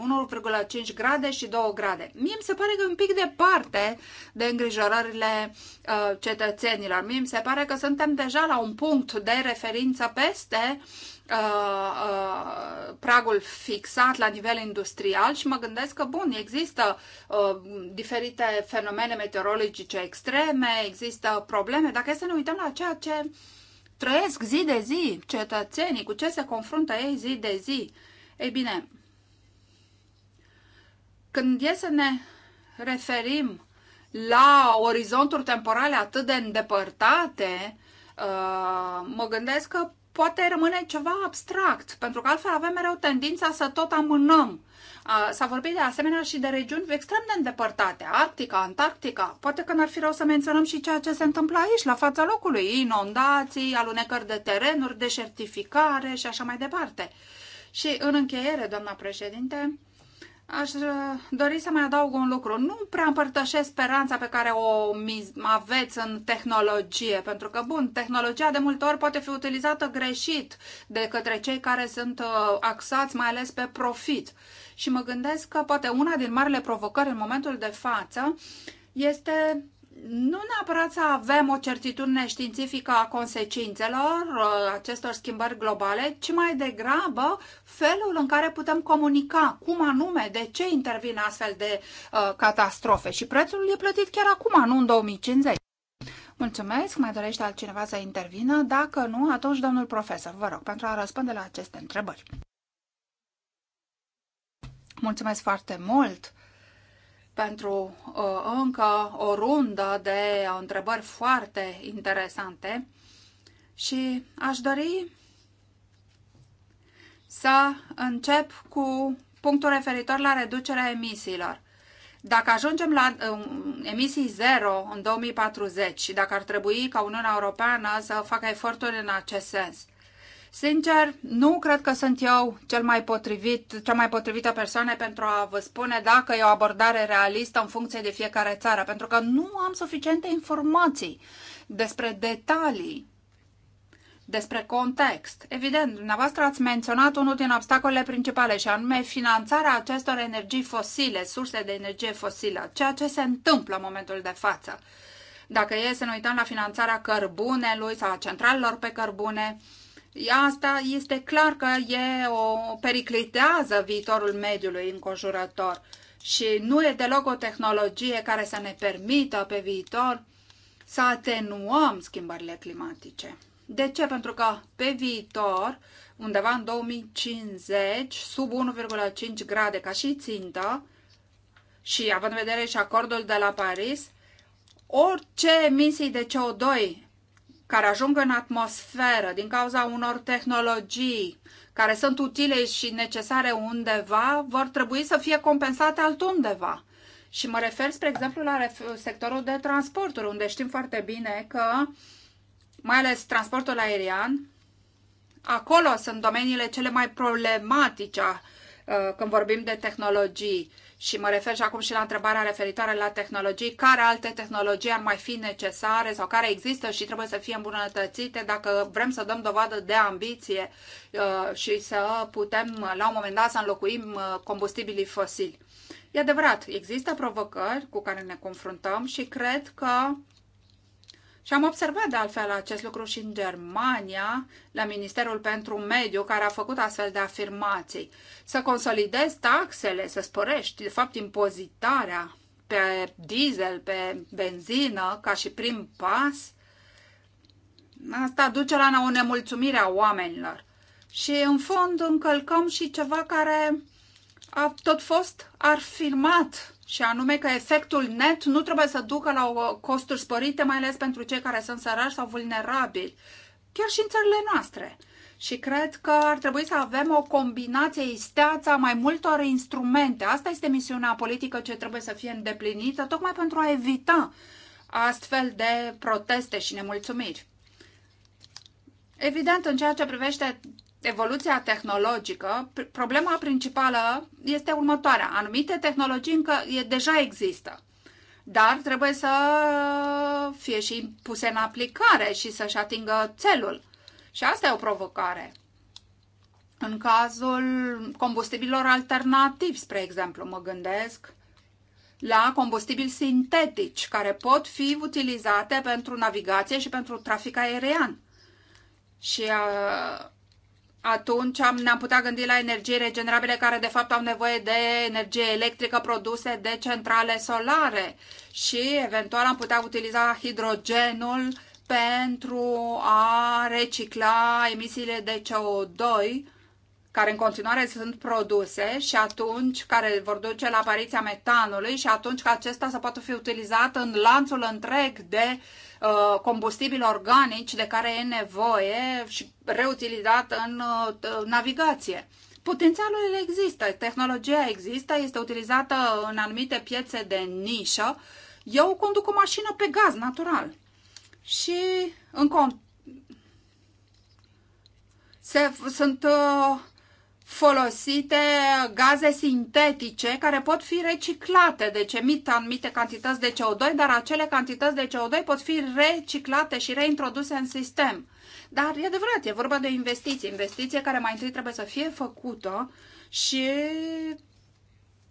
1,5 grade și 2 grade, mie mi se pare că e un pic departe de îngrijorările uh, cetățenilor. Mie mi se pare că suntem deja la un punct de referință peste uh, Uh, uh, pragul fixat la nivel industrial și mă gândesc că, bun, există uh, diferite fenomene meteorologice extreme, există probleme. Dacă e să ne uităm la ceea ce trăiesc zi de zi cetățenii, cu ce se confruntă ei zi de zi, ei bine, când e să ne referim la orizonturi temporale atât de îndepărtate, uh, mă gândesc că poate rămâne ceva abstract, pentru că altfel avem mereu tendința să tot amânăm. S-a vorbit de asemenea și de regiuni extrem de îndepărtate, Arctica, Antarctica. Poate că n-ar fi rău să menționăm și ceea ce se întâmplă aici, la fața locului, inundații, alunecări de terenuri, deșertificare și așa mai departe. Și în încheiere, doamna președinte, Aș uh, dori să mai adaug un lucru. Nu prea împărtășesc speranța pe care o aveți în tehnologie, pentru că, bun, tehnologia de multe ori poate fi utilizată greșit de către cei care sunt uh, axați mai ales pe profit. Și mă gândesc că poate una din marile provocări în momentul de față este nu neapărat să avem o certitudine științifică a consecințelor uh, acestor schimbări globale, ci mai degrabă felul în care putem comunica cum anume, de ce intervin astfel de uh, catastrofe. Și prețul e plătit chiar acum, nu în 2050. Mulțumesc, mai dorește altcineva să intervină? Dacă nu, atunci domnul profesor, vă rog, pentru a răspunde la aceste întrebări. Mulțumesc foarte mult! pentru uh, încă o rundă de uh, întrebări foarte interesante și aș dori să încep cu punctul referitor la reducerea emisiilor. Dacă ajungem la uh, emisii zero în 2040 și dacă ar trebui ca Uniunea Europeană să facă eforturi în acest sens, Sincer, nu cred că sunt eu cel mai potrivit, cea mai potrivită persoană pentru a vă spune dacă e o abordare realistă în funcție de fiecare țară, pentru că nu am suficiente informații despre detalii despre context. Evident, dumneavoastră ați menționat unul din obstacolele principale și anume finanțarea acestor energii fosile, surse de energie fosilă, ceea ce se întâmplă în momentul de față. Dacă e să ne uităm la finanțarea cărbunelui sau a centralelor pe cărbune, Asta este clar că e o periclitează viitorul mediului înconjurător și nu e deloc o tehnologie care să ne permită pe viitor să atenuăm schimbările climatice. De ce? Pentru că pe viitor, undeva în 2050, sub 1,5 grade ca și țintă, și având în vedere și acordul de la Paris, orice emisii de CO2 care ajung în atmosferă din cauza unor tehnologii care sunt utile și necesare undeva, vor trebui să fie compensate altundeva. Și mă refer, spre exemplu, la sectorul de transporturi, unde știm foarte bine că, mai ales transportul aerian, acolo sunt domeniile cele mai problematice uh, când vorbim de tehnologii și mă refer și acum și la întrebarea referitoare la tehnologii, care alte tehnologii ar mai fi necesare sau care există și trebuie să fie îmbunătățite dacă vrem să dăm dovadă de ambiție uh, și să putem la un moment dat să înlocuim uh, combustibilii fosili. E adevărat, există provocări cu care ne confruntăm și cred că și am observat de altfel acest lucru și în Germania, la Ministerul pentru Mediu, care a făcut astfel de afirmații. Să consolidezi taxele, să sporești, de fapt, impozitarea pe diesel, pe benzină, ca și prim pas, asta duce la o nemulțumire a oamenilor. Și, în fond, încălcăm și ceva care a tot fost afirmat și anume că efectul net nu trebuie să ducă la uh, costuri spărite, mai ales pentru cei care sunt sărași sau vulnerabili, chiar și în țările noastre. Și cred că ar trebui să avem o combinație isteață a mai multor instrumente. Asta este misiunea politică ce trebuie să fie îndeplinită, tocmai pentru a evita astfel de proteste și nemulțumiri. Evident, în ceea ce privește evoluția tehnologică, problema principală este următoarea. Anumite tehnologii încă e, deja există, dar trebuie să fie și puse în aplicare și să-și atingă țelul. Și asta e o provocare. În cazul combustibilor alternativi, spre exemplu, mă gândesc la combustibili sintetici care pot fi utilizate pentru navigație și pentru trafic aerian. Și uh, atunci ne-am putea gândi la energii regenerabile care de fapt au nevoie de energie electrică produse de centrale solare și eventual am putea utiliza hidrogenul pentru a recicla emisiile de CO2 care în continuare sunt produse și atunci care vor duce la apariția metanului și atunci că acesta să poată fi utilizat în lanțul întreg de uh, Uh, combustibili organici de care e nevoie și reutilizat uh, în navigație. Potențialul există, tehnologia există, este utilizată în anumite piețe de nișă. Eu conduc o mașină pe gaz natural și în se, sunt uh, folosite gaze sintetice care pot fi reciclate, deci emit anumite cantități de CO2, dar acele cantități de CO2 pot fi reciclate și reintroduse în sistem. Dar e adevărat, e vorba de o investiție, investiție care mai întâi trebuie să fie făcută și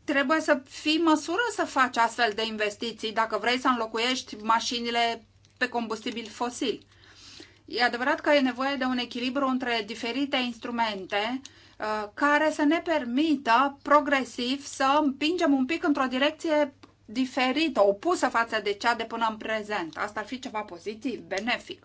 trebuie să fii măsură să faci astfel de investiții dacă vrei să înlocuiești mașinile pe combustibil fosil. E adevărat că e nevoie de un echilibru între diferite instrumente Uh, care să ne permită progresiv să împingem un pic într-o direcție diferită, opusă față de cea de până în prezent. Asta ar fi ceva pozitiv, benefic.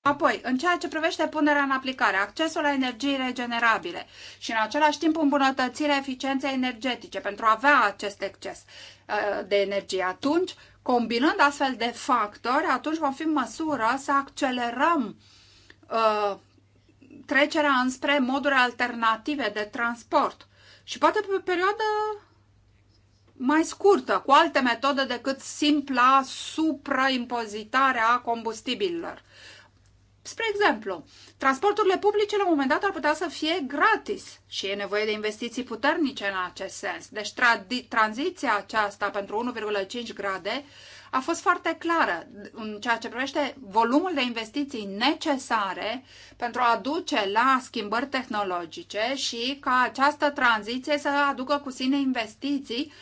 Apoi, în ceea ce privește punerea în aplicare, accesul la energii regenerabile și în același timp îmbunătățirea eficienței energetice pentru a avea acest exces uh, de energie, atunci Combinând astfel de factori, atunci vom fi în măsură să accelerăm uh, trecerea înspre moduri alternative de transport și poate pe o perioadă mai scurtă, cu alte metode decât simpla supraimpozitare a combustibililor. Spre exemplu, transporturile publice la un moment dat ar putea să fie gratis și e nevoie de investiții puternice în acest sens. Deci tra- tranziția aceasta pentru 1,5 grade a fost foarte clară în ceea ce privește volumul de investiții necesare pentru a duce la schimbări tehnologice și ca această tranziție să aducă cu sine investiții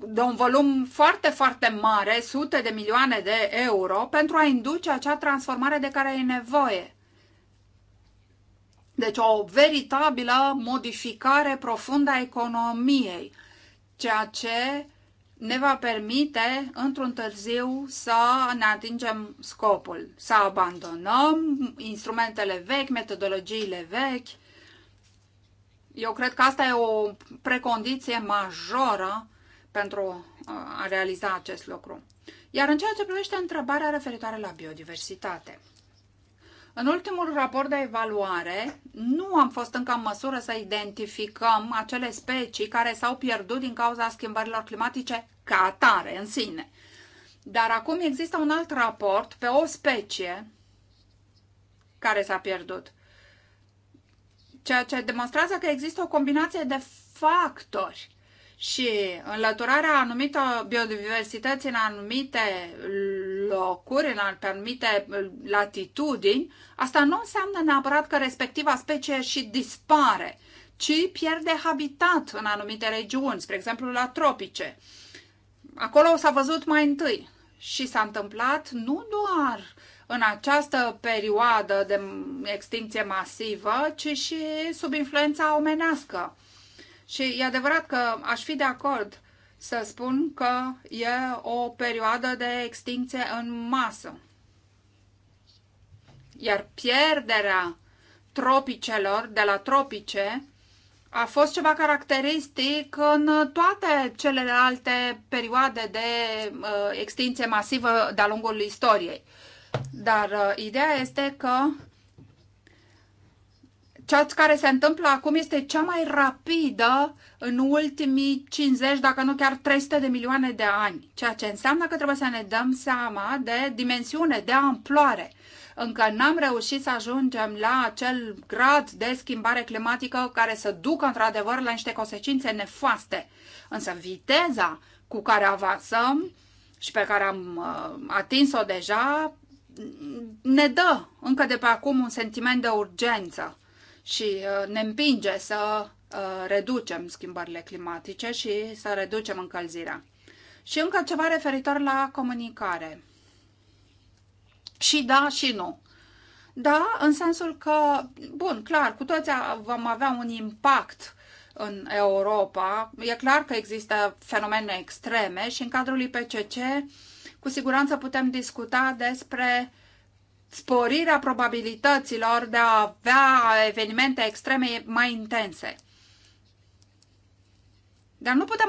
de un volum foarte, foarte mare, sute de milioane de euro, pentru a induce acea transformare de care e nevoie. Deci o veritabilă modificare profundă a economiei, ceea ce ne va permite într-un târziu să ne atingem scopul, să abandonăm instrumentele vechi, metodologiile vechi. Eu cred că asta e o precondiție majoră pentru uh, a realiza acest lucru. Iar în ceea ce privește întrebarea referitoare la biodiversitate, în ultimul raport de evaluare, nu am fost încă în măsură să identificăm acele specii care s-au pierdut din cauza schimbărilor climatice ca atare în sine. Dar acum există un alt raport pe o specie care s-a pierdut, ceea ce demonstrează că există o combinație de factori și înlăturarea anumită biodiversități în anumite locuri, în, pe anumite uh, latitudini, asta nu înseamnă neapărat că respectiva specie și dispare, ci pierde habitat în anumite regiuni, spre exemplu la tropice. Acolo s-a văzut mai întâi și s-a întâmplat nu doar în această perioadă de extinție masivă, ci și sub influența omenească și e adevărat că aș fi de acord să spun că e o perioadă de extinție în masă. Iar pierderea tropicelor de la tropice a fost ceva caracteristic în toate celelalte perioade de uh, extinție masivă de-a lungul istoriei. Dar uh, ideea este că Ceea care se întâmplă acum este cea mai rapidă în ultimii 50, dacă nu chiar 300 de milioane de ani, ceea ce înseamnă că trebuie să ne dăm seama de dimensiune, de amploare. Încă n-am reușit să ajungem la acel grad de schimbare climatică care să ducă într-adevăr la niște consecințe nefaste. Însă viteza cu care avansăm și pe care am uh, atins-o deja ne dă încă de pe acum un sentiment de urgență și uh, ne împinge să uh, reducem schimbările climatice și să reducem încălzirea. Și încă ceva referitor la comunicare. Și da, și nu. Da, în sensul că, bun, clar, cu toți vom avea un impact în Europa. E clar că există fenomene extreme și în cadrul IPCC cu siguranță putem discuta despre sporirea probabilităților de a avea evenimente extreme mai intense. Dar nu putem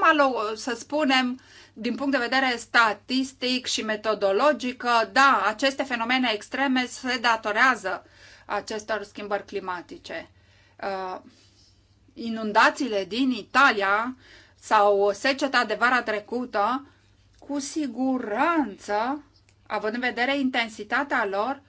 să spunem, din punct de vedere statistic și metodologic, că da, aceste fenomene extreme se datorează acestor schimbări climatice. Uh, inundațiile din Italia sau seceta de vara trecută, cu siguranță, având în vedere intensitatea lor,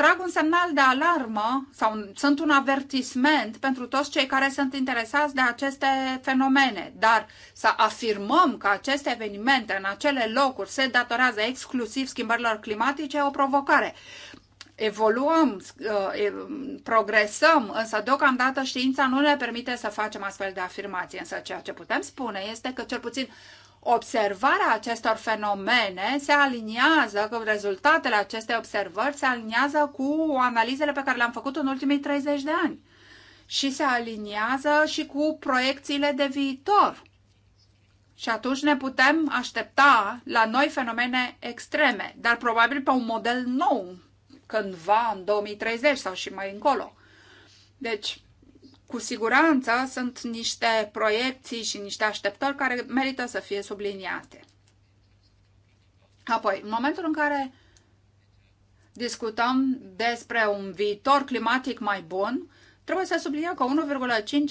trag un semnal de alarmă sau sunt un avertisment pentru toți cei care sunt interesați de aceste fenomene, dar să afirmăm că aceste evenimente în acele locuri se datorează exclusiv schimbărilor climatice e o provocare. Evoluăm, uh, progresăm, însă deocamdată știința nu ne permite să facem astfel de afirmații. Însă ceea ce putem spune este că cel puțin observarea acestor fenomene se aliniază, că rezultatele acestei observări se aliniază cu analizele pe care le-am făcut în ultimii 30 de ani și se aliniază și cu proiecțiile de viitor. Și atunci ne putem aștepta la noi fenomene extreme, dar probabil pe un model nou, cândva în 2030 sau și mai încolo. Deci, cu siguranță sunt niște proiecții și niște așteptări care merită să fie subliniate. Apoi, în momentul în care discutăm despre un viitor climatic mai bun, trebuie să subliniem că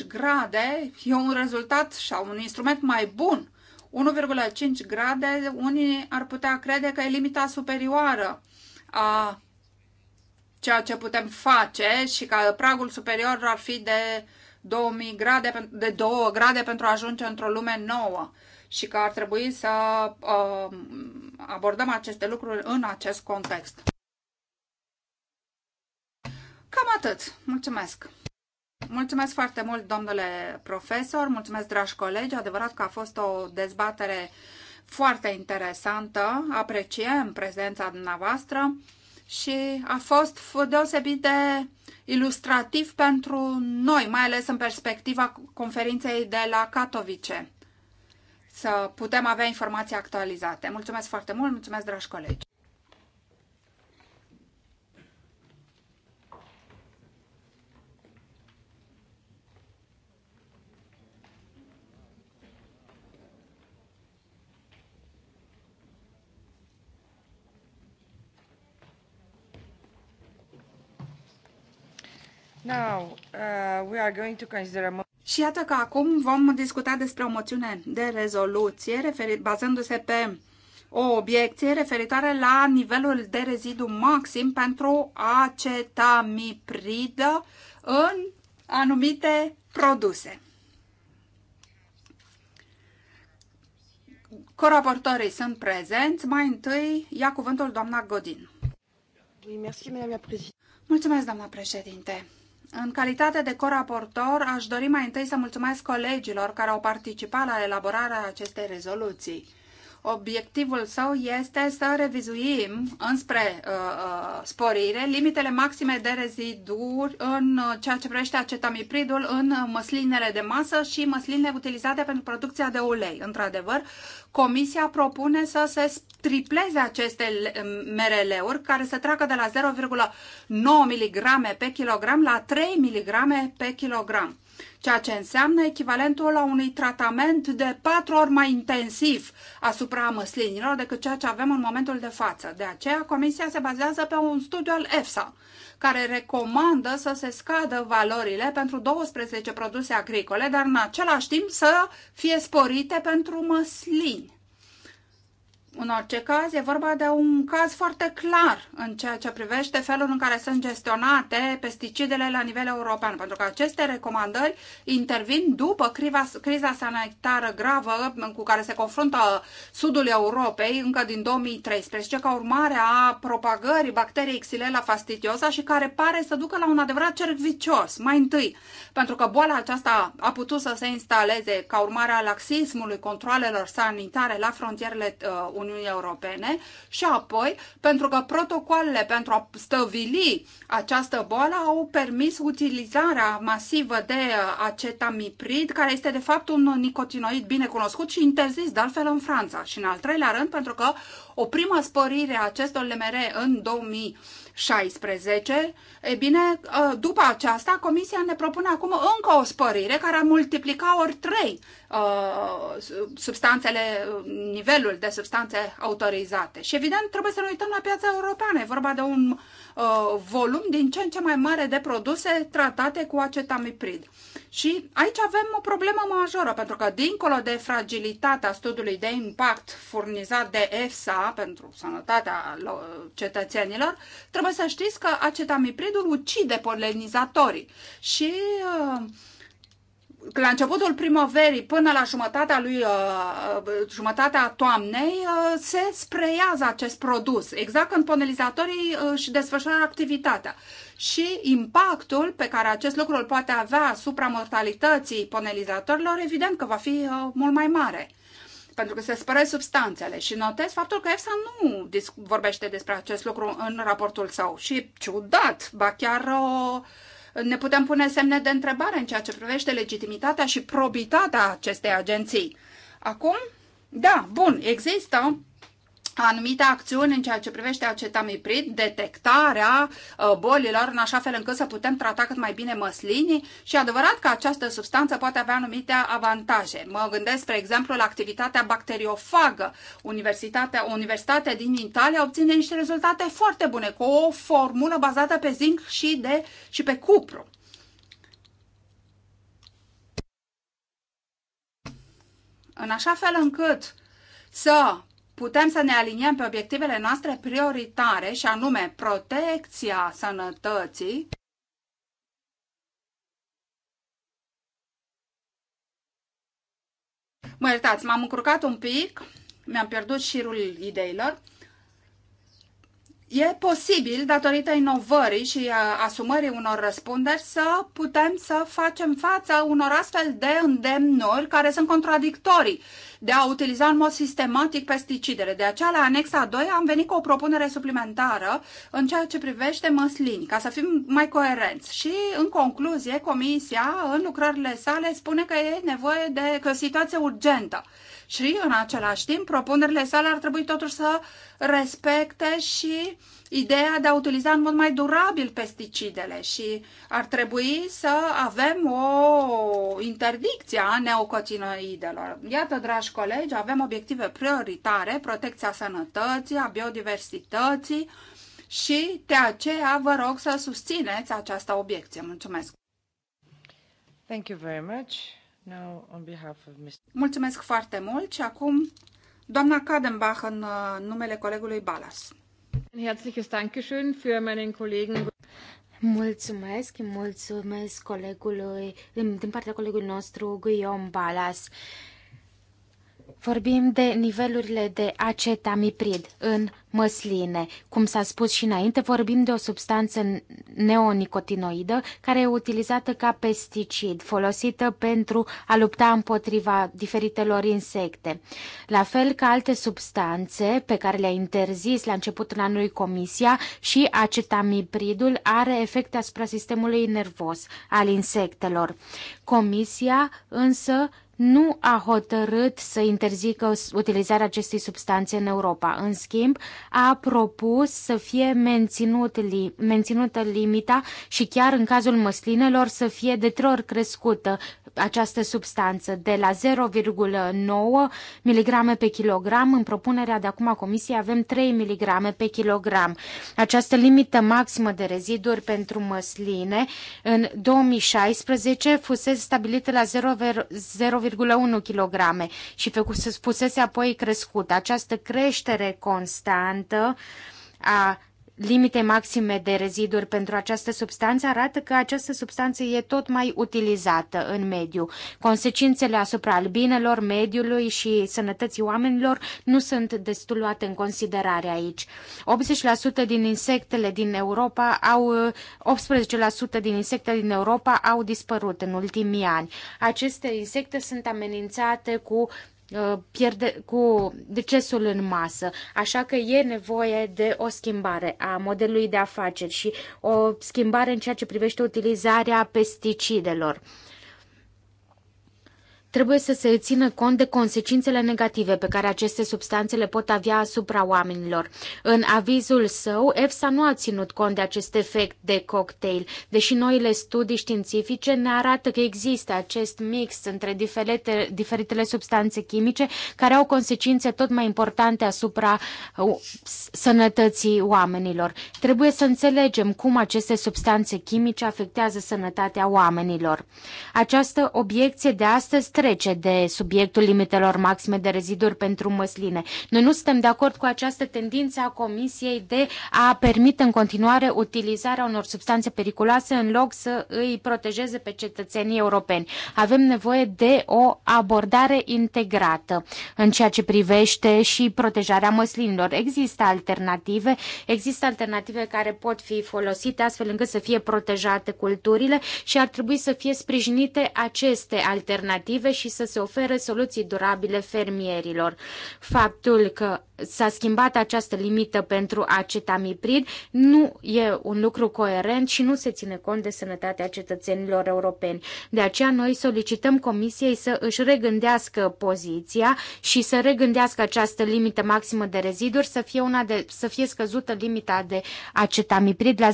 1,5 grade e un rezultat sau un instrument mai bun. 1,5 grade, unii ar putea crede că e limita superioară a ceea ce putem face și că pragul superior ar fi de 2000 grade, de 2 grade pentru a ajunge într-o lume nouă și că ar trebui să uh, abordăm aceste lucruri în acest context. Cam atât. Mulțumesc! Mulțumesc foarte mult, domnule profesor, mulțumesc, dragi colegi. Adevărat că a fost o dezbatere foarte interesantă. Apreciem prezența dumneavoastră și a fost deosebit de ilustrativ pentru noi, mai ales în perspectiva conferinței de la Katowice, să putem avea informații actualizate. Mulțumesc foarte mult, mulțumesc, dragi colegi! Now, uh, we are going to consider a... Și iată că acum vom discuta despre o moțiune de rezoluție referi... bazându-se pe o obiecție referitoare la nivelul de rezidu maxim pentru acetamipridă în anumite produse. Coraportorii sunt prezenți. Mai întâi ia cuvântul doamna Godin. Mulțumesc, doamna președinte. În calitate de coraportor, aș dori mai întâi să mulțumesc colegilor care au participat la elaborarea acestei rezoluții. Obiectivul său este să revizuim înspre uh, uh, sporire limitele maxime de reziduri în uh, ceea ce privește acetamipridul în uh, măslinele de masă și măslinele utilizate pentru producția de ulei. Într-adevăr, Comisia propune să se tripleze aceste MRL-uri care să treacă de la 0,9 mg pe kilogram la 3 mg pe kilogram, ceea ce înseamnă echivalentul la unui tratament de 4 ori mai intensiv asupra măslinilor decât ceea ce avem în momentul de față. De aceea, Comisia se bazează pe un studiu al EFSA, care recomandă să se scadă valorile pentru 12 produse agricole, dar în același timp să fie sporite pentru măslini. În orice caz, e vorba de un caz foarte clar în ceea ce privește felul în care sunt gestionate pesticidele la nivel european, pentru că aceste recomandări intervin după criza sanitară gravă cu care se confruntă sudul Europei încă din 2013, ca urmare a propagării bacteriei Xylella fastidiosa și care pare să ducă la un adevărat cerc vicios. Mai întâi, pentru că boala aceasta a putut să se instaleze ca urmare a laxismului controlelor sanitare la frontierele uh, Uniunii Europene și apoi pentru că protocoalele pentru a stăvili această boală au permis utilizarea masivă de uh, acetamiprid, care este de fapt un nicotinoid bine cunoscut și interzis de altfel în Franța. Și în al treilea rând pentru că o primă spărire a acestor LMR în 2000 16. E bine, uh, după aceasta, Comisia ne propune acum încă o spărire care ar multiplica ori 3 Uh, substanțele, nivelul de substanțe autorizate. Și evident trebuie să ne uităm la piața europeană. E vorba de un uh, volum din ce în ce mai mare de produse tratate cu acetamiprid. Și aici avem o problemă majoră, pentru că dincolo de fragilitatea studiului de impact furnizat de EFSA pentru sănătatea uh, cetățenilor, trebuie să știți că acetamipridul ucide polenizatorii. Și uh, la începutul primăverii până la jumătatea lui uh, uh, jumătatea toamnei uh, se spreiază acest produs, exact când ponelizatorii uh, își desfășoară activitatea. Și impactul pe care acest lucru îl poate avea asupra mortalității ponelizatorilor, evident că va fi uh, mult mai mare pentru că se spără substanțele și notez faptul că EFSA nu vorbește despre acest lucru în raportul său și ciudat, ba chiar o uh, ne putem pune semne de întrebare în ceea ce privește legitimitatea și probitatea acestei agenții. Acum, da, bun, există anumite acțiuni în ceea ce privește acetamiprid, detectarea uh, bolilor în așa fel încât să putem trata cât mai bine măslinii și adevărat că această substanță poate avea anumite avantaje. Mă gândesc, spre exemplu, la activitatea bacteriofagă. Universitatea, Universitatea din Italia obține niște rezultate foarte bune cu o formulă bazată pe zinc și, de, și pe cupru. În așa fel încât să putem să ne aliniem pe obiectivele noastre prioritare și anume protecția sănătății, Mă iertați, m-am încurcat un pic, mi-am pierdut șirul ideilor. E posibil, datorită inovării și a asumării unor răspunderi, să putem să facem față unor astfel de îndemnuri care sunt contradictorii de a utiliza în mod sistematic pesticidele. De aceea, la anexa 2 am venit cu o propunere suplimentară în ceea ce privește măslini, ca să fim mai coerenți. Și, în concluzie, Comisia, în lucrările sale, spune că e nevoie de că o situație urgentă și în același timp, propunerile sale ar trebui totuși să respecte și ideea de a utiliza în mod mai durabil pesticidele și ar trebui să avem o interdicție a neocotinoidelor. Iată, dragi colegi, avem obiective prioritare, protecția sănătății, a biodiversității și de aceea vă rog să susțineți această obiecție. Mulțumesc! Thank you very much. Mulțumesc foarte mult și acum doamna Kadenbach în uh, numele colegului Balas. Mulțumesc, mulțumesc colegului, din partea colegului nostru, Guillaume Balas vorbim de nivelurile de acetamiprid în măsline. Cum s-a spus și înainte, vorbim de o substanță neonicotinoidă care e utilizată ca pesticid, folosită pentru a lupta împotriva diferitelor insecte. La fel ca alte substanțe pe care le-a interzis la începutul anului Comisia și acetamipridul are efecte asupra sistemului nervos al insectelor. Comisia însă nu a hotărât să interzică utilizarea acestei substanțe în Europa. În schimb, a propus să fie menținut li, menținută limita și chiar în cazul măslinelor să fie de trei ori crescută această substanță, de la 0,9 mg pe kilogram. În propunerea de acum a Comisiei avem 3 mg pe kilogram. Această limită maximă de reziduri pentru măsline în 2016 fusese stabilită la 0,9 ,0 1,1 kg și fusese apoi crescut. Această creștere constantă a limite maxime de reziduri pentru această substanță arată că această substanță e tot mai utilizată în mediu. Consecințele asupra albinelor, mediului și sănătății oamenilor nu sunt destul luate în considerare aici. 80% din insectele din Europa au 18% din insectele din Europa au dispărut în ultimii ani. Aceste insecte sunt amenințate cu Uh, pierde, cu decesul în masă. Așa că e nevoie de o schimbare a modelului de afaceri și o schimbare în ceea ce privește utilizarea pesticidelor. Trebuie să se țină cont de consecințele negative pe care aceste substanțe le pot avea asupra oamenilor. În avizul său, EFSA nu a ținut cont de acest efect de cocktail, deși noile studii științifice ne arată că există acest mix între diferite, diferitele substanțe chimice care au consecințe tot mai importante asupra uh, sănătății oamenilor. Trebuie să înțelegem cum aceste substanțe chimice afectează sănătatea oamenilor. Această obiecție de astăzi trebuie trece de subiectul limitelor maxime de reziduri pentru măsline. Noi nu suntem de acord cu această tendință a Comisiei de a permite în continuare utilizarea unor substanțe periculoase în loc să îi protejeze pe cetățenii europeni. Avem nevoie de o abordare integrată în ceea ce privește și protejarea măslinilor. Există alternative, există alternative care pot fi folosite astfel încât să fie protejate culturile și ar trebui să fie sprijinite aceste alternative și să se ofere soluții durabile fermierilor. Faptul că s-a schimbat această limită pentru acetamiprid nu e un lucru coerent și nu se ține cont de sănătatea cetățenilor europeni. De aceea noi solicităm Comisiei să își regândească poziția și să regândească această limită maximă de reziduri să fie, una de, să fie scăzută limita de acetamiprid la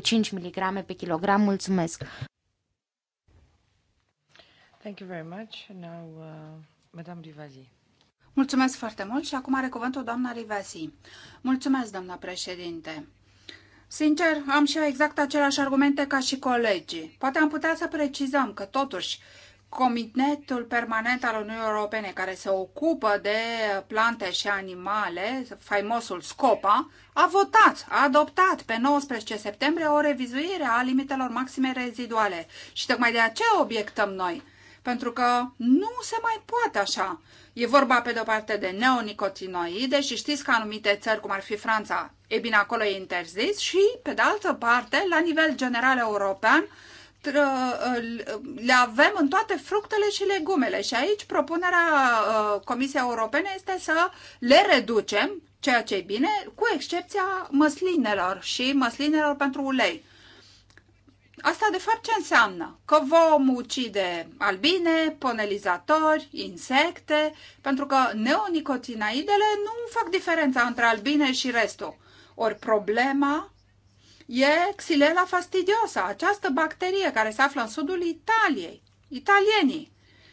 0,5 mg pe kilogram. Mulțumesc! Thank you very much. Now, uh, Madame Rivasi. Mulțumesc foarte mult și acum are cuvântul doamna Rivasi. Mulțumesc, doamna președinte. Sincer, am și eu exact aceleași argumente ca și colegii. Poate am putea să precizăm că, totuși, Comitetul Permanent al Uniunii Europene care se ocupă de plante și animale, faimosul SCOPA, a votat, a adoptat pe 19 septembrie o revizuire a limitelor maxime reziduale. Și tocmai de aceea obiectăm noi pentru că nu se mai poate așa. E vorba pe de-o parte de neonicotinoide și știți că anumite țări, cum ar fi Franța, e bine, acolo e interzis și, pe de altă parte, la nivel general european, uh, le avem în toate fructele și legumele și aici propunerea uh, Comisiei Europene este să le reducem, ceea ce e bine, cu excepția măslinelor și măslinelor pentru ulei. Asta de fapt ce înseamnă? Că vom ucide albine, ponelizatori, insecte, pentru că neonicotinaidele nu fac diferența între albine și restul. Ori problema e Xylella fastidiosa, această bacterie care se află în sudul Italiei, italienii.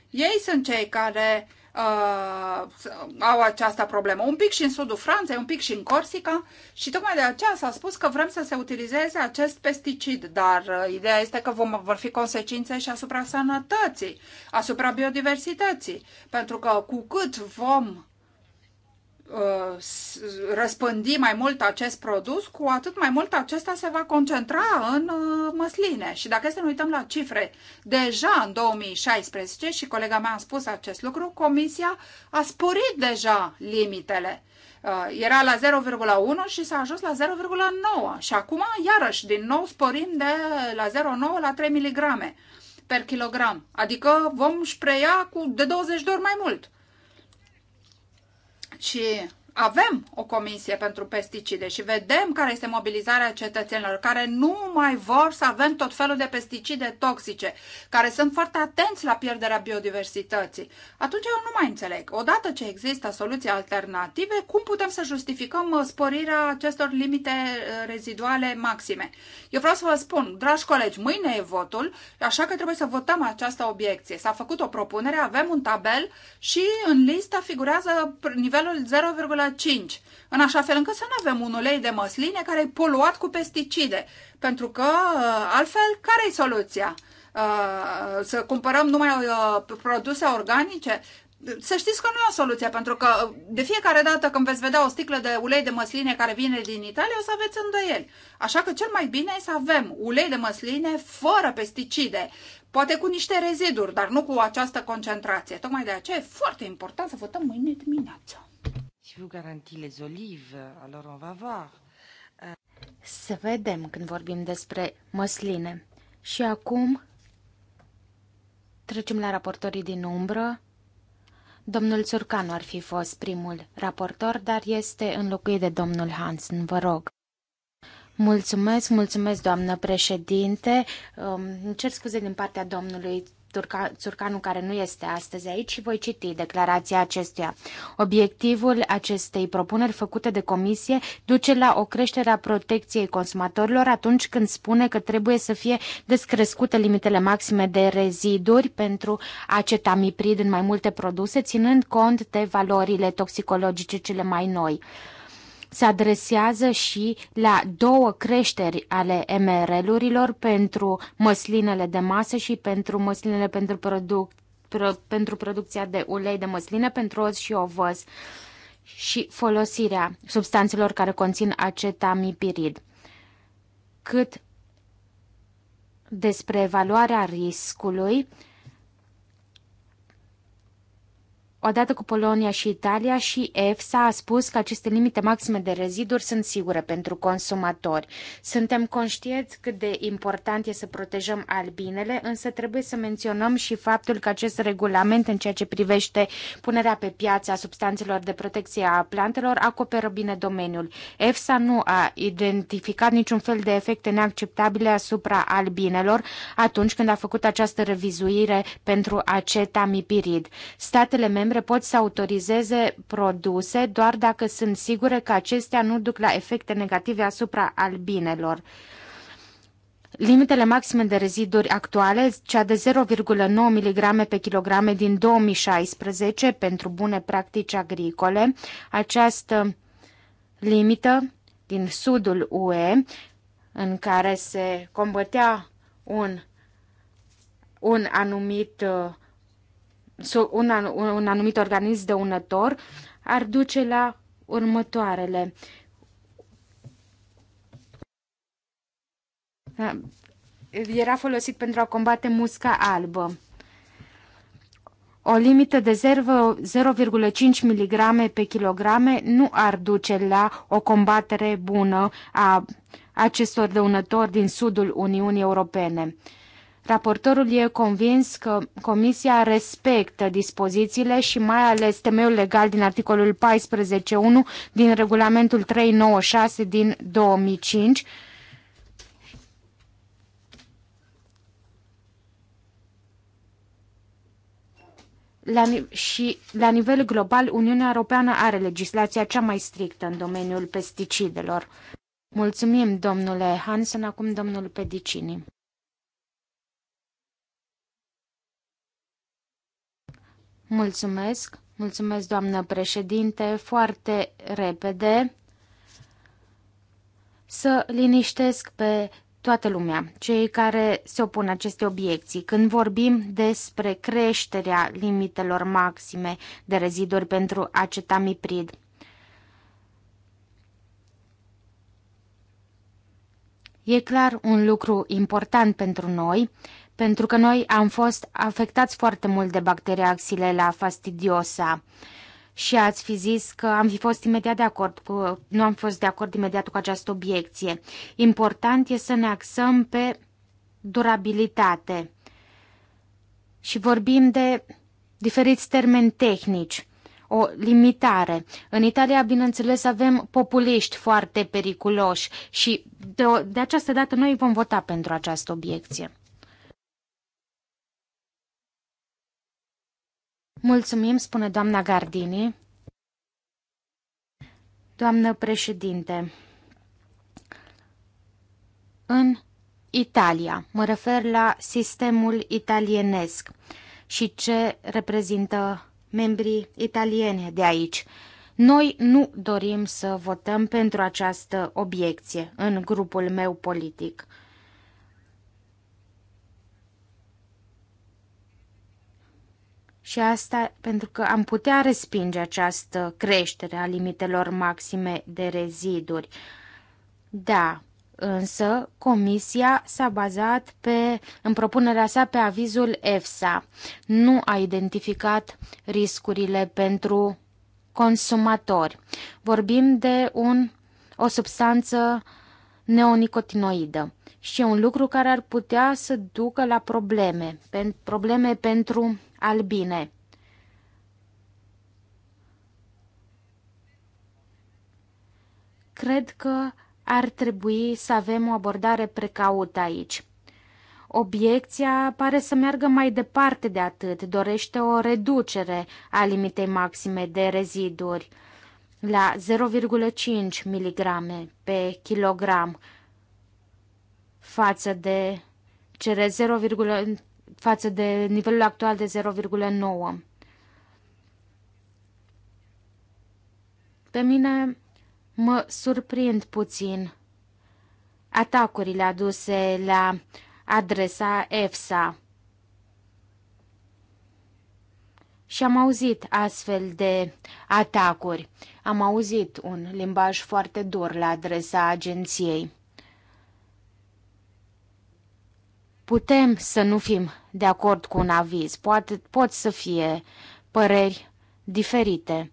Ei sunt cei care uh, au această problemă. Un pic și în sudul Franței, un pic și în Corsica și tocmai de aceea s-a spus că vrem să se utilizeze acest pesticid, dar uh, ideea este că vom, vor fi consecințe și asupra sănătății, asupra biodiversității, pentru că cu cât vom Uh, răspândi mai mult acest produs, cu atât mai mult acesta se va concentra în uh, măsline. Și dacă să ne uităm la cifre, deja în 2016, și colega mea a spus acest lucru, Comisia a sporit deja limitele. Uh, era la 0,1 și s-a ajuns la 0,9 și acum iarăși din nou sporim de la 0,9 la 3 mg per kilogram, adică vom spreia cu de 20 de ori mai mult. Și avem o comisie pentru pesticide și vedem care este mobilizarea cetățenilor care nu mai vor să avem tot felul de pesticide toxice, care sunt foarte atenți la pierderea biodiversității, atunci eu nu mai înțeleg. Odată ce există soluții alternative, cum putem să justificăm uh, sporirea acestor limite uh, reziduale maxime? Eu vreau să vă spun, dragi colegi, mâine e votul, așa că trebuie să votăm această obiecție. S-a făcut o propunere, avem un tabel și în listă figurează nivelul 0, numără 5, în așa fel încât să nu avem un ulei de măsline care e poluat cu pesticide, pentru că uh, altfel care e soluția? Uh, să cumpărăm numai uh, produse organice? Să știți că nu e o soluție, pentru că de fiecare dată când veți vedea o sticlă de ulei de măsline care vine din Italia, o să aveți îndoieli. Așa că cel mai bine e să avem ulei de măsline fără pesticide, poate cu niște reziduri, dar nu cu această concentrație. Tocmai de aceea e foarte important să votăm mâine dimineață vous deci garantis les olives, alors on va voir. Să vedem când vorbim despre măsline. Și acum trecem la raportorii din umbră. Domnul Țurcanu ar fi fost primul raportor, dar este înlocuit de domnul Hansen, vă rog. Mulțumesc, mulțumesc, doamnă președinte. Îmi cer scuze din partea domnului Turca, Țurcanu, care nu este astăzi aici, și voi citi declarația acestuia. Obiectivul acestei propuneri făcute de comisie duce la o creștere a protecției consumatorilor atunci când spune că trebuie să fie descrescute limitele maxime de reziduri pentru acetamiprid în mai multe produse, ținând cont de valorile toxicologice cele mai noi se adresează și la două creșteri ale MRL-urilor pentru măslinele de masă și pentru măslinele pentru, produc, pro, pentru producția de ulei de măsline, pentru os și ovăz și folosirea substanțelor care conțin acetamipirid. Cât despre evaluarea riscului, uh, odată cu Polonia și Italia și EFSA a spus că aceste limite maxime de reziduri sunt sigure pentru consumatori. Suntem conștienți cât de important e să protejăm albinele, însă trebuie să menționăm și faptul că acest regulament în ceea ce privește punerea pe piață a substanțelor de protecție a plantelor acoperă bine domeniul. EFSA nu a identificat niciun fel de efecte neacceptabile asupra albinelor atunci când a făcut această revizuire pentru acetamipirid. Statele membre membre pot să autorizeze produse doar dacă sunt sigure că acestea nu duc la efecte negative asupra albinelor. Limitele maxime de reziduri actuale, cea de 0,9 mg pe kg din 2016 pentru bune practici agricole, această limită din sudul UE, în care se combătea un, un anumit uh, un, un anumit organism dăunător ar duce la următoarele. Uh, era folosit pentru a combate musca albă. O limită de 0,5 mg pe kilograme nu ar duce la o combatere bună a acestor dăunători din sudul Uniunii Europene. Raportorul e convins că Comisia respectă dispozițiile și mai ales temeiul legal din articolul 14.1 din regulamentul 396 din 2005, la, și la nivel global, Uniunea Europeană are legislația cea mai strictă în domeniul pesticidelor. Mulțumim, domnule Hansen, acum domnul Pedicini. Mulțumesc, mulțumesc doamnă președinte, foarte repede să liniștesc pe toată lumea, cei care se opun aceste obiecții. Când vorbim despre creșterea limitelor maxime de reziduri pentru acetamiprid, E clar un lucru important pentru noi, pentru că noi am fost afectați foarte mult de bacteria Xylella fastidiosa și ați fi zis că am fi fost imediat de acord cu, nu am fost de acord imediat cu această obiecție. Important e să ne axăm pe durabilitate și vorbim de diferiți termeni tehnici, o limitare. În Italia, bineînțeles, avem populiști foarte periculoși și de, o, de această dată noi vom vota pentru această obiecție. Mulțumim, spune doamna Gardini. Doamnă președinte, în Italia, mă refer la sistemul italienesc și ce reprezintă membrii italieni de aici. Noi nu dorim să votăm pentru această obiecție în grupul meu politic. Și asta pentru că am putea respinge această creștere a limitelor maxime de reziduri. Da, însă comisia s-a bazat pe, în propunerea sa pe avizul EFSA. Nu a identificat riscurile pentru consumatori. Vorbim de un, o substanță neonicotinoidă și un lucru care ar putea să ducă la probleme, pen, probleme pentru albine. Cred că ar trebui să avem o abordare precaută aici. Obiecția pare să meargă mai departe de atât, dorește o reducere a limitei maxime de reziduri la 0,5 mg pe kilogram față de cele față de nivelul actual de 0,9. Pe mine mă surprind puțin atacurile aduse la adresa EFSA. Și am auzit astfel de atacuri. Am auzit un limbaj foarte dur la adresa agenției. Putem să nu fim de acord cu un aviz, poate, pot să fie păreri diferite.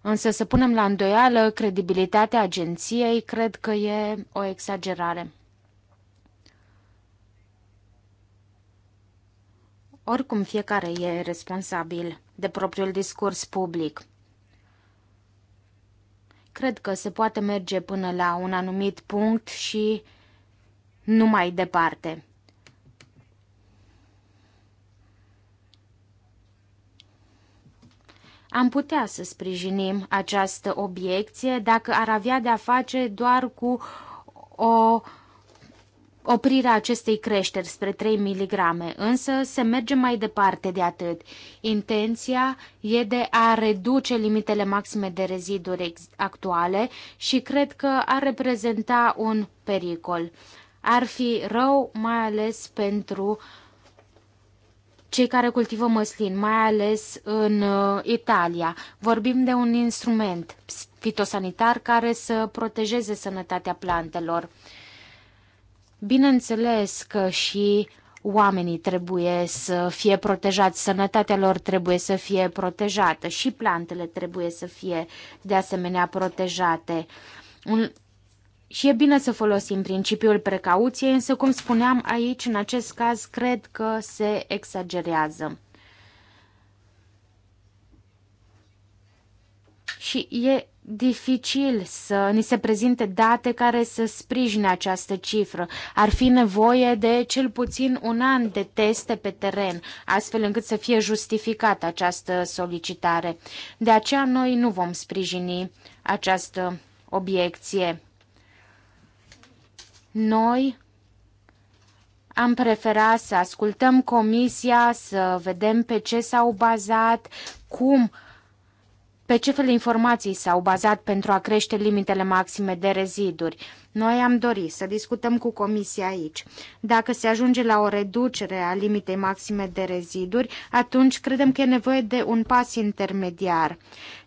Însă să punem la îndoială credibilitatea agenției, cred că e o exagerare. Oricum fiecare e responsabil de propriul discurs public cred că se poate merge până la un anumit punct și nu mai departe. Am putea să sprijinim această obiecție dacă ar avea de-a face doar cu o uh, oprirea acestei creșteri spre 3 mg, însă se merge mai departe de atât. Intenția e de a reduce limitele maxime de reziduri actuale și cred că ar reprezenta un pericol. Ar fi rău mai ales pentru cei care cultivă măslin, mai ales în uh, Italia. Vorbim de un instrument fitosanitar care să protejeze sănătatea plantelor. Bineînțeles că și oamenii trebuie să fie protejați, sănătatea lor trebuie să fie protejată și plantele trebuie să fie de asemenea protejate. Un... Și e bine să folosim principiul precauției, însă, cum spuneam aici, în acest caz, cred că se exagerează. Și e dificil să ni se prezinte date care să sprijine această cifră. Ar fi nevoie de cel puțin un an de teste pe teren, astfel încât să fie justificată această solicitare. De aceea noi nu vom sprijini această obiecție. Noi am preferat să ascultăm comisia, să vedem pe ce s-au bazat, cum pe ce fel de informații s-au bazat pentru a crește limitele maxime de reziduri? Noi am dorit să discutăm cu Comisia aici. Dacă se ajunge la o reducere a limitei maxime de reziduri, atunci credem că e nevoie de un pas intermediar.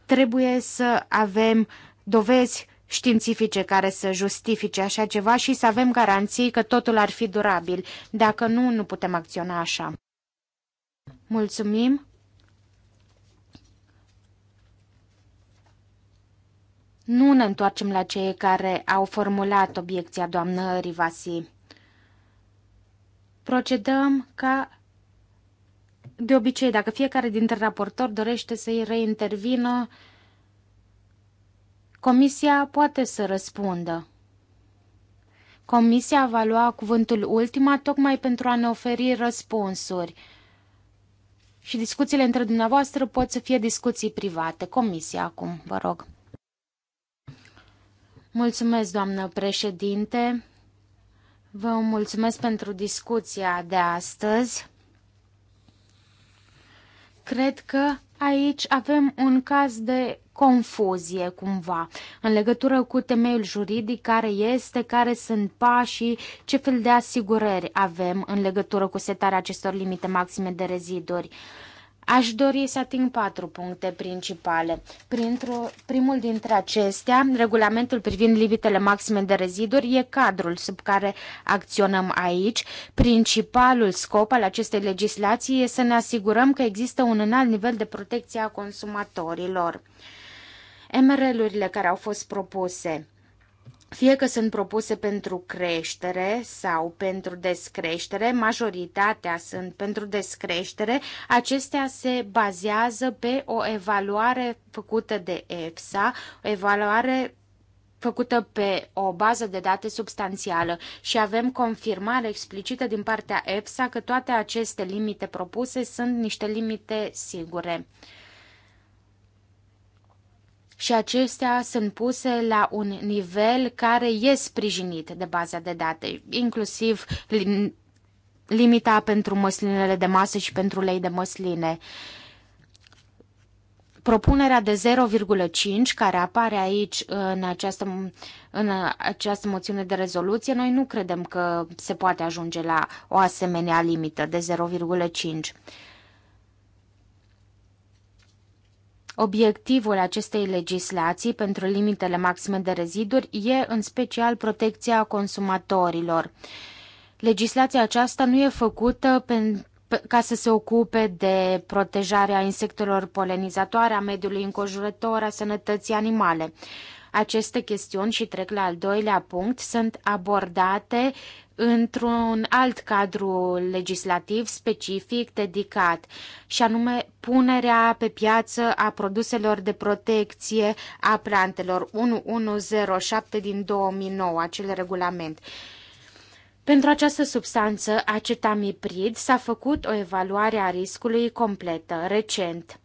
Trebuie să avem dovezi științifice care să justifice așa ceva și să avem garanții că totul ar fi durabil. Dacă nu, nu putem acționa așa. Mulțumim! Nu ne întoarcem la cei care au formulat obiecția doamnă Rivasi. Procedăm ca de obicei, dacă fiecare dintre raportori dorește să-i reintervină, comisia poate să răspundă. Comisia va lua cuvântul ultima tocmai pentru a ne oferi răspunsuri. Și discuțiile între dumneavoastră pot să fie discuții private. Comisia acum, vă rog. Mulțumesc, doamnă președinte. Vă mulțumesc pentru discuția de astăzi. Cred că aici avem un caz de confuzie cumva în legătură cu temeiul juridic care este, care sunt pașii, ce fel de asigurări avem în legătură cu setarea acestor limite maxime de reziduri. Uh, Aș dori să ating patru puncte principale. Printr-o, primul dintre acestea, regulamentul privind limitele maxime de reziduri, e cadrul sub care acționăm aici. Principalul scop al acestei legislații e să ne asigurăm că există un înalt nivel de protecție a consumatorilor. MRL-urile care au fost propuse fie că sunt propuse pentru creștere sau pentru descreștere, majoritatea sunt pentru descreștere, acestea se bazează pe o evaluare făcută de EFSA, o evaluare făcută pe o bază de date substanțială și avem confirmare explicită din partea EFSA că toate aceste limite propuse sunt niște limite sigure și acestea sunt puse la un nivel care e sprijinit de baza de date, inclusiv limita pentru măslinele de masă și pentru lei de măsline. Propunerea de 0,5 care apare aici în această, în această moțiune de rezoluție, noi nu credem că se poate ajunge la o asemenea limită de 0,5. Obiectivul acestei legislații pentru limitele maxime de reziduri e în special protecția consumatorilor. Legislația aceasta nu e făcută pentru ca să se ocupe de protejarea insectelor polenizatoare, a mediului înconjurător, a sănătății animale. Aceste chestiuni, și trec la al doilea punct, sunt abordate într-un alt cadru legislativ specific dedicat, și anume punerea pe piață a produselor de protecție a plantelor 1107 din 2009, acel regulament. Pentru această substanță, acetamiprid, s-a făcut o evaluare a riscului completă, recent.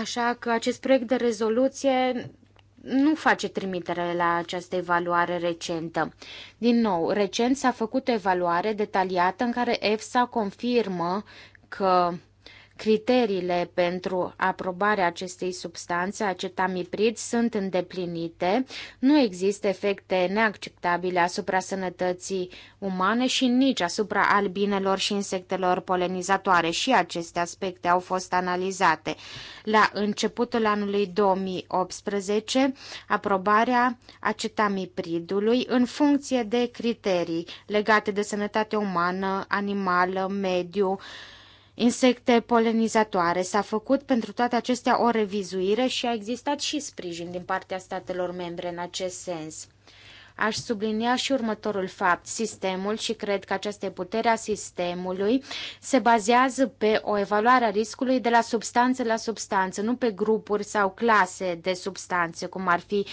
Așa că acest proiect de rezoluție nu face trimitere la această evaluare recentă. Din nou, recent s-a făcut o evaluare detaliată în care EFSA confirmă că criteriile pentru aprobarea acestei substanțe, acetamiprid, sunt îndeplinite, nu există efecte neacceptabile asupra sănătății umane și nici asupra albinelor și insectelor polenizatoare și aceste aspecte au fost analizate. La începutul anului 2018, aprobarea acetamipridului în funcție de criterii legate de sănătate umană, animală, mediu, insecte polenizatoare. S-a făcut pentru toate acestea o revizuire și a existat și sprijin din partea statelor membre în acest sens. Aș sublinia și următorul fapt. Sistemul, și cred că această putere a sistemului, se bazează pe o evaluare a riscului de la substanță la substanță, nu pe grupuri sau clase de substanțe, cum ar fi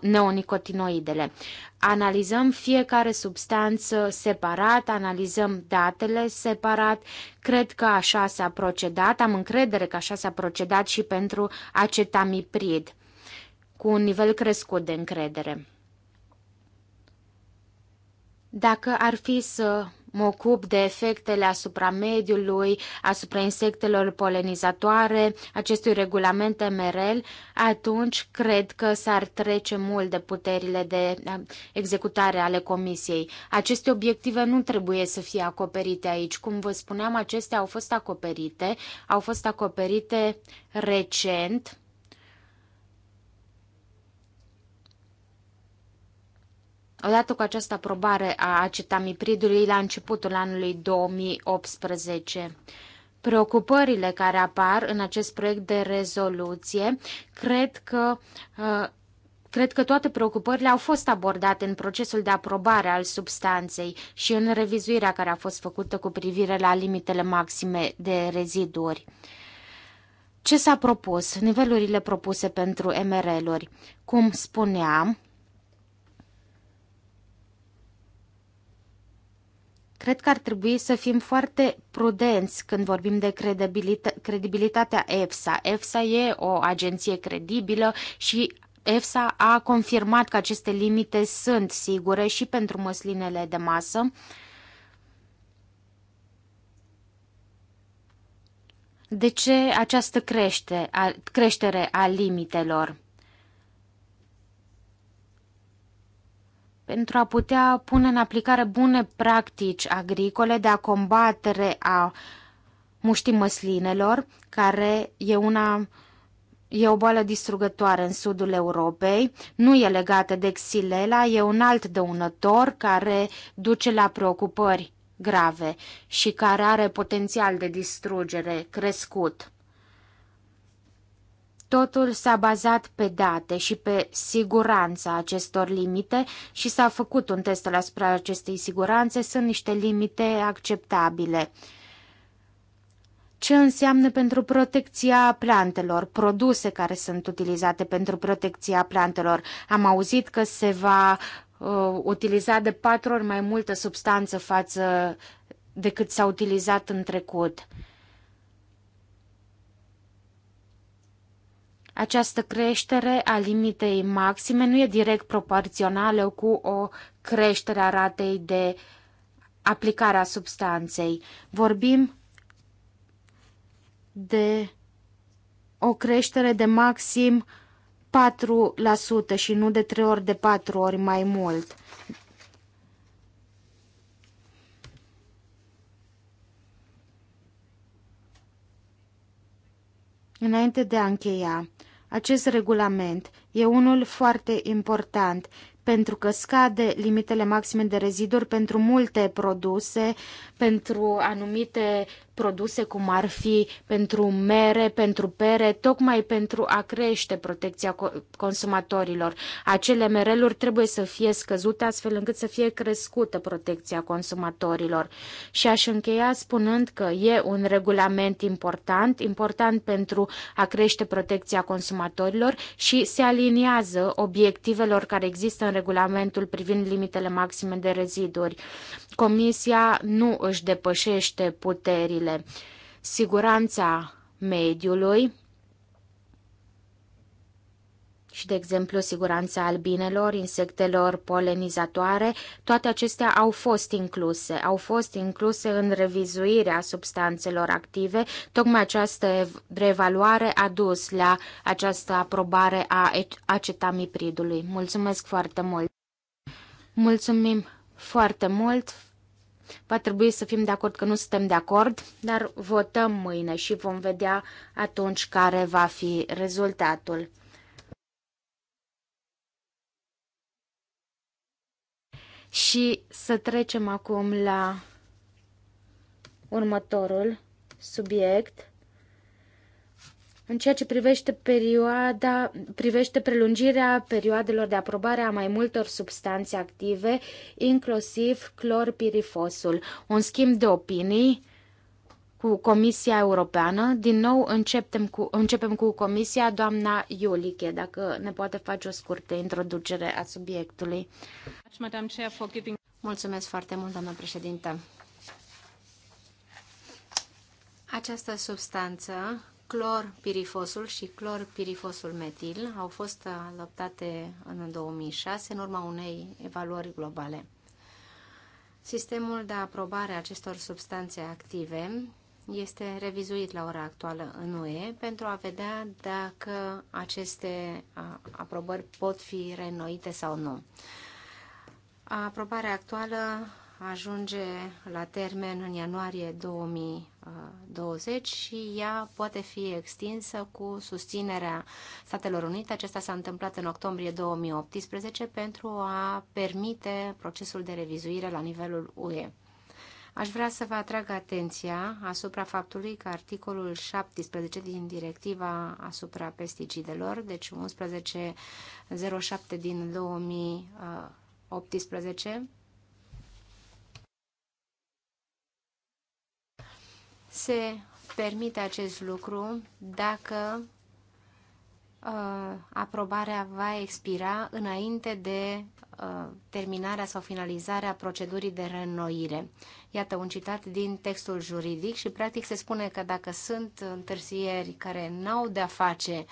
neonicotinoidele. Analizăm fiecare substanță separat, analizăm datele separat. Cred că așa s-a procedat, am încredere că așa s-a procedat și pentru acetamiprid, cu un nivel crescut de încredere. Dacă ar fi să mă ocup de efectele asupra mediului, asupra insectelor polenizatoare, acestui regulament MRL, atunci cred că s-ar trece mult de puterile de executare ale comisiei. Aceste obiective nu trebuie să fie acoperite aici. Cum vă spuneam, acestea au fost acoperite, au fost acoperite recent, Odată cu această aprobare a acetamipridului la începutul anului 2018, preocupările care apar în acest proiect de rezoluție, cred că uh, Cred că toate preocupările au fost abordate în procesul de aprobare al substanței și în revizuirea care a fost făcută cu privire la limitele maxime de reziduri. Ce s-a propus? Nivelurile propuse pentru MRL-uri. Cum spuneam, Cred că ar trebui să fim foarte prudenți când vorbim de credibilitatea EFSA. EFSA e o agenție credibilă și EFSA a confirmat că aceste limite sunt sigure și pentru măslinele de masă. De ce această crește, a, creștere a limitelor? pentru a putea pune în aplicare bune practici agricole de a combatere a muștii măslinelor, care e una E o boală distrugătoare în sudul Europei, nu e legată de xilela, e un alt dăunător care duce la preocupări grave și care are potențial de distrugere crescut. Totul s-a bazat pe date și pe siguranța acestor limite și s-a făcut un test asupra acestei siguranțe. Sunt niște limite acceptabile ce înseamnă pentru protecția plantelor, produse care sunt utilizate pentru protecția plantelor. Am auzit că se va uh, utiliza de patru ori mai multă substanță față decât s-a utilizat în trecut. Această creștere a limitei maxime nu e direct proporțională cu o creștere a ratei de aplicare a substanței. Vorbim de o creștere de maxim 4% și nu de 3 ori de 4 ori mai mult Înainte de a încheia, acest regulament e unul foarte important pentru că scade limitele maxime de reziduri pentru multe produse, pentru anumite produse cum ar fi pentru mere, pentru pere, tocmai pentru a crește protecția consumatorilor. Acele mereluri trebuie să fie scăzute astfel încât să fie crescută protecția consumatorilor. Și aș încheia spunând că e un regulament important, important pentru a crește protecția consumatorilor și se aliniază obiectivelor care există în regulamentul privind limitele maxime de reziduri. Comisia nu își depășește puterile. Siguranța mediului și, de exemplu, siguranța albinelor, insectelor polenizatoare, toate acestea au fost incluse. Au fost incluse în revizuirea substanțelor active. Tocmai această reevaluare a dus la această aprobare a acetamipridului. Mulțumesc foarte mult! Mulțumim foarte mult! Va trebui să fim de acord că nu suntem de acord, dar votăm mâine și vom vedea atunci care va fi rezultatul. Și să trecem acum la următorul subiect. În ceea ce privește perioada, privește prelungirea perioadelor de aprobare a mai multor substanțe active, inclusiv clorpirifosul, un schimb de opinii cu Comisia Europeană. Din nou începem cu, începem cu Comisia, doamna Iuliche, dacă ne poate face o scurtă introducere a subiectului. Mulțumesc foarte mult, doamna președintă. Această substanță, clorpirifosul și clorpirifosul metil, au fost adoptate în 2006 în urma unei evaluări globale. Sistemul de aprobare a acestor substanțe active este revizuit la ora actuală în UE pentru a vedea dacă aceste aprobări pot fi reînnoite sau nu. Aprobarea actuală ajunge la termen în ianuarie 2020 și ea poate fi extinsă cu susținerea Statelor Unite. Acesta s-a întâmplat în octombrie 2018 pentru a permite procesul de revizuire la nivelul UE. Aș vrea să vă atrag atenția asupra faptului că articolul 17 din directiva asupra pesticidelor, deci 1107 din 2018, se permite acest lucru dacă Uh, aprobarea va expira înainte de uh, terminarea sau finalizarea procedurii de reînnoire. Iată un citat din textul juridic și practic se spune că dacă sunt întârzieri care n-au de-a face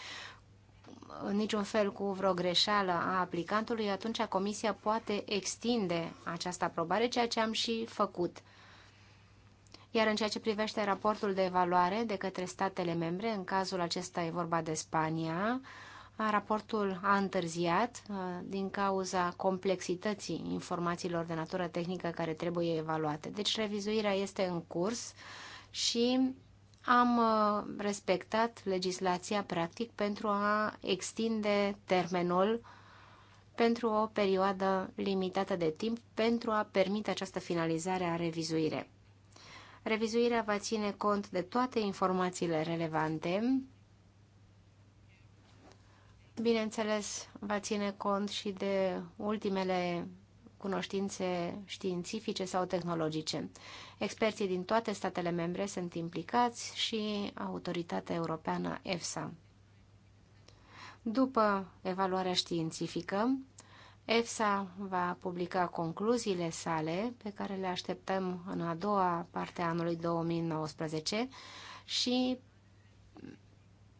în niciun fel cu vreo greșeală a aplicantului, atunci comisia poate extinde această aprobare, ceea ce am și făcut. Iar în ceea ce privește raportul de evaluare de către statele membre, în cazul acesta e vorba de Spania, raportul a întârziat din cauza complexității informațiilor de natură tehnică care trebuie evaluate. Deci revizuirea este în curs și am respectat legislația practic pentru a extinde termenul pentru o perioadă limitată de timp pentru a permite această finalizare a revizuire. Revizuirea va ține cont de toate informațiile relevante. Bineînțeles, va ține cont și de ultimele cunoștințe științifice sau tehnologice. Experții din toate statele membre sunt implicați și autoritatea europeană EFSA. După evaluarea științifică, EFSA va publica concluziile sale, pe care le așteptăm în a doua parte a anului 2019 și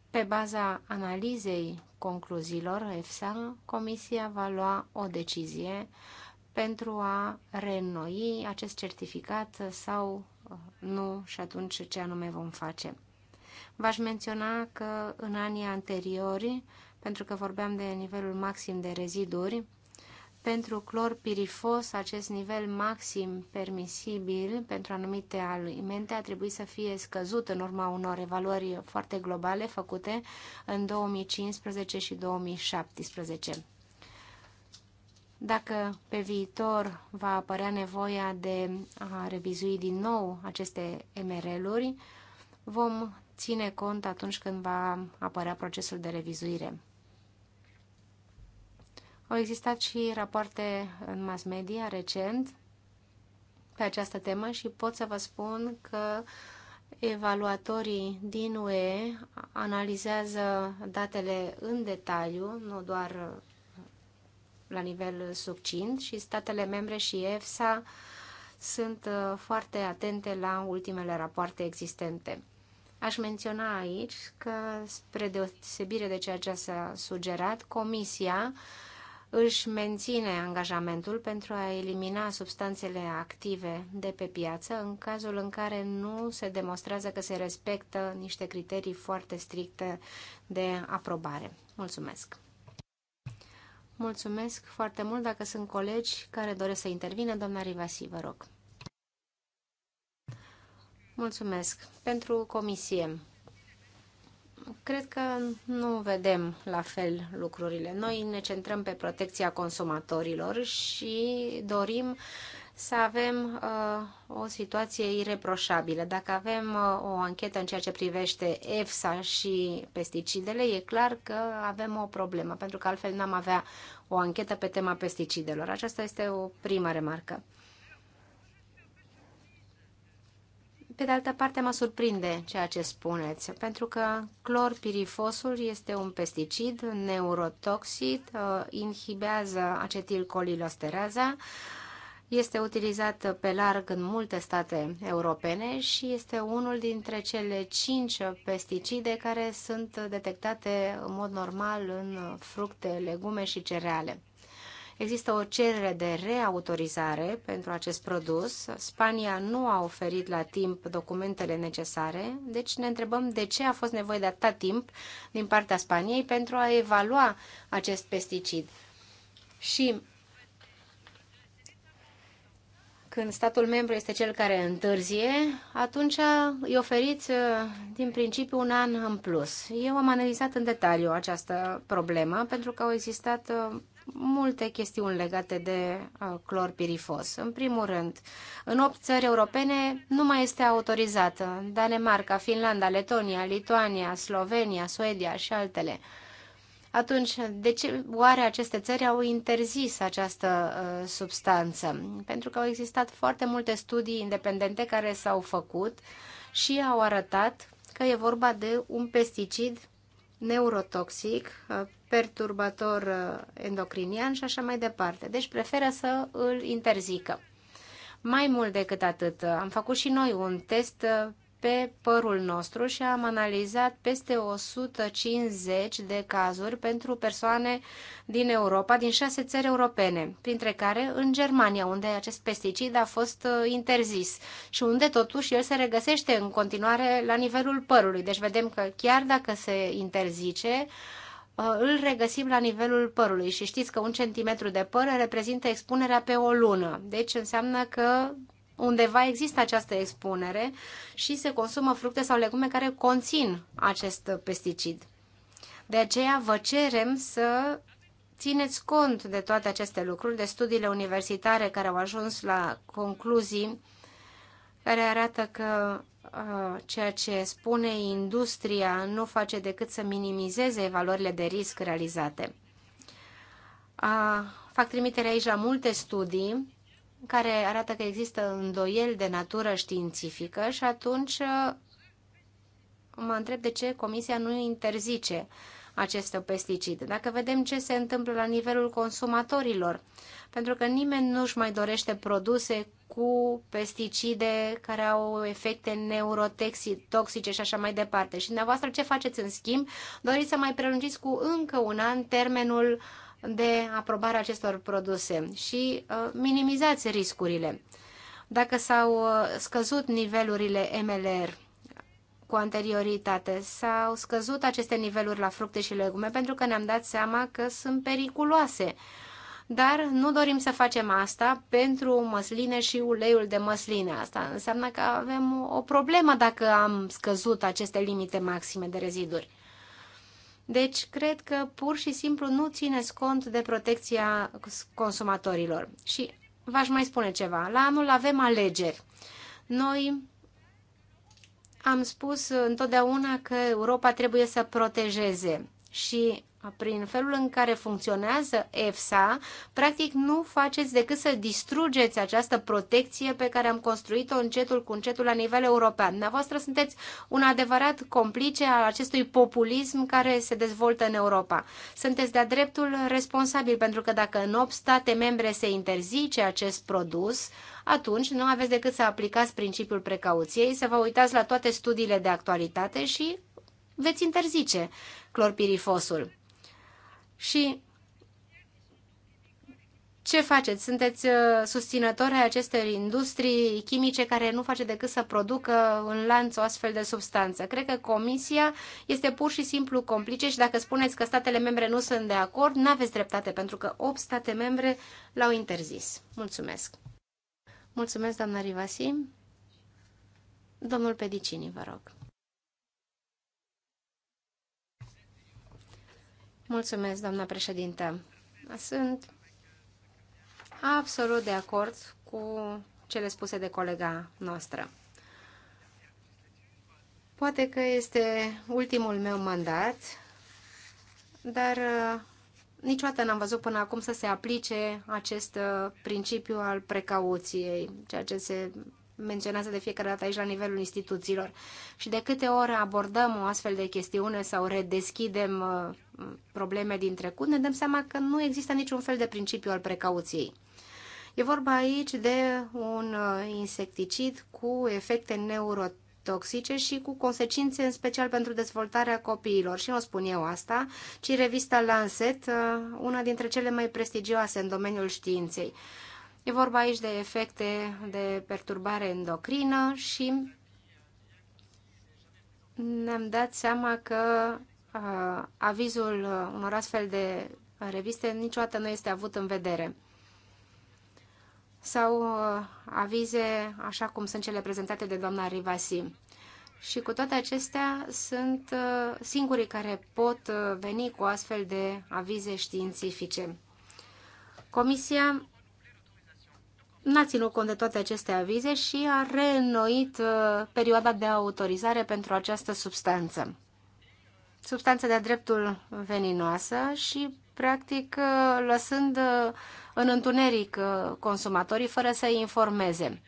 pe baza analizei concluziilor EFSA, Comisia va lua o decizie pentru a reînnoi acest certificat sau nu și atunci ce anume vom face. V-aș menționa că în anii anteriori, pentru că vorbeam de nivelul maxim de reziduri, pentru clor pirifos acest nivel maxim permisibil pentru anumite alimente a trebuit să fie scăzut în urma unor evaluări foarte globale făcute în 2015 și 2017. Dacă pe viitor va apărea nevoia de a revizui din nou aceste MRL-uri, vom ține cont atunci când va apărea procesul de revizuire. Au existat și rapoarte în mass media recent pe această temă și pot să vă spun că evaluatorii din UE analizează datele în detaliu, nu doar la nivel succint și statele membre și EFSA sunt uh, foarte atente la ultimele rapoarte existente. Aș menționa aici că, spre deosebire de ceea ce s-a sugerat, Comisia uh, își menține angajamentul pentru a elimina substanțele active de pe piață în cazul în care nu se demonstrează că se respectă niște criterii foarte stricte de aprobare. Mulțumesc! Mulțumesc foarte mult dacă sunt colegi care doresc să intervină. Doamna Rivasi, vă rog. Mulțumesc pentru comisie cred că nu vedem la fel lucrurile. Noi ne centrăm pe protecția consumatorilor și dorim să avem uh, o situație ireproșabilă. Dacă avem uh, o anchetă în ceea ce privește EFSA și pesticidele, e clar că avem o problemă, pentru că altfel n-am avea o anchetă pe tema pesticidelor. Aceasta este o primă remarcă. Pe de altă parte, mă surprinde ceea ce spuneți, pentru că clorpirifosul este un pesticid neurotoxic, uh, inhibează acetilcolilostereaza, este utilizat pe larg în multe state europene și este unul dintre cele cinci pesticide care sunt detectate în mod normal în fructe, legume și cereale. Există o cerere de reautorizare pentru acest produs. Spania nu a oferit la timp documentele necesare, deci ne întrebăm de ce a fost nevoie de atât timp din partea Spaniei pentru a evalua acest pesticid. Și când statul membru este cel care întârzie, atunci îi oferiți uh, din principiu un an în plus. Eu am analizat în detaliu această problemă pentru că au existat uh, multe chestiuni legate de uh, clorpirifos. În primul rând, în 8 țări europene nu mai este autorizată. Danemarca, Finlanda, Letonia, Lituania, Slovenia, Suedia și altele. Atunci, de ce oare aceste țări au interzis această uh, substanță? Pentru că au existat foarte multe studii independente care s-au făcut și au arătat că e vorba de un pesticid neurotoxic, uh, perturbator uh, endocrinian și așa mai departe. Deci preferă să îl interzică. Mai mult decât atât, uh, am făcut și noi un test pe părul nostru și am analizat peste 150 de cazuri pentru persoane din Europa, din șase țări europene, printre care în Germania, unde acest pesticid a fost uh, interzis și unde totuși el se regăsește în continuare la nivelul părului. Deci vedem că chiar dacă se interzice, uh, îl regăsim la nivelul părului și știți că un centimetru de păr reprezintă expunerea pe o lună. Deci înseamnă că undeva există această expunere și se consumă fructe sau legume care conțin acest pesticid. De aceea vă cerem să țineți cont de toate aceste lucruri, de studiile universitare care au ajuns la concluzii care arată că uh, ceea ce spune industria nu face decât să minimizeze valorile de risc realizate. Uh, fac trimitere aici la multe studii care arată că există îndoieli de natură științifică și atunci uh, mă întreb de ce Comisia nu interzice aceste pesticide. Dacă vedem ce se întâmplă la nivelul consumatorilor, pentru că nimeni nu-și mai dorește produse cu pesticide care au efecte neurotoxice și așa mai departe. Și dumneavoastră ce faceți în schimb? Doriți să mai prelungiți cu încă un an termenul uh, de aprobarea acestor produse și uh, minimizați riscurile. Dacă s-au uh, scăzut nivelurile MLR cu anterioritate, s-au scăzut aceste niveluri la fructe și legume pentru că ne-am dat seama că sunt periculoase. Dar nu dorim să facem asta pentru măsline și uleiul de măsline. Asta înseamnă că avem o problemă dacă am scăzut aceste limite maxime de reziduri. Deci, cred că pur și simplu nu țineți cont de protecția consumatorilor. Și v-aș mai spune ceva. La anul avem alegeri. Noi am spus întotdeauna că Europa trebuie să protejeze și prin felul în care funcționează EFSA, practic nu faceți decât să distrugeți această protecție pe care am construit-o încetul cu încetul la nivel european. Dumneavoastră sunteți un adevărat complice al acestui populism care se dezvoltă în Europa. Sunteți de-a dreptul responsabil pentru că dacă în 8 state membre se interzice acest produs, atunci nu aveți decât să aplicați principiul precauției, să vă uitați la toate studiile de actualitate și veți interzice clorpirifosul. Și ce faceți? Sunteți uh, susținători ai acestor industrii chimice care nu face decât să producă în lanț o astfel de substanță? Cred că Comisia este pur și simplu complice și dacă spuneți că statele membre nu sunt de acord, nu aveți dreptate, pentru că 8 state membre l-au interzis. Mulțumesc! Mulțumesc, doamna Rivasi. Domnul Pedicini, vă rog. Mulțumesc, doamna președintă. Sunt absolut de acord cu cele spuse de colega noastră. Poate că este ultimul meu mandat, dar uh, niciodată n-am văzut până acum să se aplice acest uh, principiu al precauției, ceea ce se menționează de fiecare dată aici la nivelul instituțiilor. Și de câte ori abordăm o astfel de chestiune sau redeschidem uh, probleme din trecut, ne dăm seama că nu există niciun fel de principiu al precauției. E vorba aici de un uh, insecticid cu efecte neurotoxice toxice și cu consecințe în special pentru dezvoltarea copiilor. Și nu spun eu asta, ci revista Lancet, uh, una dintre cele mai prestigioase în domeniul științei. E vorba aici de efecte de perturbare endocrină și ne-am dat seama că uh, avizul unor astfel de reviste niciodată nu este avut în vedere. Sau uh, avize așa cum sunt cele prezentate de doamna Rivasi. Și cu toate acestea sunt uh, singurii care pot uh, veni cu astfel de avize științifice. Comisia n-a ținut cont de toate aceste avize și a reînnoit uh, perioada de autorizare pentru această substanță. Substanță de-a dreptul veninoasă și, practic, uh, lăsând uh, în întuneric uh, consumatorii fără să i informeze.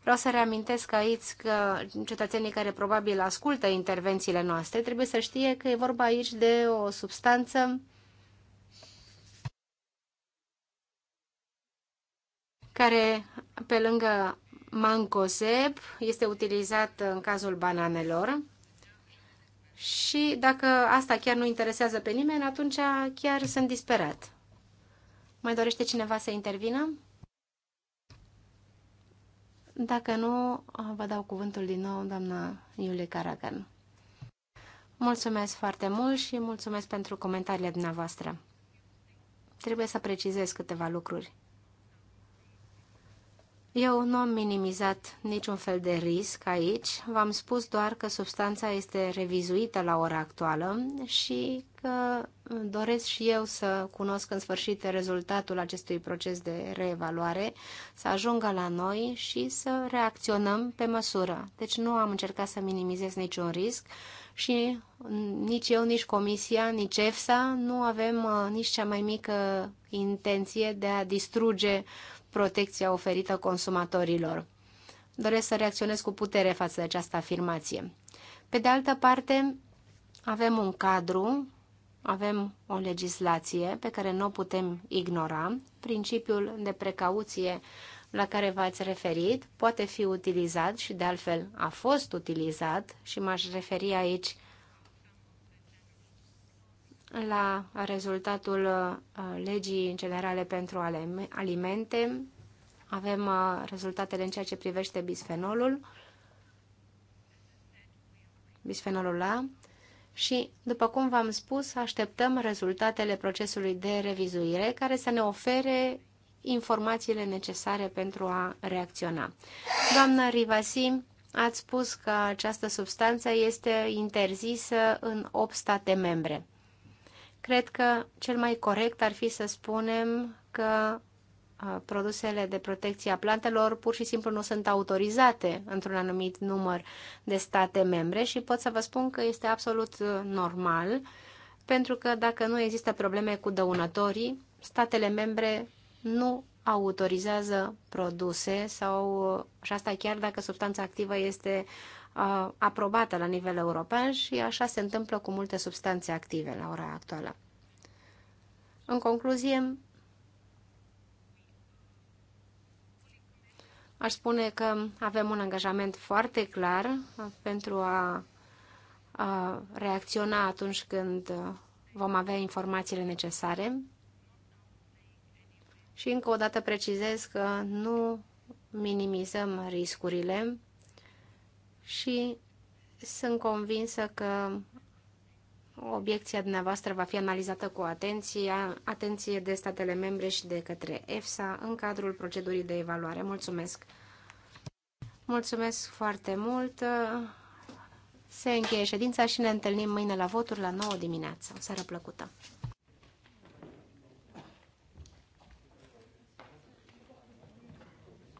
Vreau să reamintesc aici că cetățenii care probabil ascultă intervențiile noastre trebuie să știe că e vorba aici de o substanță care pe lângă mancozeb este utilizat în cazul bananelor. Și dacă asta chiar nu interesează pe nimeni, atunci chiar sunt disperat. Mai dorește cineva să intervină? Dacă nu, vă dau cuvântul din nou, doamna Iulie Caragan. Mulțumesc foarte mult și mulțumesc pentru comentariile dumneavoastră. Trebuie să precizez câteva lucruri. Eu nu am minimizat niciun fel de risc aici, v-am spus doar că substanța este revizuită la ora actuală și că doresc și eu să cunosc în sfârșit rezultatul acestui proces de reevaluare, să ajungă la noi și să reacționăm pe măsură. Deci nu am încercat să minimizez niciun risc și nici eu, nici Comisia, nici EFSA nu avem uh, nici cea mai mică intenție de a distruge protecția oferită consumatorilor. Doresc să reacționez cu putere față de această afirmație. Pe de altă parte, avem un cadru, avem o legislație pe care nu o putem ignora. Principiul de precauție la care v-ați referit poate fi utilizat și de altfel a fost utilizat și m-aș referi aici la rezultatul uh, legii în generale pentru alimente. Avem uh, rezultatele în ceea ce privește bisfenolul, bisfenolul A și, după cum v-am spus, așteptăm rezultatele procesului de revizuire care să ne ofere informațiile necesare pentru a reacționa. Doamna Rivasi, ați spus că această substanță este interzisă în 8 state membre. Cred că cel mai corect ar fi să spunem că produsele de protecție a plantelor pur și simplu nu sunt autorizate într-un anumit număr de state membre și pot să vă spun că este absolut uh, normal, pentru că dacă nu există probleme cu dăunătorii, statele membre nu autorizează produse sau uh, și asta chiar dacă substanța activă este aprobată la nivel european și așa se întâmplă cu multe substanțe active la ora actuală. În concluzie, aș spune că avem un angajament foarte clar pentru a, a reacționa atunci când vom avea informațiile necesare. Și încă o dată precizez că nu minimizăm riscurile și sunt convinsă că obiecția dumneavoastră va fi analizată cu atenție, atenție de statele membre și de către EFSA în cadrul procedurii de evaluare. Mulțumesc! Mulțumesc foarte mult! Se încheie ședința și ne întâlnim mâine la voturi la 9 dimineața. O seară plăcută!